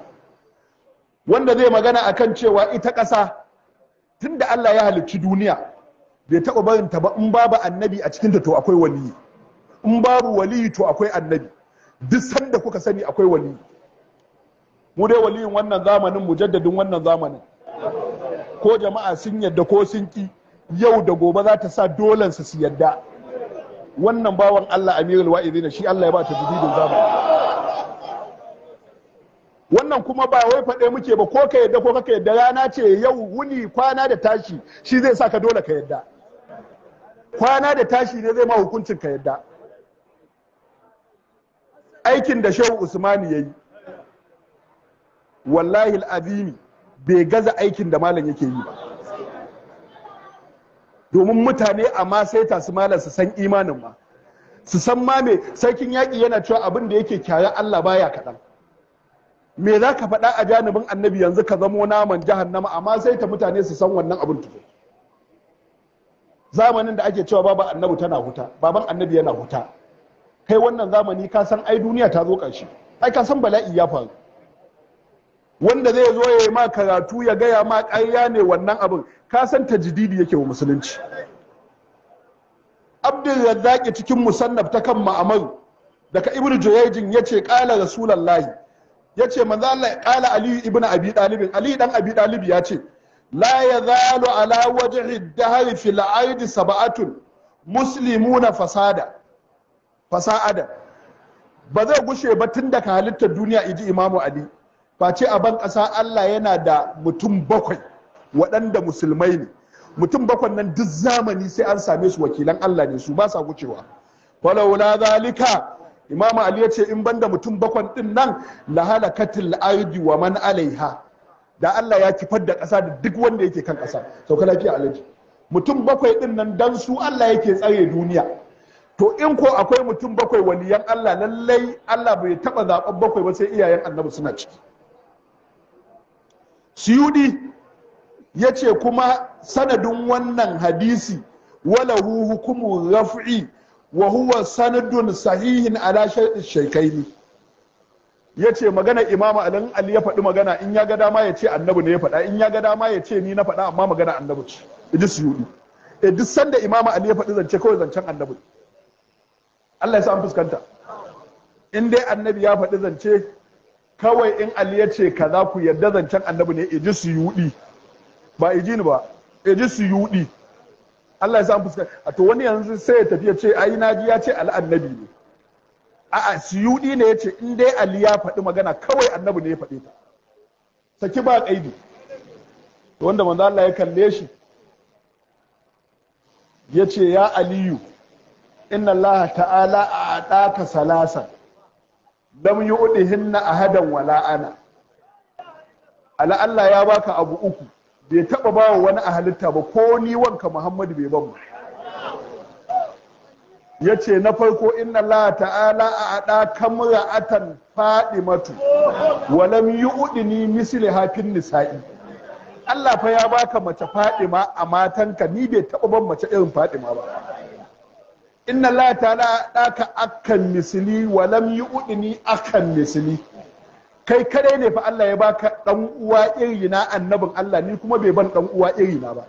wanda zai magana a kan cewa ita ƙasa tunda Allah ya halicci duniya bai taɓa barin ta ba in babu annabi a cikinta ta to akwai wali in babu wali to akwai annabi duk sanda kuka sani akwai wali mu dai waliyin wannan zamanin mujaddadin wannan zamanin ko jama'a sun yadda ko sun ki yau da gobe za ta sa dolansa su yadda wannan bawan Allah Amirul Wa'izina shi Allah ya ba ta jididin zamani wannan kuma ba wai faɗe muke ba ko ka yadda ko ka yadda rana ce yau wuni kwana da tashi shi zai sa ka dole ka yadda kwana da tashi ne zai ma hukuncin ka yadda aikin da shehu usmani ya yi wallahi al'azimi bai gaza aikin da malam yake yi ba domin mutane a sai ta su malar su san imanin ma su san ma me sarkin yaƙi yana cewa abin da yake kyaya Allah baya kaɗan me za ka faɗa a janibin annabi yanzu ka zamo naman jahannama amma sai ta mutane su san wannan abin tuku zamanin da ake cewa baba annabi tana huta baban annabi yana huta kai wannan zamani ka san ai duniya ta zo ƙarshe ai ka san bala'i ya faru wanda zai zo ya yi ma karatu ya gaya ma ƙarya ne wannan abin ka san tajdidi yake wa musulunci abdul razzaqi cikin musannaf ta kan ma'amaru daga ibnu jurayjin yace qala rasulullahi yace manzo Allah qala ali ibnu abi dalib ali dan abi dalib yace la yazalu ala wajhi ad-dahr fil aid sab'atun muslimuna fasada fasa'ada ba zai gushe ba tun daga halittar duniya iji imamu ali face a ban ƙasa Allah yana da mutum bakwai waɗanda musulmai ne mutum bakwan nan duk zamani sai an same su wakilan Allah ne su ba sa wucewa falawla zalika imam ali yace in banda mutum bakwan din nan la halakatil ardi wa man alaiha da Allah ya kifar da ƙasa da duk wanda yake kan ƙasa sauka lafiya alaji mutum bakwai din nan dan su Allah yake tsare duniya to in ko akwai mutum bakwai waliyan Allah lallai Allah bai taba zaɓen bakwai ba sai iyayen annabi suna ciki siyudi ya ce kuma sanadin wannan hadisi walahu hukumu raf'i wa huwa sanadun sahihin ala shaikaini ya ce magana imama alin ali ya faɗi magana in ya ga dama ya ce annabi ne ya faɗa in ya ga dama ya ce ni na faɗa amma magana annabi ce idi suyudi e duk sanda imama ali ya faɗi zance kawai zancen annabi Allah ya sa an fuskanta in dai annabi ya faɗi zance kawai in ali ya ce kaza ku yadda zancen annabi ne idi suyudi ba a ji ni ba ji su yudi Allah ya sa fuska a to wani yanzu sai ya tafi ya ce ai ji ya ce al'annabi ne a'a suyudi ne ya ce in dai ali ya faɗi magana kawai annabi ne ya faɗi ta saki ba kaidi wanda manzo Allah ya kalle shi ya ce ya aliyu inna Allah ta'ala a ɗaka salasa lam yu'dihinna ahadan wala ana ala Allah ya baka abu uku bai taba ba wani a halitta ba ko ni wanka muhammadu bai ban ba ya ce na farko inna la ta'ala a ada kamra atan matu, walam yu'dini misili hafin nisa'i Allah fa ya baka mace fadima a matanka ni bai taba ban mace irin fadima ba inna la ta'ala ɗaka akan misili walam yu'dini akan misli kai kadai ne fa Allah ya baka dan uwa iri na annabin Allah ni kuma bai ban dan uwa iri na ba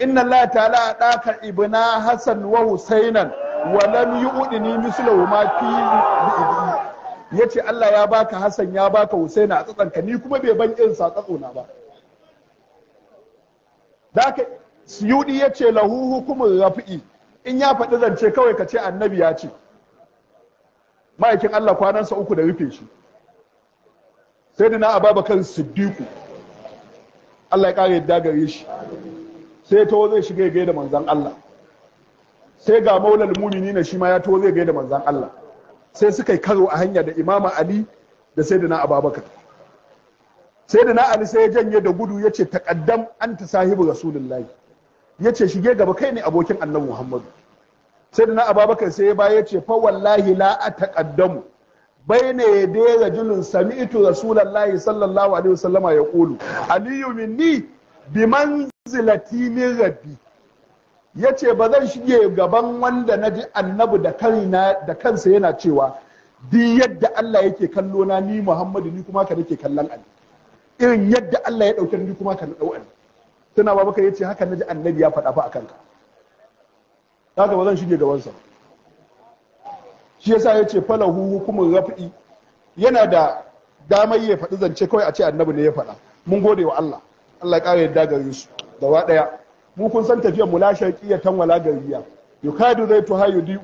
inna Allah ta'ala daka ibna hasan wa husainan wa lam yu'dini mislahu ma fi yace Allah ya baka hasan ya baka husaina a tsatsanka ni kuma bai ban irin sa na ba daka siyudi yace lahu hukumun rafi'i in ya faɗi zance kawai ka ce annabi ya ce ma'aikin Allah kwanansa uku da rufe shi sai da na ababakar siddiku allah ya ƙara yadda gare shi sai to zai shiga ya da manzan allah sai ga maulal mumini na shi ma ya to zai gaida manzan allah sai suka yi karo a hanya da imama ali da sai da na ababakar sai da na ali sai ya janye da gudu ya ce taƙaddam an ta sahibu rasulullahi ya ce shige gaba kai ne abokin annabi muhammadu sai da na ababakar sai ya baya ya ce fa wallahi la a taƙaddamu بين يدي رجل سمعت رسول الله صلى الله عليه وسلم يقول علي مني بمنزلتي من ربي yace ba zan shige gaban wanda na ji annabi da kaina da kansa yana cewa duk yadda Allah yake kallo na ni Muhammadu ni kuma ka nake kallon Ali irin yadda Allah ya dauke ni kuma ka na dau Ali tana ba baka yace haka naji annabi ya faɗa fa akan ka haka ba zan shige gaban sa ba shi yasa ya ce falahu hukumin rafi yana da damar ya faɗi zance kawai a ce annabi ne ya faɗa mun gode wa Allah Allah ya ƙara yadda gare su gaba ɗaya mu kun san tafiyar mu la sharqiyya tan wala gariya yukadu zai tuha yudiu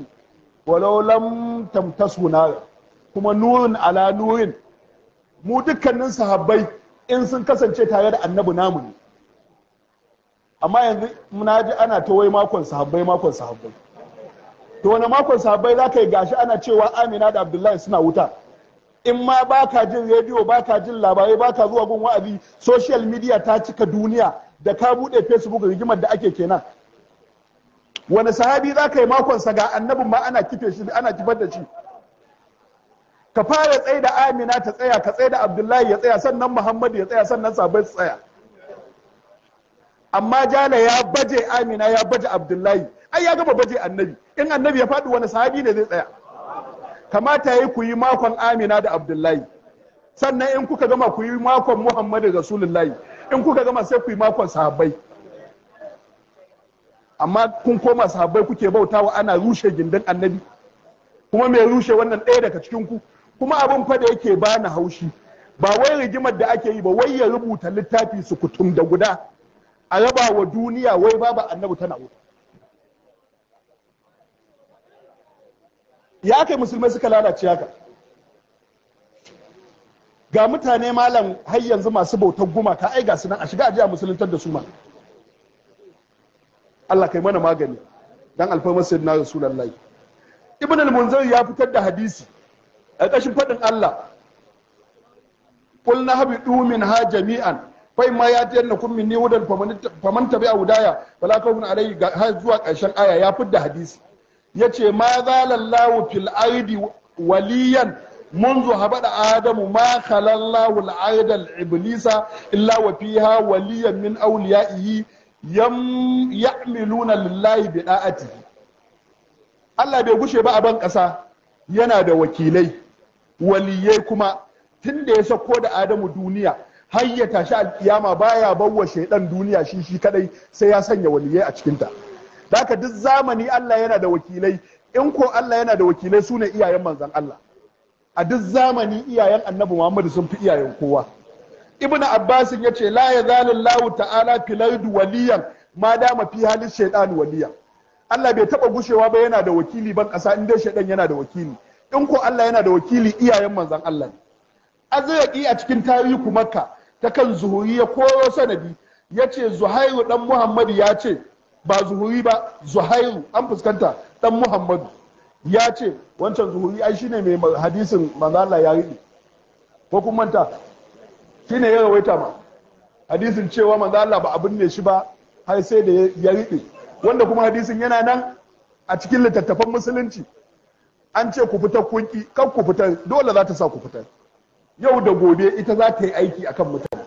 walau lam tamtasu nar kuma nurin ala nurin mu dukkanin sahabbai in sun kasance tare da annabi namu ne amma yanzu muna ji ana ta wai makon sahabbai makon sahabbai to wani makon sabai za ka yi gashi ana cewa amina da abdullahi suna wuta in ma ba ka jin rediyo ba ka jin labarai ba ka zuwa gun wa'azi social media ta cika duniya da ka buɗe facebook rigimar da ake kenan wani sahabi za ka yi makonsa ga annabin ma ana kife shi ana kifar da shi ka fara tsaye da amina ta tsaya ka tsaye da abdullahi ya tsaya sannan muhammadu ya tsaya sannan sabai su tsaya amma jala ya baje amina ya baje abdullahi ai ya gama baje annabi in annabi ya faɗi wani sahabi ne zai tsaya kamata ya yi ku yi makon amina da abdullahi sannan in kuka gama ku yi makon muhammadu rasulullahi in kuka gama sai ku yi makon sahabbai amma kun koma sahabbai kuke bautawa ana rushe gindin annabi kuma mai rushe wannan ɗaya daga cikin ku kuma abin fa da yake bani haushi ba wai rigimar da ake yi ba wai ya rubuta littafi su kutum da guda a raba wa duniya wai babu annabi tana wuta ya kai musulmai suka lalace haka ga mutane malam har yanzu masu bautar gumaka ai ga su nan a shiga ajiya musuluntar da su ma Allah kai mana magani dan alfarmar sayyidina rasulullahi ibn al-munzir ya fitar da hadisi a kashin faɗin Allah qulna min ha jami'an fai ma ya tayar na kummin ne wudan faman a wudaya wala kawun alai har zuwa ƙarshen aya ya fitar da hadisi ya ce ma zalallahu fil aidi waliyan منذ هبط آدم ما خلا الله العيد الإبليس waliyan وفيها وليا من أوليائه يم يعملون لله بآته Allah bai gushe ba a ban ƙasa yana da wakilai waliyai kuma tun da ya sako da Adamu duniya har ya tashi alkiyama baya bawa shaidan duniya shi shi kadai sai ya sanya waliyai a cikinta. haka duk zamani Allah yana da wakilai in ko Allah yana da wakilai su ne iyayen manzan Allah a duk zamani iyayen annabi Muhammadu sun fi iyayen kowa ibn abbasin ya ce la yazalu lawu ta'ala filardu waliyan ma dama fi halin shaidan waliyan Allah bai taba gushewa ba yana da wakili ban ƙasa in dai shaytan yana da wakili in ko Allah yana da wakili iyayen manzan Allah ne azraqi a cikin tarihi makka ta kan zuhuri ya koyo sanadi ce zuhairu ɗan Muhammadu ya ce ba zuhuri ba zuhairu an fuskanta dan muhammadu ya ce wancan zuhuri ai shine mai hadisin manzala ya riɗe ko kun manta shine ya rawaita ma hadisin cewa manzala ba abin ne shi ba har sai da ya riɗe wanda kuma hadisin yana nan a cikin littattafan musulunci an ce ku fitar kunki kan ku fitar dole za ta sa ku fitar yau da gobe ita za ta yi aiki akan mutane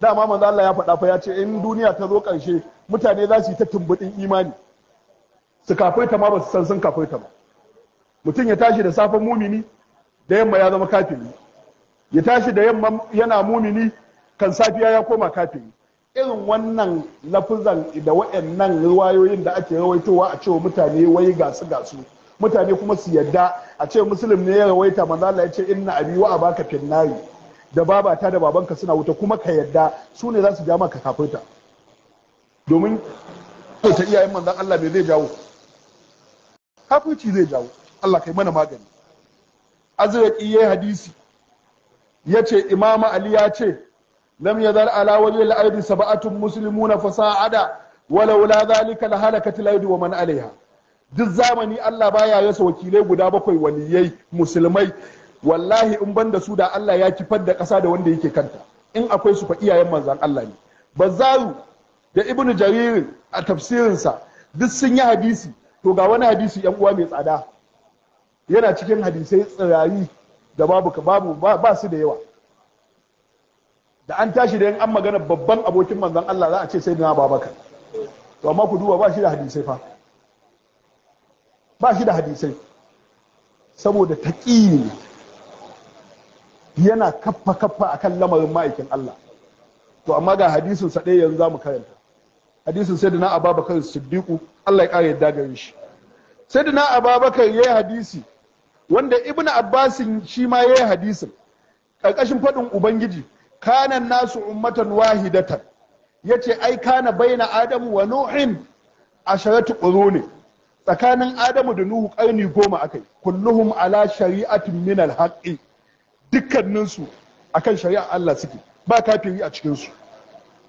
dama manzo Allah ya faɗa fa ya ce in duniya ta zo ƙarshe mutane za su yi ta tumbudin imani su ta ma ba su san sun ta ba mutum ya tashi da safen mumini da yamma ya zama kafiri ya tashi da yamma yana mumini kan safiya ya koma kafiri irin wannan lafuzan da waɗannan ruwayoyin da ake rawaitowa a cewa mutane wai gasu gasu mutane kuma su yadda a ce musulun ne ya rawaita manzo Allah ya ce inna abi wa abaka finnari da babata da babanka suna wuta kuma ka yadda su ne za su ja maka kafinta. domin ta iyayen manzan Allah me zai jawo kafinci zai jawo Allah kai mana magani azraki yayi hadisi yace imama ali ya ce lam yazal ala wajhi al-ardi sab'atun muslimuna sa'ada walau la zalika la halakat al wa man alaiha duk zamani Allah baya yasa wakilai guda bakwai waliyai musulmai wallahi in ban da su da Allah ya kifar da ƙasa da wanda yake kanta in akwai su fa iyayen manzan Allah ne bazaru da ibnu jarir a tafsirinsa duk sun yi hadisi to ga wani hadisi yan uwa mai tsada yana cikin hadisai tsirari da babu ka babu ba su da yawa da an tashi da yan an magana babban abokin manzan Allah za a ce sai na babaka to amma ku duba ba shi da hadisai fa ba shi da hadisai saboda taƙi ne yana kaffa kaffa akan lamarin ma'aikin Allah to amma ga hadisin sa ɗaya yanzu mu karanta hadisin na Ababakar siddiƙu, Allah ya ƙara yadda gare shi Ababakar ya yi hadisi wanda Ibn abbasin shi ma ya yi hadisin Ƙarƙashin faɗin ubangiji kanan nasu ummatan wahidatan ce ai kana baina adamu wa nuhin ƙuro ne. tsakanin adamu da nuhu ƙarni goma yi, kulluhum ala shari'atin min haƙƙi. dukkaninsu a kan shari'a Allah suke ba kafiri a cikinsu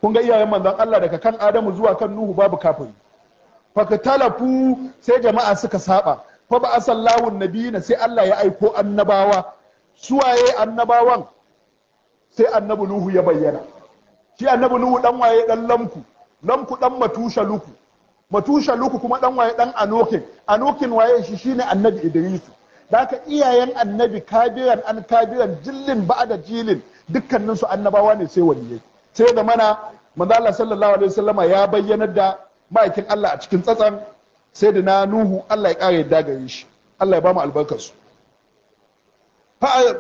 kun ga iyayen manzon Allah daga kan Adamu zuwa kan Nuhu babu kafiri fakatalafu sai jama'a suka saba fa ba asallahu nabiyina sai Allah ya aiko annabawa suwaye annabawan sai annabi Nuhu ya bayyana shi annabi Nuhu dan waye dan lamku lamku dan matusha luku matusha luku kuma dan waye dan anokin anokin waye shi shine annabi Idrisu Daka iyayen annabi kabiran an kabiran jillin da jilin dukkanin su annabawa ne sai waliyai sai da mana manzo Allah sallallahu alaihi wasallam ya bayyana da ma'aikin Allah a cikin tsatsan sai da na Nuhu Allah ya kare yadda gare shi Allah ya ba mu albarkar su da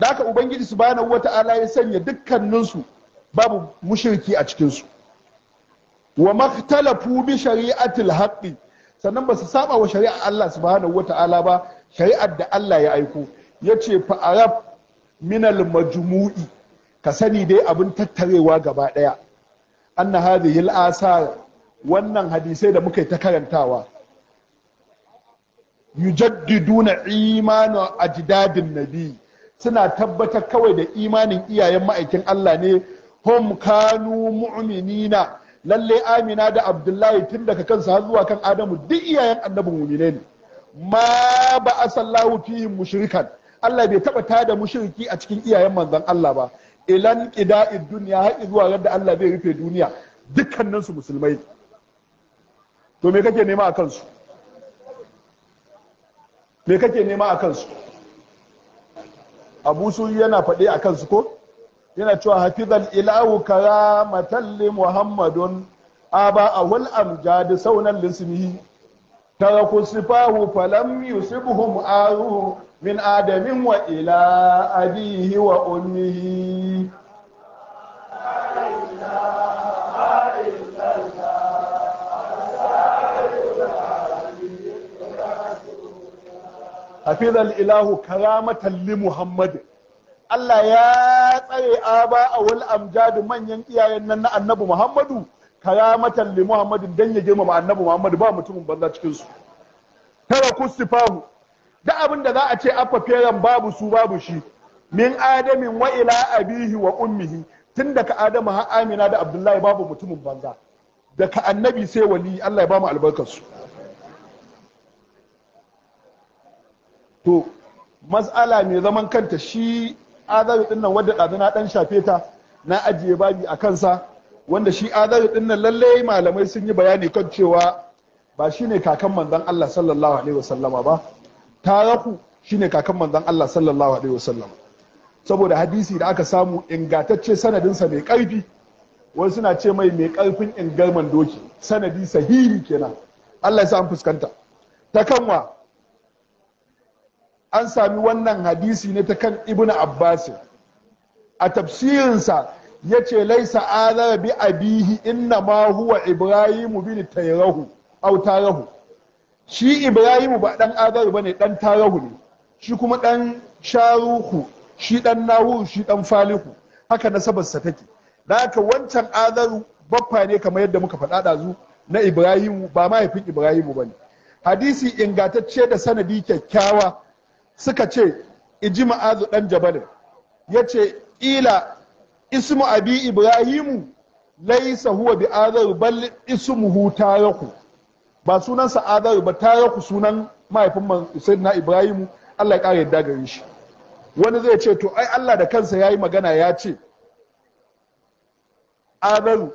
daka ubangiji subhanahu wata'ala ya sanya dukkanin su babu mushriki a cikin su wa maktalafu bi shari'atil haqqi sannan ba su saba wa shari'a Allah subhanahu wata'ala ba shari'ar da Allah ya aiko ya ce fa'arab minal majmu'i ka sani dai abin tattarewa gaba ɗaya anna hadhihi al-asar wannan hadisai da muka yi ta karantawa yujaddiduna imanu ajdadin nabi suna tabbatar kawai da imanin iyayen ma'aikin Allah ne hom kanu mu'minina lalle amina da abdullahi tun daga kansa har zuwa kan adamu duk iyayen annabin mu'mine ne ma ba a sallahu fi mushrikan Allah bai taba tada mushiriki a cikin iyayen manzon Allah ba ilan qida'id duniya har zuwa yadda Allah zai rufe duniya dukkanin su musulmai to me kake nema a kansu me kake nema a kansu Abu Su yana faɗe a kansu ko yana cewa hafizal ilahu karamatan li muhammadun aba awal amjad saunan lismihi تركوا سفاه فلم يصبهم آه من آدم وإلى أبيه وأمه حفظ الإله كرامة لمحمد الله يا أبا أول أمجاد من ينقيا أن iyayen محمد محمد karamatan li muhammadin dan ya girmama annabi muhammad ba mutumin banza cikin su tara kustifahu da abin da za a ce afa feran babu su babu shi min adamin wa ila abihi wa ummihi tun daga adamu har amina da abdullahi babu mutumin banza daga annabi sai wali allah ya ba mu su to matsala mai zaman kanta shi azabi dinnan nan wadda ɗazuna ɗan shafe ta na ajiye babi a kansa wanda shi adalu din nan lalle malamai sun yi bayani kan cewa ba shine kakan manzon Allah sallallahu alaihi wasallama ba taraku shine kakan manzon Allah sallallahu alaihi wasallama saboda hadisi da aka samu ingantacce sanadin sa mai karfi wasu suna ce mai mai karfin ingarman doki sanadi sahihi kenan Allah ya sa an fuskanta ta kanwa an sami wannan hadisi ne ta kan Ibnu abbas a tafsirinsa ya ce laisa azara bi abihi inna ma huwa ibrahimu bin tayrahu au tarahu shi ibrahimu ba dan azar bane dan tarahu ne shi kuma dan sharuhu shi dan nahuru shi dan falihu haka nasabarsa take dan haka wancan azaru baffa ne kamar yadda muka faɗa ɗazu na ibrahimu ba mahaifin ibrahimu bane hadisi ingantacce da sanadi kyakkyawa suka ce iji ma'azu ɗan jabalin ya ce ila ismu abi ibrahimu laisa huwa bi Adar bal ismuhu taraku ba sa adar ba taraku sunan mahaifin sayyidina ibrahimu Allah ya kare yadda gare shi wani zai ce to ai Allah da kansa yayi magana ya ce adar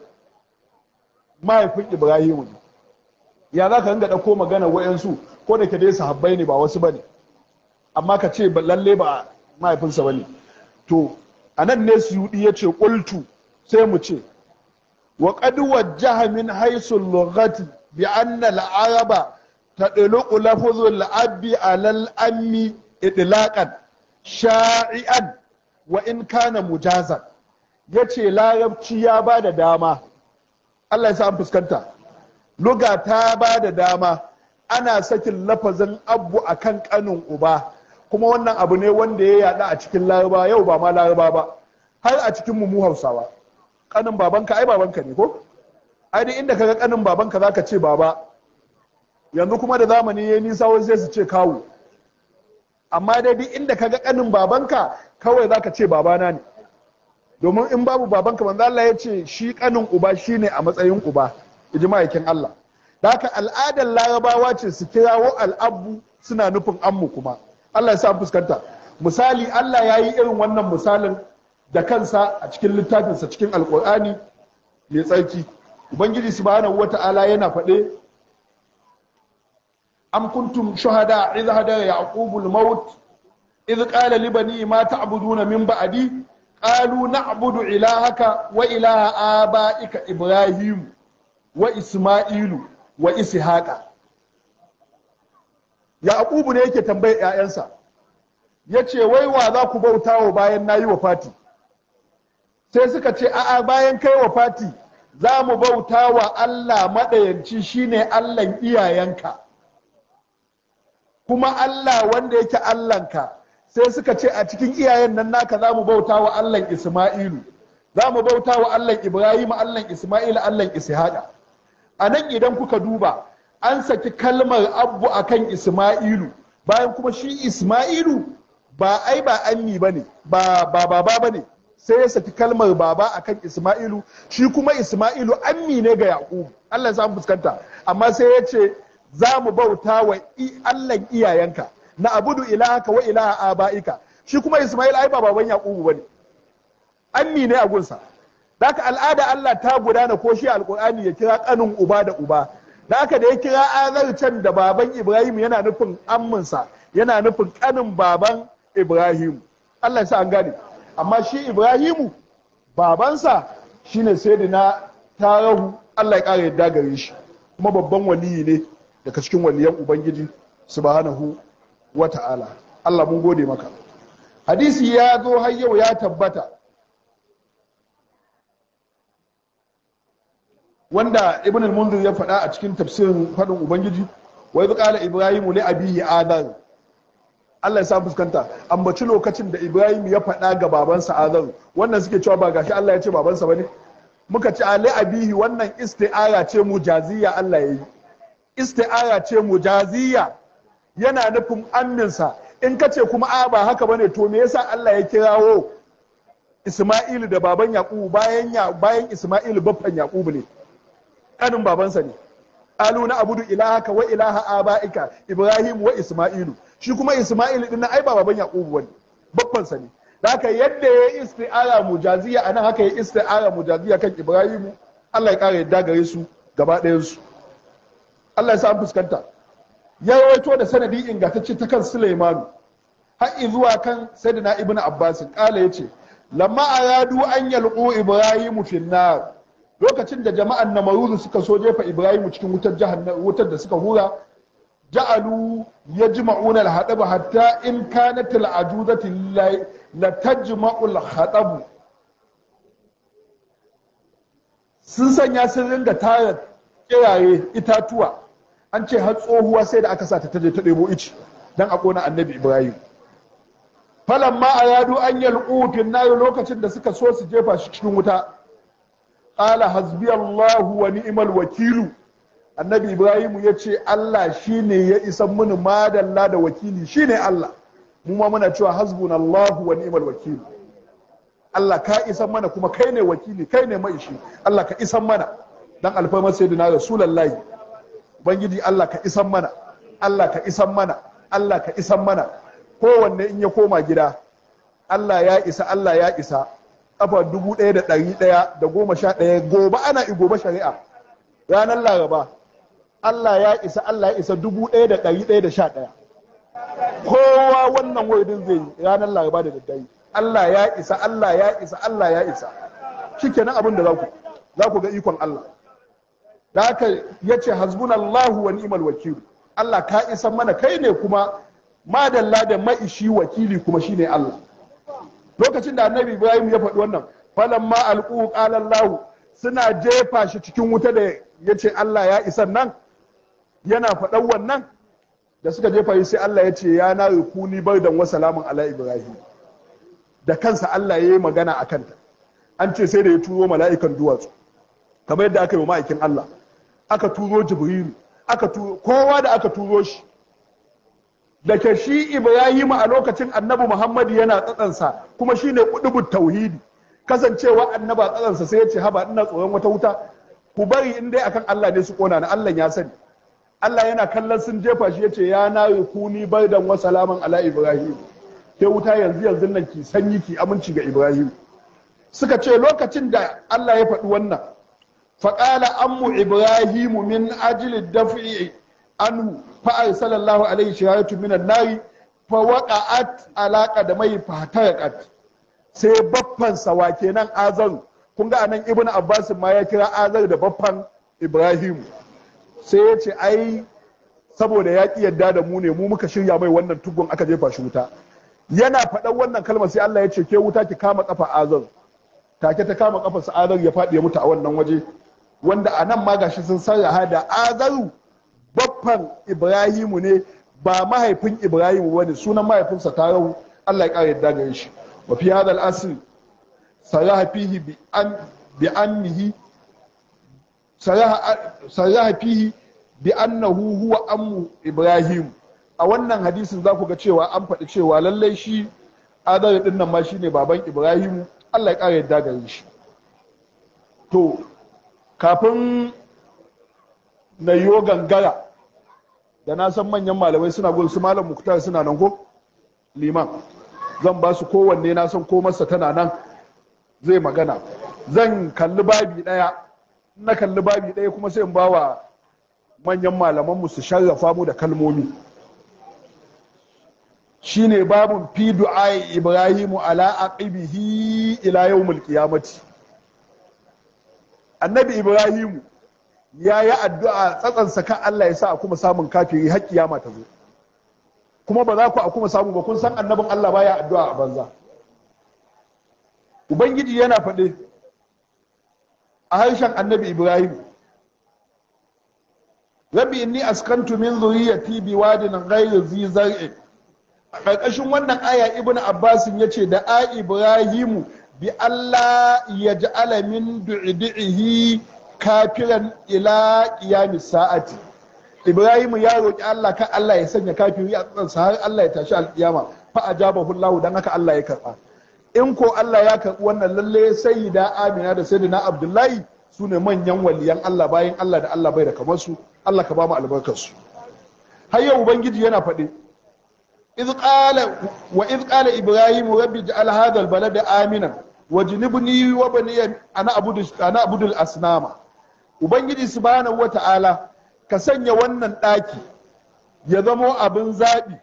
mahaifin ibrahimu ya za ka ringa ɗauko magana wa'yansu ko da ke dai sahabbai ne ba wasu ba ne amma ka ce lalle ba mahaifinsa ba ne to a nan ne suyuɗi ya ce ƙultu sai mu ce wa ƙaduwar jahamin haisun lughati bi anna al'araba ta ɗiluƙu lafuzun la'abbi alal ammi idilaƙan sha'i'an wa in kana mujazan ya ce larabci ya ba da dama allah ya sa an fuskanta luga ta ba da dama ana sakin lafazin abu akan ƙanin uba kuma wannan abu ne wanda ya yada a cikin laraba yau ba ma laraba ba har a cikin mu hausawa kanin babanka ai babanka ne ko ai duk inda kaga kanin babanka zaka ce baba yanzu kuma da zamani ya nisa wai sai su ce kawo amma dai duk inda kaga kanin babanka kawai zaka ce babana ne domin in babu babanka manzo Allah ya ce shi kanin uba shine a matsayin uba ji ma'aikin Allah da haka al'adar larabawa ce su kirawo al'abu suna nufin ammu kuma Allah ya sa fuskanta misali Allah ya yi irin wannan misalin da kansa a cikin littafinsa cikin alkur'ani mai tsarki ubangiji subhanahu wata'ala yana faɗe am kuntum shuhada idh hada yaqubul maut idh qala li bani ma ta'buduna min ba'di qalu na'budu ilahaka wa ilaha abaika ibrahim wa isma'ilu wa ishaqa yaqubu ne yake tambaye ƴaƴansa ce wai wa za ku bauta wa bayan nayi Fati? sai suka ce a'a bayan kai wa fati za mu bauta wa Allah maɗayanci shine Allahn iyayenka kuma Allah wanda yake Allahnka sai suka ce a cikin iyayen nan naka za mu bauta wa Allahn Isma'ilu za mu bauta wa Allahn Ibrahim Allahn Isma'il Allahn Ishaqa a nan idan kuka duba an saki kalmar abbu akan isma'ilu bayan kuma shi isma'ilu ba ai ba ammi ba ne ba baba ba ne sai ya saki kalmar baba akan isma'ilu shi kuma isma'ilu ammi ne ga yaƙubu allah ya fuskanta amma sai ya ce za mu bauta wa allah iyayenka na abudu ilahaka wa ilaha aba'ika shi kuma isma'il ai ba baban yaƙubu ba ne ammi ne a gunsa Daka al'ada Allah ta gudana ko shi alƙur'ani ya kira ƙanin uba da uba da aka da ya kira azar can da baban ibrahim yana nufin amminsa yana nufin kanin baban ibrahim allah sa an gane amma shi ibrahimu babansa shine na tarahu allah ya kara yadda gare shi kuma babban waliyi ne daga cikin waliyan ubangiji subhanahu wa ta'ala allah mun gode maka hadisi ya zo har yau ya tabbata wanda ibn al-munzir ya faɗa a cikin tafsirin faɗin ubangiji wa idh qala ibrahim li abiyi adan Allah ya sa fuskanta ambaci lokacin da ibrahim ya faɗa ga babansa adan wannan suke cewa ba gashi Allah ya ce babansa bane muka ce ali abihi wannan isti'ara ce mujaziya Allah ya yi isti'ara ce mujaziya yana nufin amminsa in ka ce kuma a ba haka bane to me yasa Allah ya kirawo Isma'ilu da baban Yaqubu bayan bayan Isma'ilu baffan Yaqubu ne kanin babansa ne alu na abudu ilahaka wa ilaha abaika ibrahim wa isma'ilu shi kuma isma'il din ai ba baban yaqubu wani babban sa ne haka yadda ya isti'ara mujaziya nan haka ya isti'ara mujaziya kan Ibrahimu. Allah ya kare yadda gare su gaba ɗayan su Allah ya sa an fuskanta ya rawaito da sanadi ingantacce ta kan Sulaimanu har zuwa kan sayyidina ibnu abbas kala yace lamma aradu an yalqu ibrahim fil nar lokacin da jama'an na namaruru suka so jefa ibrahim cikin wutar wutar da suka hura ja'alu yajma'una al-hadaba hatta in kanat al-ajuzatu la tajma'u al-hadabu sun sanya sun ringa tara kiraye itatuwa an ce har tsohuwa sai da aka sa ta taje ta ɗebo ici dan a ƙona annabi ibrahim falan ma a yadu an yalqu lokacin da suka so su jefa shi cikin wuta Ƙala hasbi Allahu wa ni'mal wakilu annabi Ibrahim ya ce Allah ne ya isa muni madalla da wakili ne Allah mu ma muna cewa Allah wa ni'mal wakilu Allah ka isan mana kuma kai ne wakili kai ne mai shi Allah ka isan mana dan alfarmar sayyidina rasulullahi Bangiji Allah ka isan mana Allah ka isan mana Allah ka isan mana kowanne in ya koma gida Allah ya isa Allah ya isa kafa dubu ɗaya da ɗari ɗaya da goma sha ɗaya gobe ana yi gobe shari'a ranar laraba allah ya isa allah ya isa dubu ɗaya da ɗari ɗaya da sha ɗaya kowa wannan wurin zai yi ranar laraba da daddare allah ya isa allah ya isa allah ya isa kenan abin da za ku za ku ga ikon allah da haka ya ce hasbunallahu wa ni'mal wakilu allah ka isa mana kai ne kuma madalla da maishi wakili kuma shine allah lokacin da annabi ibrahim ya faɗi wannan falamma alqu qala allah suna jefa shi cikin wuta da ya ce allah ya isan nan yana faɗan wannan da suka jefa shi sai allah ya ce ya na kuni bar wa salamun ala ibrahim da kansa allah ya yi magana a kanta an ce sai da ya turo mala'ikan duwatsu kamar yadda aka yi wa ma'aikin allah aka turo jibrilu kowa da aka turo shi da ke shi ibrahim a lokacin annabi muhammadu yana tsatsansa kuma shine kudubut tauhidi kasancewa annaba tsatsansa sai ya ce haba ina tsoron wata wuta ku bari in dai akan Allah ne su kona na Allah ya sani Allah yana kallon sun jefa shi yace ya na kuni bardan wa salaman ala ibrahim ke wuta yanzu yanzu nan ki sanyi ki aminci ga ibrahim suka ce lokacin da Allah ya faɗi wannan faqala ammu ibrahim min ajli daf'i anhu fa'ar salallahu alaihi shayatu minan nari fa at alaƙa da mai fatarqat sai baffan sawa nan azar kun ga anan ibnu abbas ma ya kira azar da baffan ibrahim sai ya ce ai saboda ya ki yadda da mu ne mu muka shirya mai wannan tugun aka jefa shi wuta yana faɗan wannan kalmar sai Allah ya ce ke wuta ki kama kafa azar take ta kama kafa sa azar ya faɗi ya mutu a wannan waje wanda anan ma gashi sun sarraha da azaru baffan ibrahimu ne ba mahaifin ibrahimu wani sunan mahaifinsa tarau allah ya ƙara yadda gare shi wa fi hada al'asir saraha fihi bi annihi saraha fihi bi annahu ibrahimu a wannan hadisin za ku ga cewa an faɗi cewa lallai shi adari ɗin nan ma shi ne baban ibrahimu allah ya ƙara yadda gare shi to kafin na yo gangara da na san manyan malamai suna gudu su malam muktar suna nan ko liman zan ba su kowanne na san ko masa tana nan zai magana zan kalli babi daya na kalli babi daya kuma sai in ba wa manyan malaman mu su sharrafa mu da kalmomi shine babun fi du'ai ibrahimu ala aqibihi ila yawmil qiyamati annabi ibrahimu ya yi addu'a tsatsansa kan Allah ya sa a kuma samun kafiri har kiyama ta zo kuma ba za ku a kuma samu ba kun san annabin Allah baya addu'a a banza ubangiji yana faɗe a harshen annabi ibrahim rabbi inni askantu min zuriyati bi wadin ghayri zi zar'in a ƙarƙashin wannan aya ibnu abbas ce da a ibrahimu bi Allah ya ji min du'idihi kafiran ila qiyamis sa'ati ibrahim ya roƙi Allah ka Allah ya sanya kafiri a tsansa har Allah ya tashi alkiyama fa ajabahu Allah dan haka Allah ya karba in ko Allah ya karbi wannan lalle da Amina da sayyidina Abdullahi su ne manyan waliyan Allah bayan Allah da Allah bai da kamar su Allah ka ba mu albarkar su har yau ubangiji yana faɗi wa idh qala ibrahim rabbi ja'al hadha al-balada Amina wajnibni wa bani ana abudu ana abudu asnama ubangiji subhanahu wata'ala ka sanya wannan ɗaki ya zamo abin zaɓi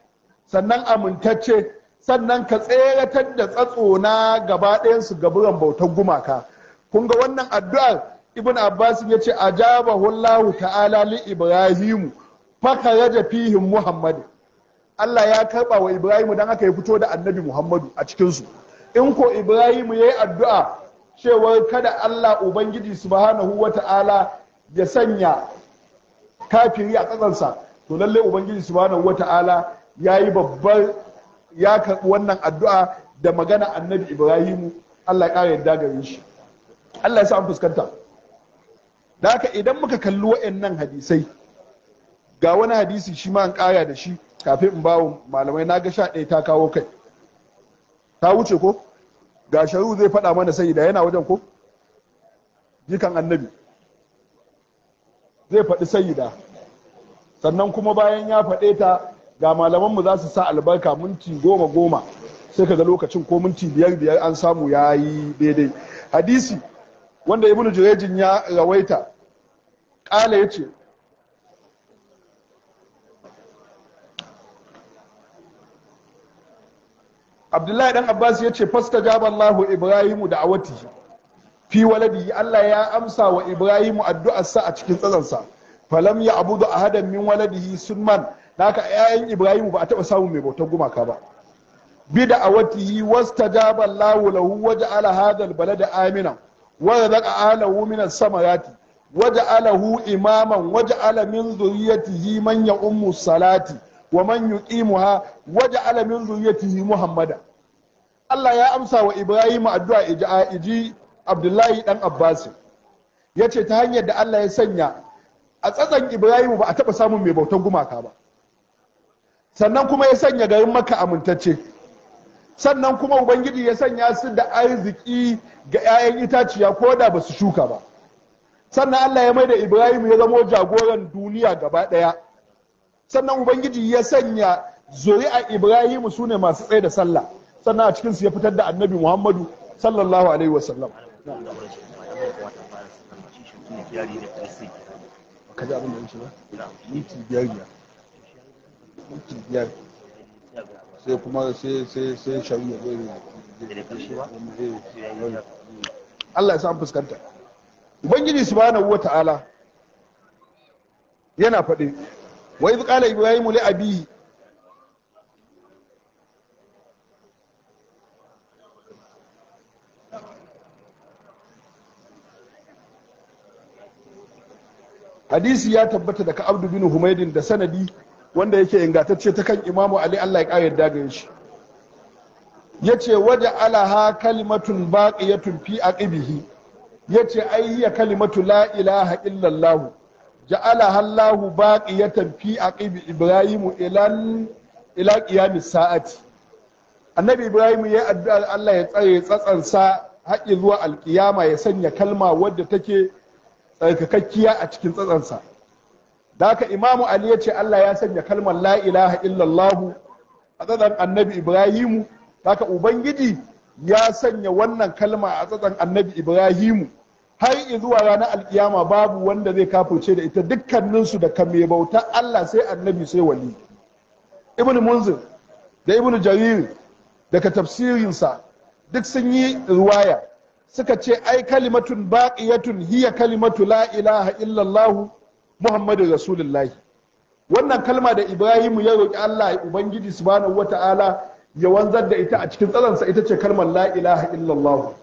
sannan amintacce sannan ka tseratar da tsatsona gaba ɗayansu gaburan bautar gumaka kun ga wannan addu'ar ibn abbas ya ce ajabahu allah ta'ala li ibrahim raja fihin muhammad allah ya karɓa wa Ibrahimu don haka ya fito da annabi muhammadu a cikinsu in ko Ibrahimu ya yi addu'a cewar kada Allah Ubangiji subhanahu wa ta'ala ya sanya kafiri a ƙasarsa to lalle Ubangiji subhanahu wa ta'ala ya yi babbar ya karɓi wannan addu'a da magana annabi Ibrahimu Allah ya ƙara yadda gare shi Allah ya sa an fuskanta da haka idan muka kalli nan hadisai ga wani hadisi shi ma an ƙara da shi kafin in bawo malamai na ga sha ɗaya ta kawo kai ta wuce ko ga sharu zai faɗa mana sai da yana wajen ko jikan annabi zai faɗi sayida sannan kuma bayan ya faɗe ta ga malamanmu za su sa albarka minti goma goma sai ka ga lokacin ko minti biyar biyar an samu ya yi daidai hadisi wanda ibnu jurejin ya rawaita ƙala ya ce abdullahi dan abbas ya ce fastajaba allahu ibrahimu da awatihi fi waladihi allah ya amsa wa ibrahimu addu'arsa a cikin tsazansa falam ya abudu ahadan min waladihi sunman naka ƴaƴan ibrahimu ba a taɓa samun mai bautar gumaka ba bi da awatihi wastajaba allahu lahu waja'ala hadha albalada amina wa razaqa ahlahu min samarati alahu imaman waja'ala min dhurriyyatihi man ya ummu salati wa man yuqimuha waja'ala min zurriyyatihi muhammada Allah ya amsa wa Ibrahim addu'a iji Abdullahi dan abbasi yace ta hanyar da Allah ya sanya a tsatsan Ibrahim ba a taba samun mai bautan gumaka ba sannan kuma ya sanya garin maka amintacce sannan kuma ubangiji ya sanya su da arziki ga 'ya'yan itaciya ko da ba su shuka ba sannan Allah ya mai da Ibrahim ya zamo jagoran duniya gaba ɗaya sannan ubangiji ya sanya a ibrahimu su ne masu tsaye da sallah sannan a cikinsu ya fitar da annabi muhammadu sallallahu alaihi wasallam sai kuma sai shari'a zai Allah ya sa fuskanta ubangiji subhanahu wa ta'ala yana faɗi wa idh qala ibrahim li abihi hadisi ya tabbata daga abdu bin humaidin da sanadi wanda yake ingantacce ta kan imamu ali allah ya ƙara yarda gare shi ya ce waje alaha kalimatun baƙiyatun fi aqibihi ya ce ai hiya kalimatu la ilaha illallah ja'ala hallahu baqiyatan fi aqib ibrahim ilan ila qiyam sa'ati annabi ibrahim ya addu'a Allah ya tsare tsatsansa haƙi zuwa alƙiyama ya sanya kalma wadda take tsarkakakkiya a cikin tsatsansa da haka imamu ali ya ce Allah ya sanya kalmar la ilaha illallah a tsatsan annabi ibrahimu haka ubangiji ya sanya wannan kalma a tsatsan annabi ibrahimu har zuwa ranar alkiyama babu wanda zai ce da ita dukkaninsu da kame bauta Allah sai annabi sai wali ibn munzir da ibn jarir daga tafsirinsa duk sun yi ruwaya suka ce ai kalimatun baqiyatun hiya kalimatu la ilaha illallah muhammadu rasulullahi wannan kalma da Ibrahim ya roki Allah ubangiji subhanahu wata'ala ya wanzar da ita a cikin tsaransa ita ce kalmar la ilaha illallah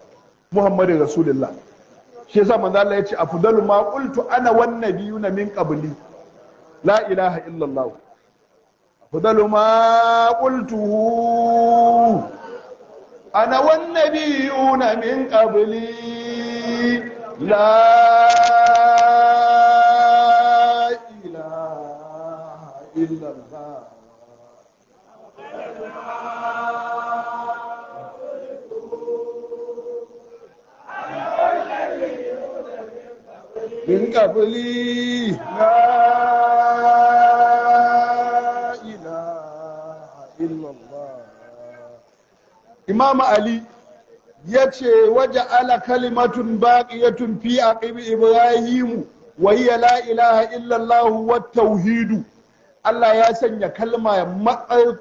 shi yasa manzo Allah ya ce afdalu ma qultu ana wan nabiyuna min qabli la ilaha illa Allah afdalu ma qultu ana wan nabiyuna min qabli la ilaha illa Allah من قبلي لا إله إلا الله إمام علي yace waje ala kalimatun baqiyatun fi aqibi ibrahimu wa hiya la ilaha illa allah wa tauhidu Allah ya sanya kalma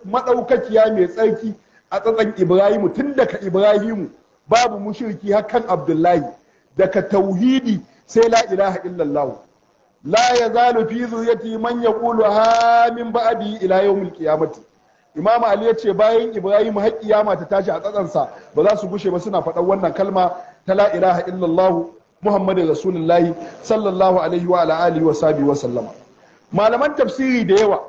madaukakiya mai tsarki a tsatsan Ibrahimu tun daga Ibrahimu babu mushriki hakan Abdullahi daga tauhidi sai la ilaha illallah la yazalu fi zuriyati man yaqulu ha min ba'di ila yawmil qiyamati imamu ali ya ce bayan ibrahim har kiyama ta tashi a tsatsansa ba za su gushe ba suna faɗan wannan kalma ta la ilaha illallah muhammadu rasulullahi sallallahu alaihi wa ala alihi wa sahbihi wa sallama malaman tafsiri da yawa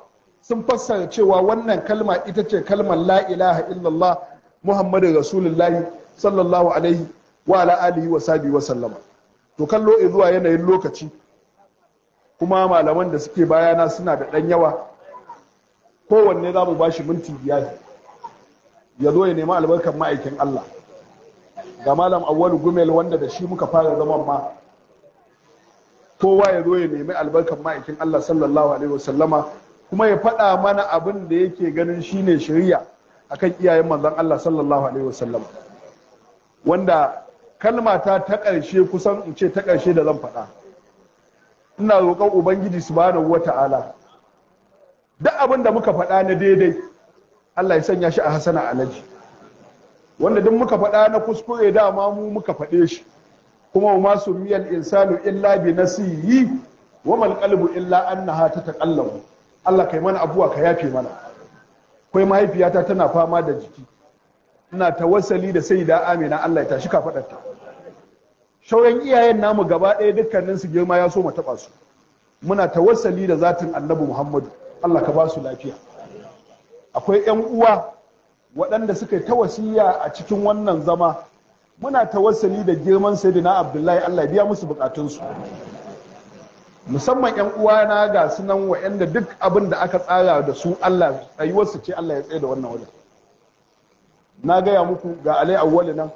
sun fassara cewa wannan kalma ita ce kalmar la ilaha illallah muhammadu rasulullahi sallallahu alaihi wa ala alihi wa sahbihi wa sallama to kallo e zuwa yanayin lokaci kuma malaman da suke bayana suna da ɗan yawa kowanne za mu shi minti biyar ya zo ya nemi albarkar ma'aikin Allah ga malam awwalu gumel wanda da shi muka fara zaman ma kowa ya zo ya nemi albarkar ma'aikin Allah sallallahu alaihi wasallama kuma ya faɗa mana abin da yake ganin shine shari'a akan iyayen manzon Allah sallallahu alaihi wasallama wanda kalma ta ta ƙarshe kusan in ce ta ƙarshe da zan faɗa ina roƙon ubangiji su wata ta'ala duk abin da muka faɗa na daidai Allah ya sanya shi a hasana alaji wanda duk muka faɗa na kuskure dama mu muka faɗe shi kuma ma miyan insanu illa bi nasiyi wa mal qalbu illa annaha tataqallabu Allah kai mana abuwa ka yafe mana kai mahaifiyata tana fama da jiki ina ta wasali da sayyida amina Allah ya tashi ka faɗa ta. shauran iyayen namu gaba ɗaya dukkanin su girma ya so mu taɓa su muna tawassali da zatin annabi muhammadu allah ka ba su lafiya akwai 'yan uwa waɗanda suka yi tawasiya a cikin wannan zama muna tawassali da girman sayyidina abdullahi allah biya musu bukatunsu musamman 'yan uwa na ga sunan wa'anda duk abin da aka tsara da su allah rayuwarsu ce allah ya tsaye da wannan wajen na gaya muku ga alai awwali nan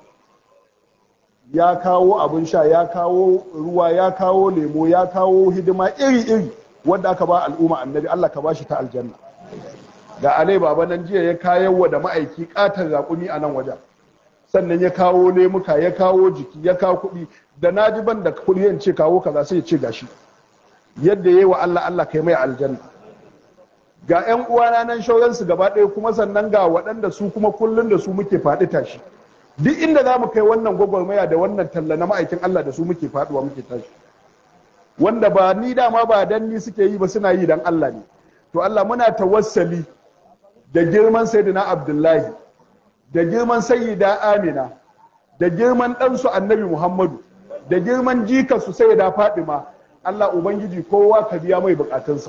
ya kawo abin sha ya kawo ruwa ya kawo lemo ya kawo hidima iri-iri wadda aka ba al'umma annabi Allah ka ba shi ta aljanna ga alai baba nan jiya ya kayawa da ma'aiki katar raƙumi a nan wajen sannan ya kawo lemuka ya kawo jiki ya kawo kuɗi da na ji ban da kuɗi yan ce kawo kaza sai ya ce gashi yadda ya yi wa Allah Allah kai mai aljanna ga 'yan uwana nan shauransu gaba ɗaya kuma sannan ga waɗanda su kuma kullum da su muke faɗi tashi duk inda za mu kai wannan gwagwarmaya da wannan talla na ma'aikin Allah da su muke faduwa muke tashi wanda ba ni dama ba dan ni suke yi ba suna yi dan Allah ne to Allah muna tawassali da girman sayyidina Abdullahi da girman sayyida Amina da girman ɗansu annabi Muhammadu da girman jikarsu sayyida Fadima Allah ubangiji kowa ka biya mai bukatunsa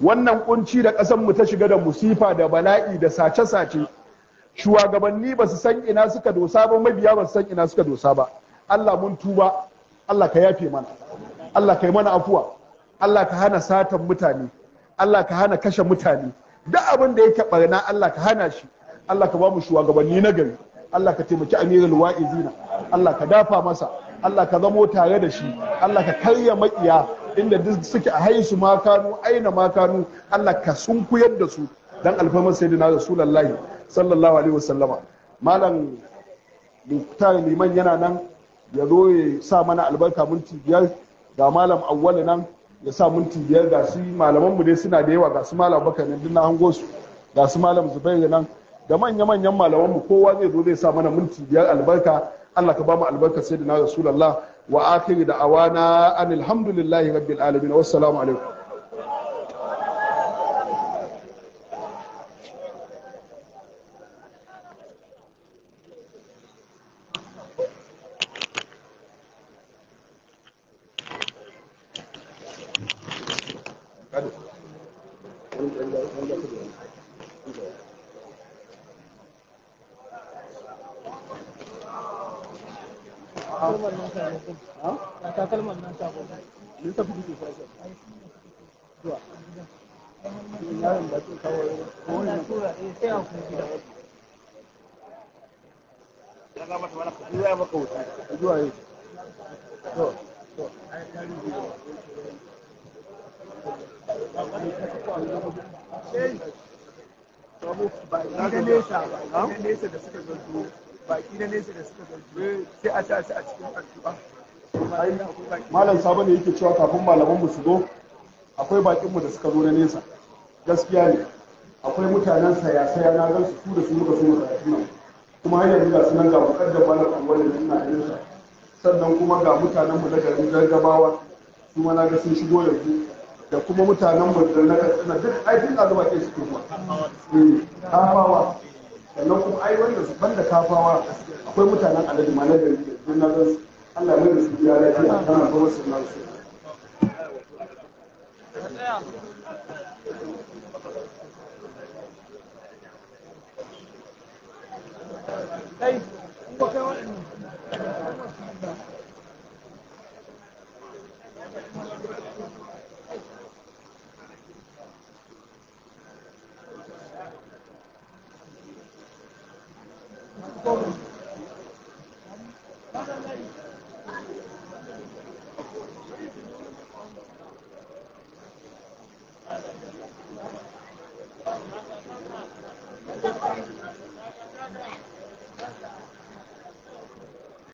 wannan kunci da ƙasar mu ta shiga da musifa da bala'i da sace-sace shugabanni ba su san ina suka dosa ba mabiya ba su san ina suka dosa ba Allah mun tuba Allah ka yafe mana Allah ka yi mana afuwa Allah ka hana satan mutane Allah ka hana kashe mutane duk abin da yake barna Allah ka hana shi Allah ka ba mu shugabanni na gari Allah ka taimaki amirul wa'izina Allah ka dafa masa Allah ka zamo tare da shi Allah ka karya makiya inda duk suke a haisu makanu aina makanu Allah ka sunkuyar da su dan alfamar na rasulullahi sallallahu alaihi wasallama malam muktar liman yana nan ya zo ya sa mana albarka minti biyar ga malam awwal nan ya sa minti biyar ga su malaman mu dai suna da yawa ga su malam bakar nan dinna hango su ga su malam zubairu nan da manya manyan malaman mu kowa zai zo zai sa mana minti biyar albarka Allah ka ba mu albarka sayyidina rasulullahi wa akhiri da awana anil hamdulillahi rabbil alamin wassalamu alaikum malam sabo ne yake cewa kafin malaman mu su zo akwai bakin mu da suka zo na nesa gaskiya ne akwai mutanen saya saya na gan su da su muka suna mu karatu nan kuma har yanzu ga su nan ga da malam anwar da suna ganin sannan kuma ga mutanen mu na garin gabawa, su na ga sun shigo yanzu da kuma mutanen mu da na katsina duk aikin da da ke su kuma kafawa eh, sannan kuma ai wanda su banda kafawa akwai mutanen alaji ma na gari don na zan Allah mai da su ya lafiya tana kuma su na su pobres.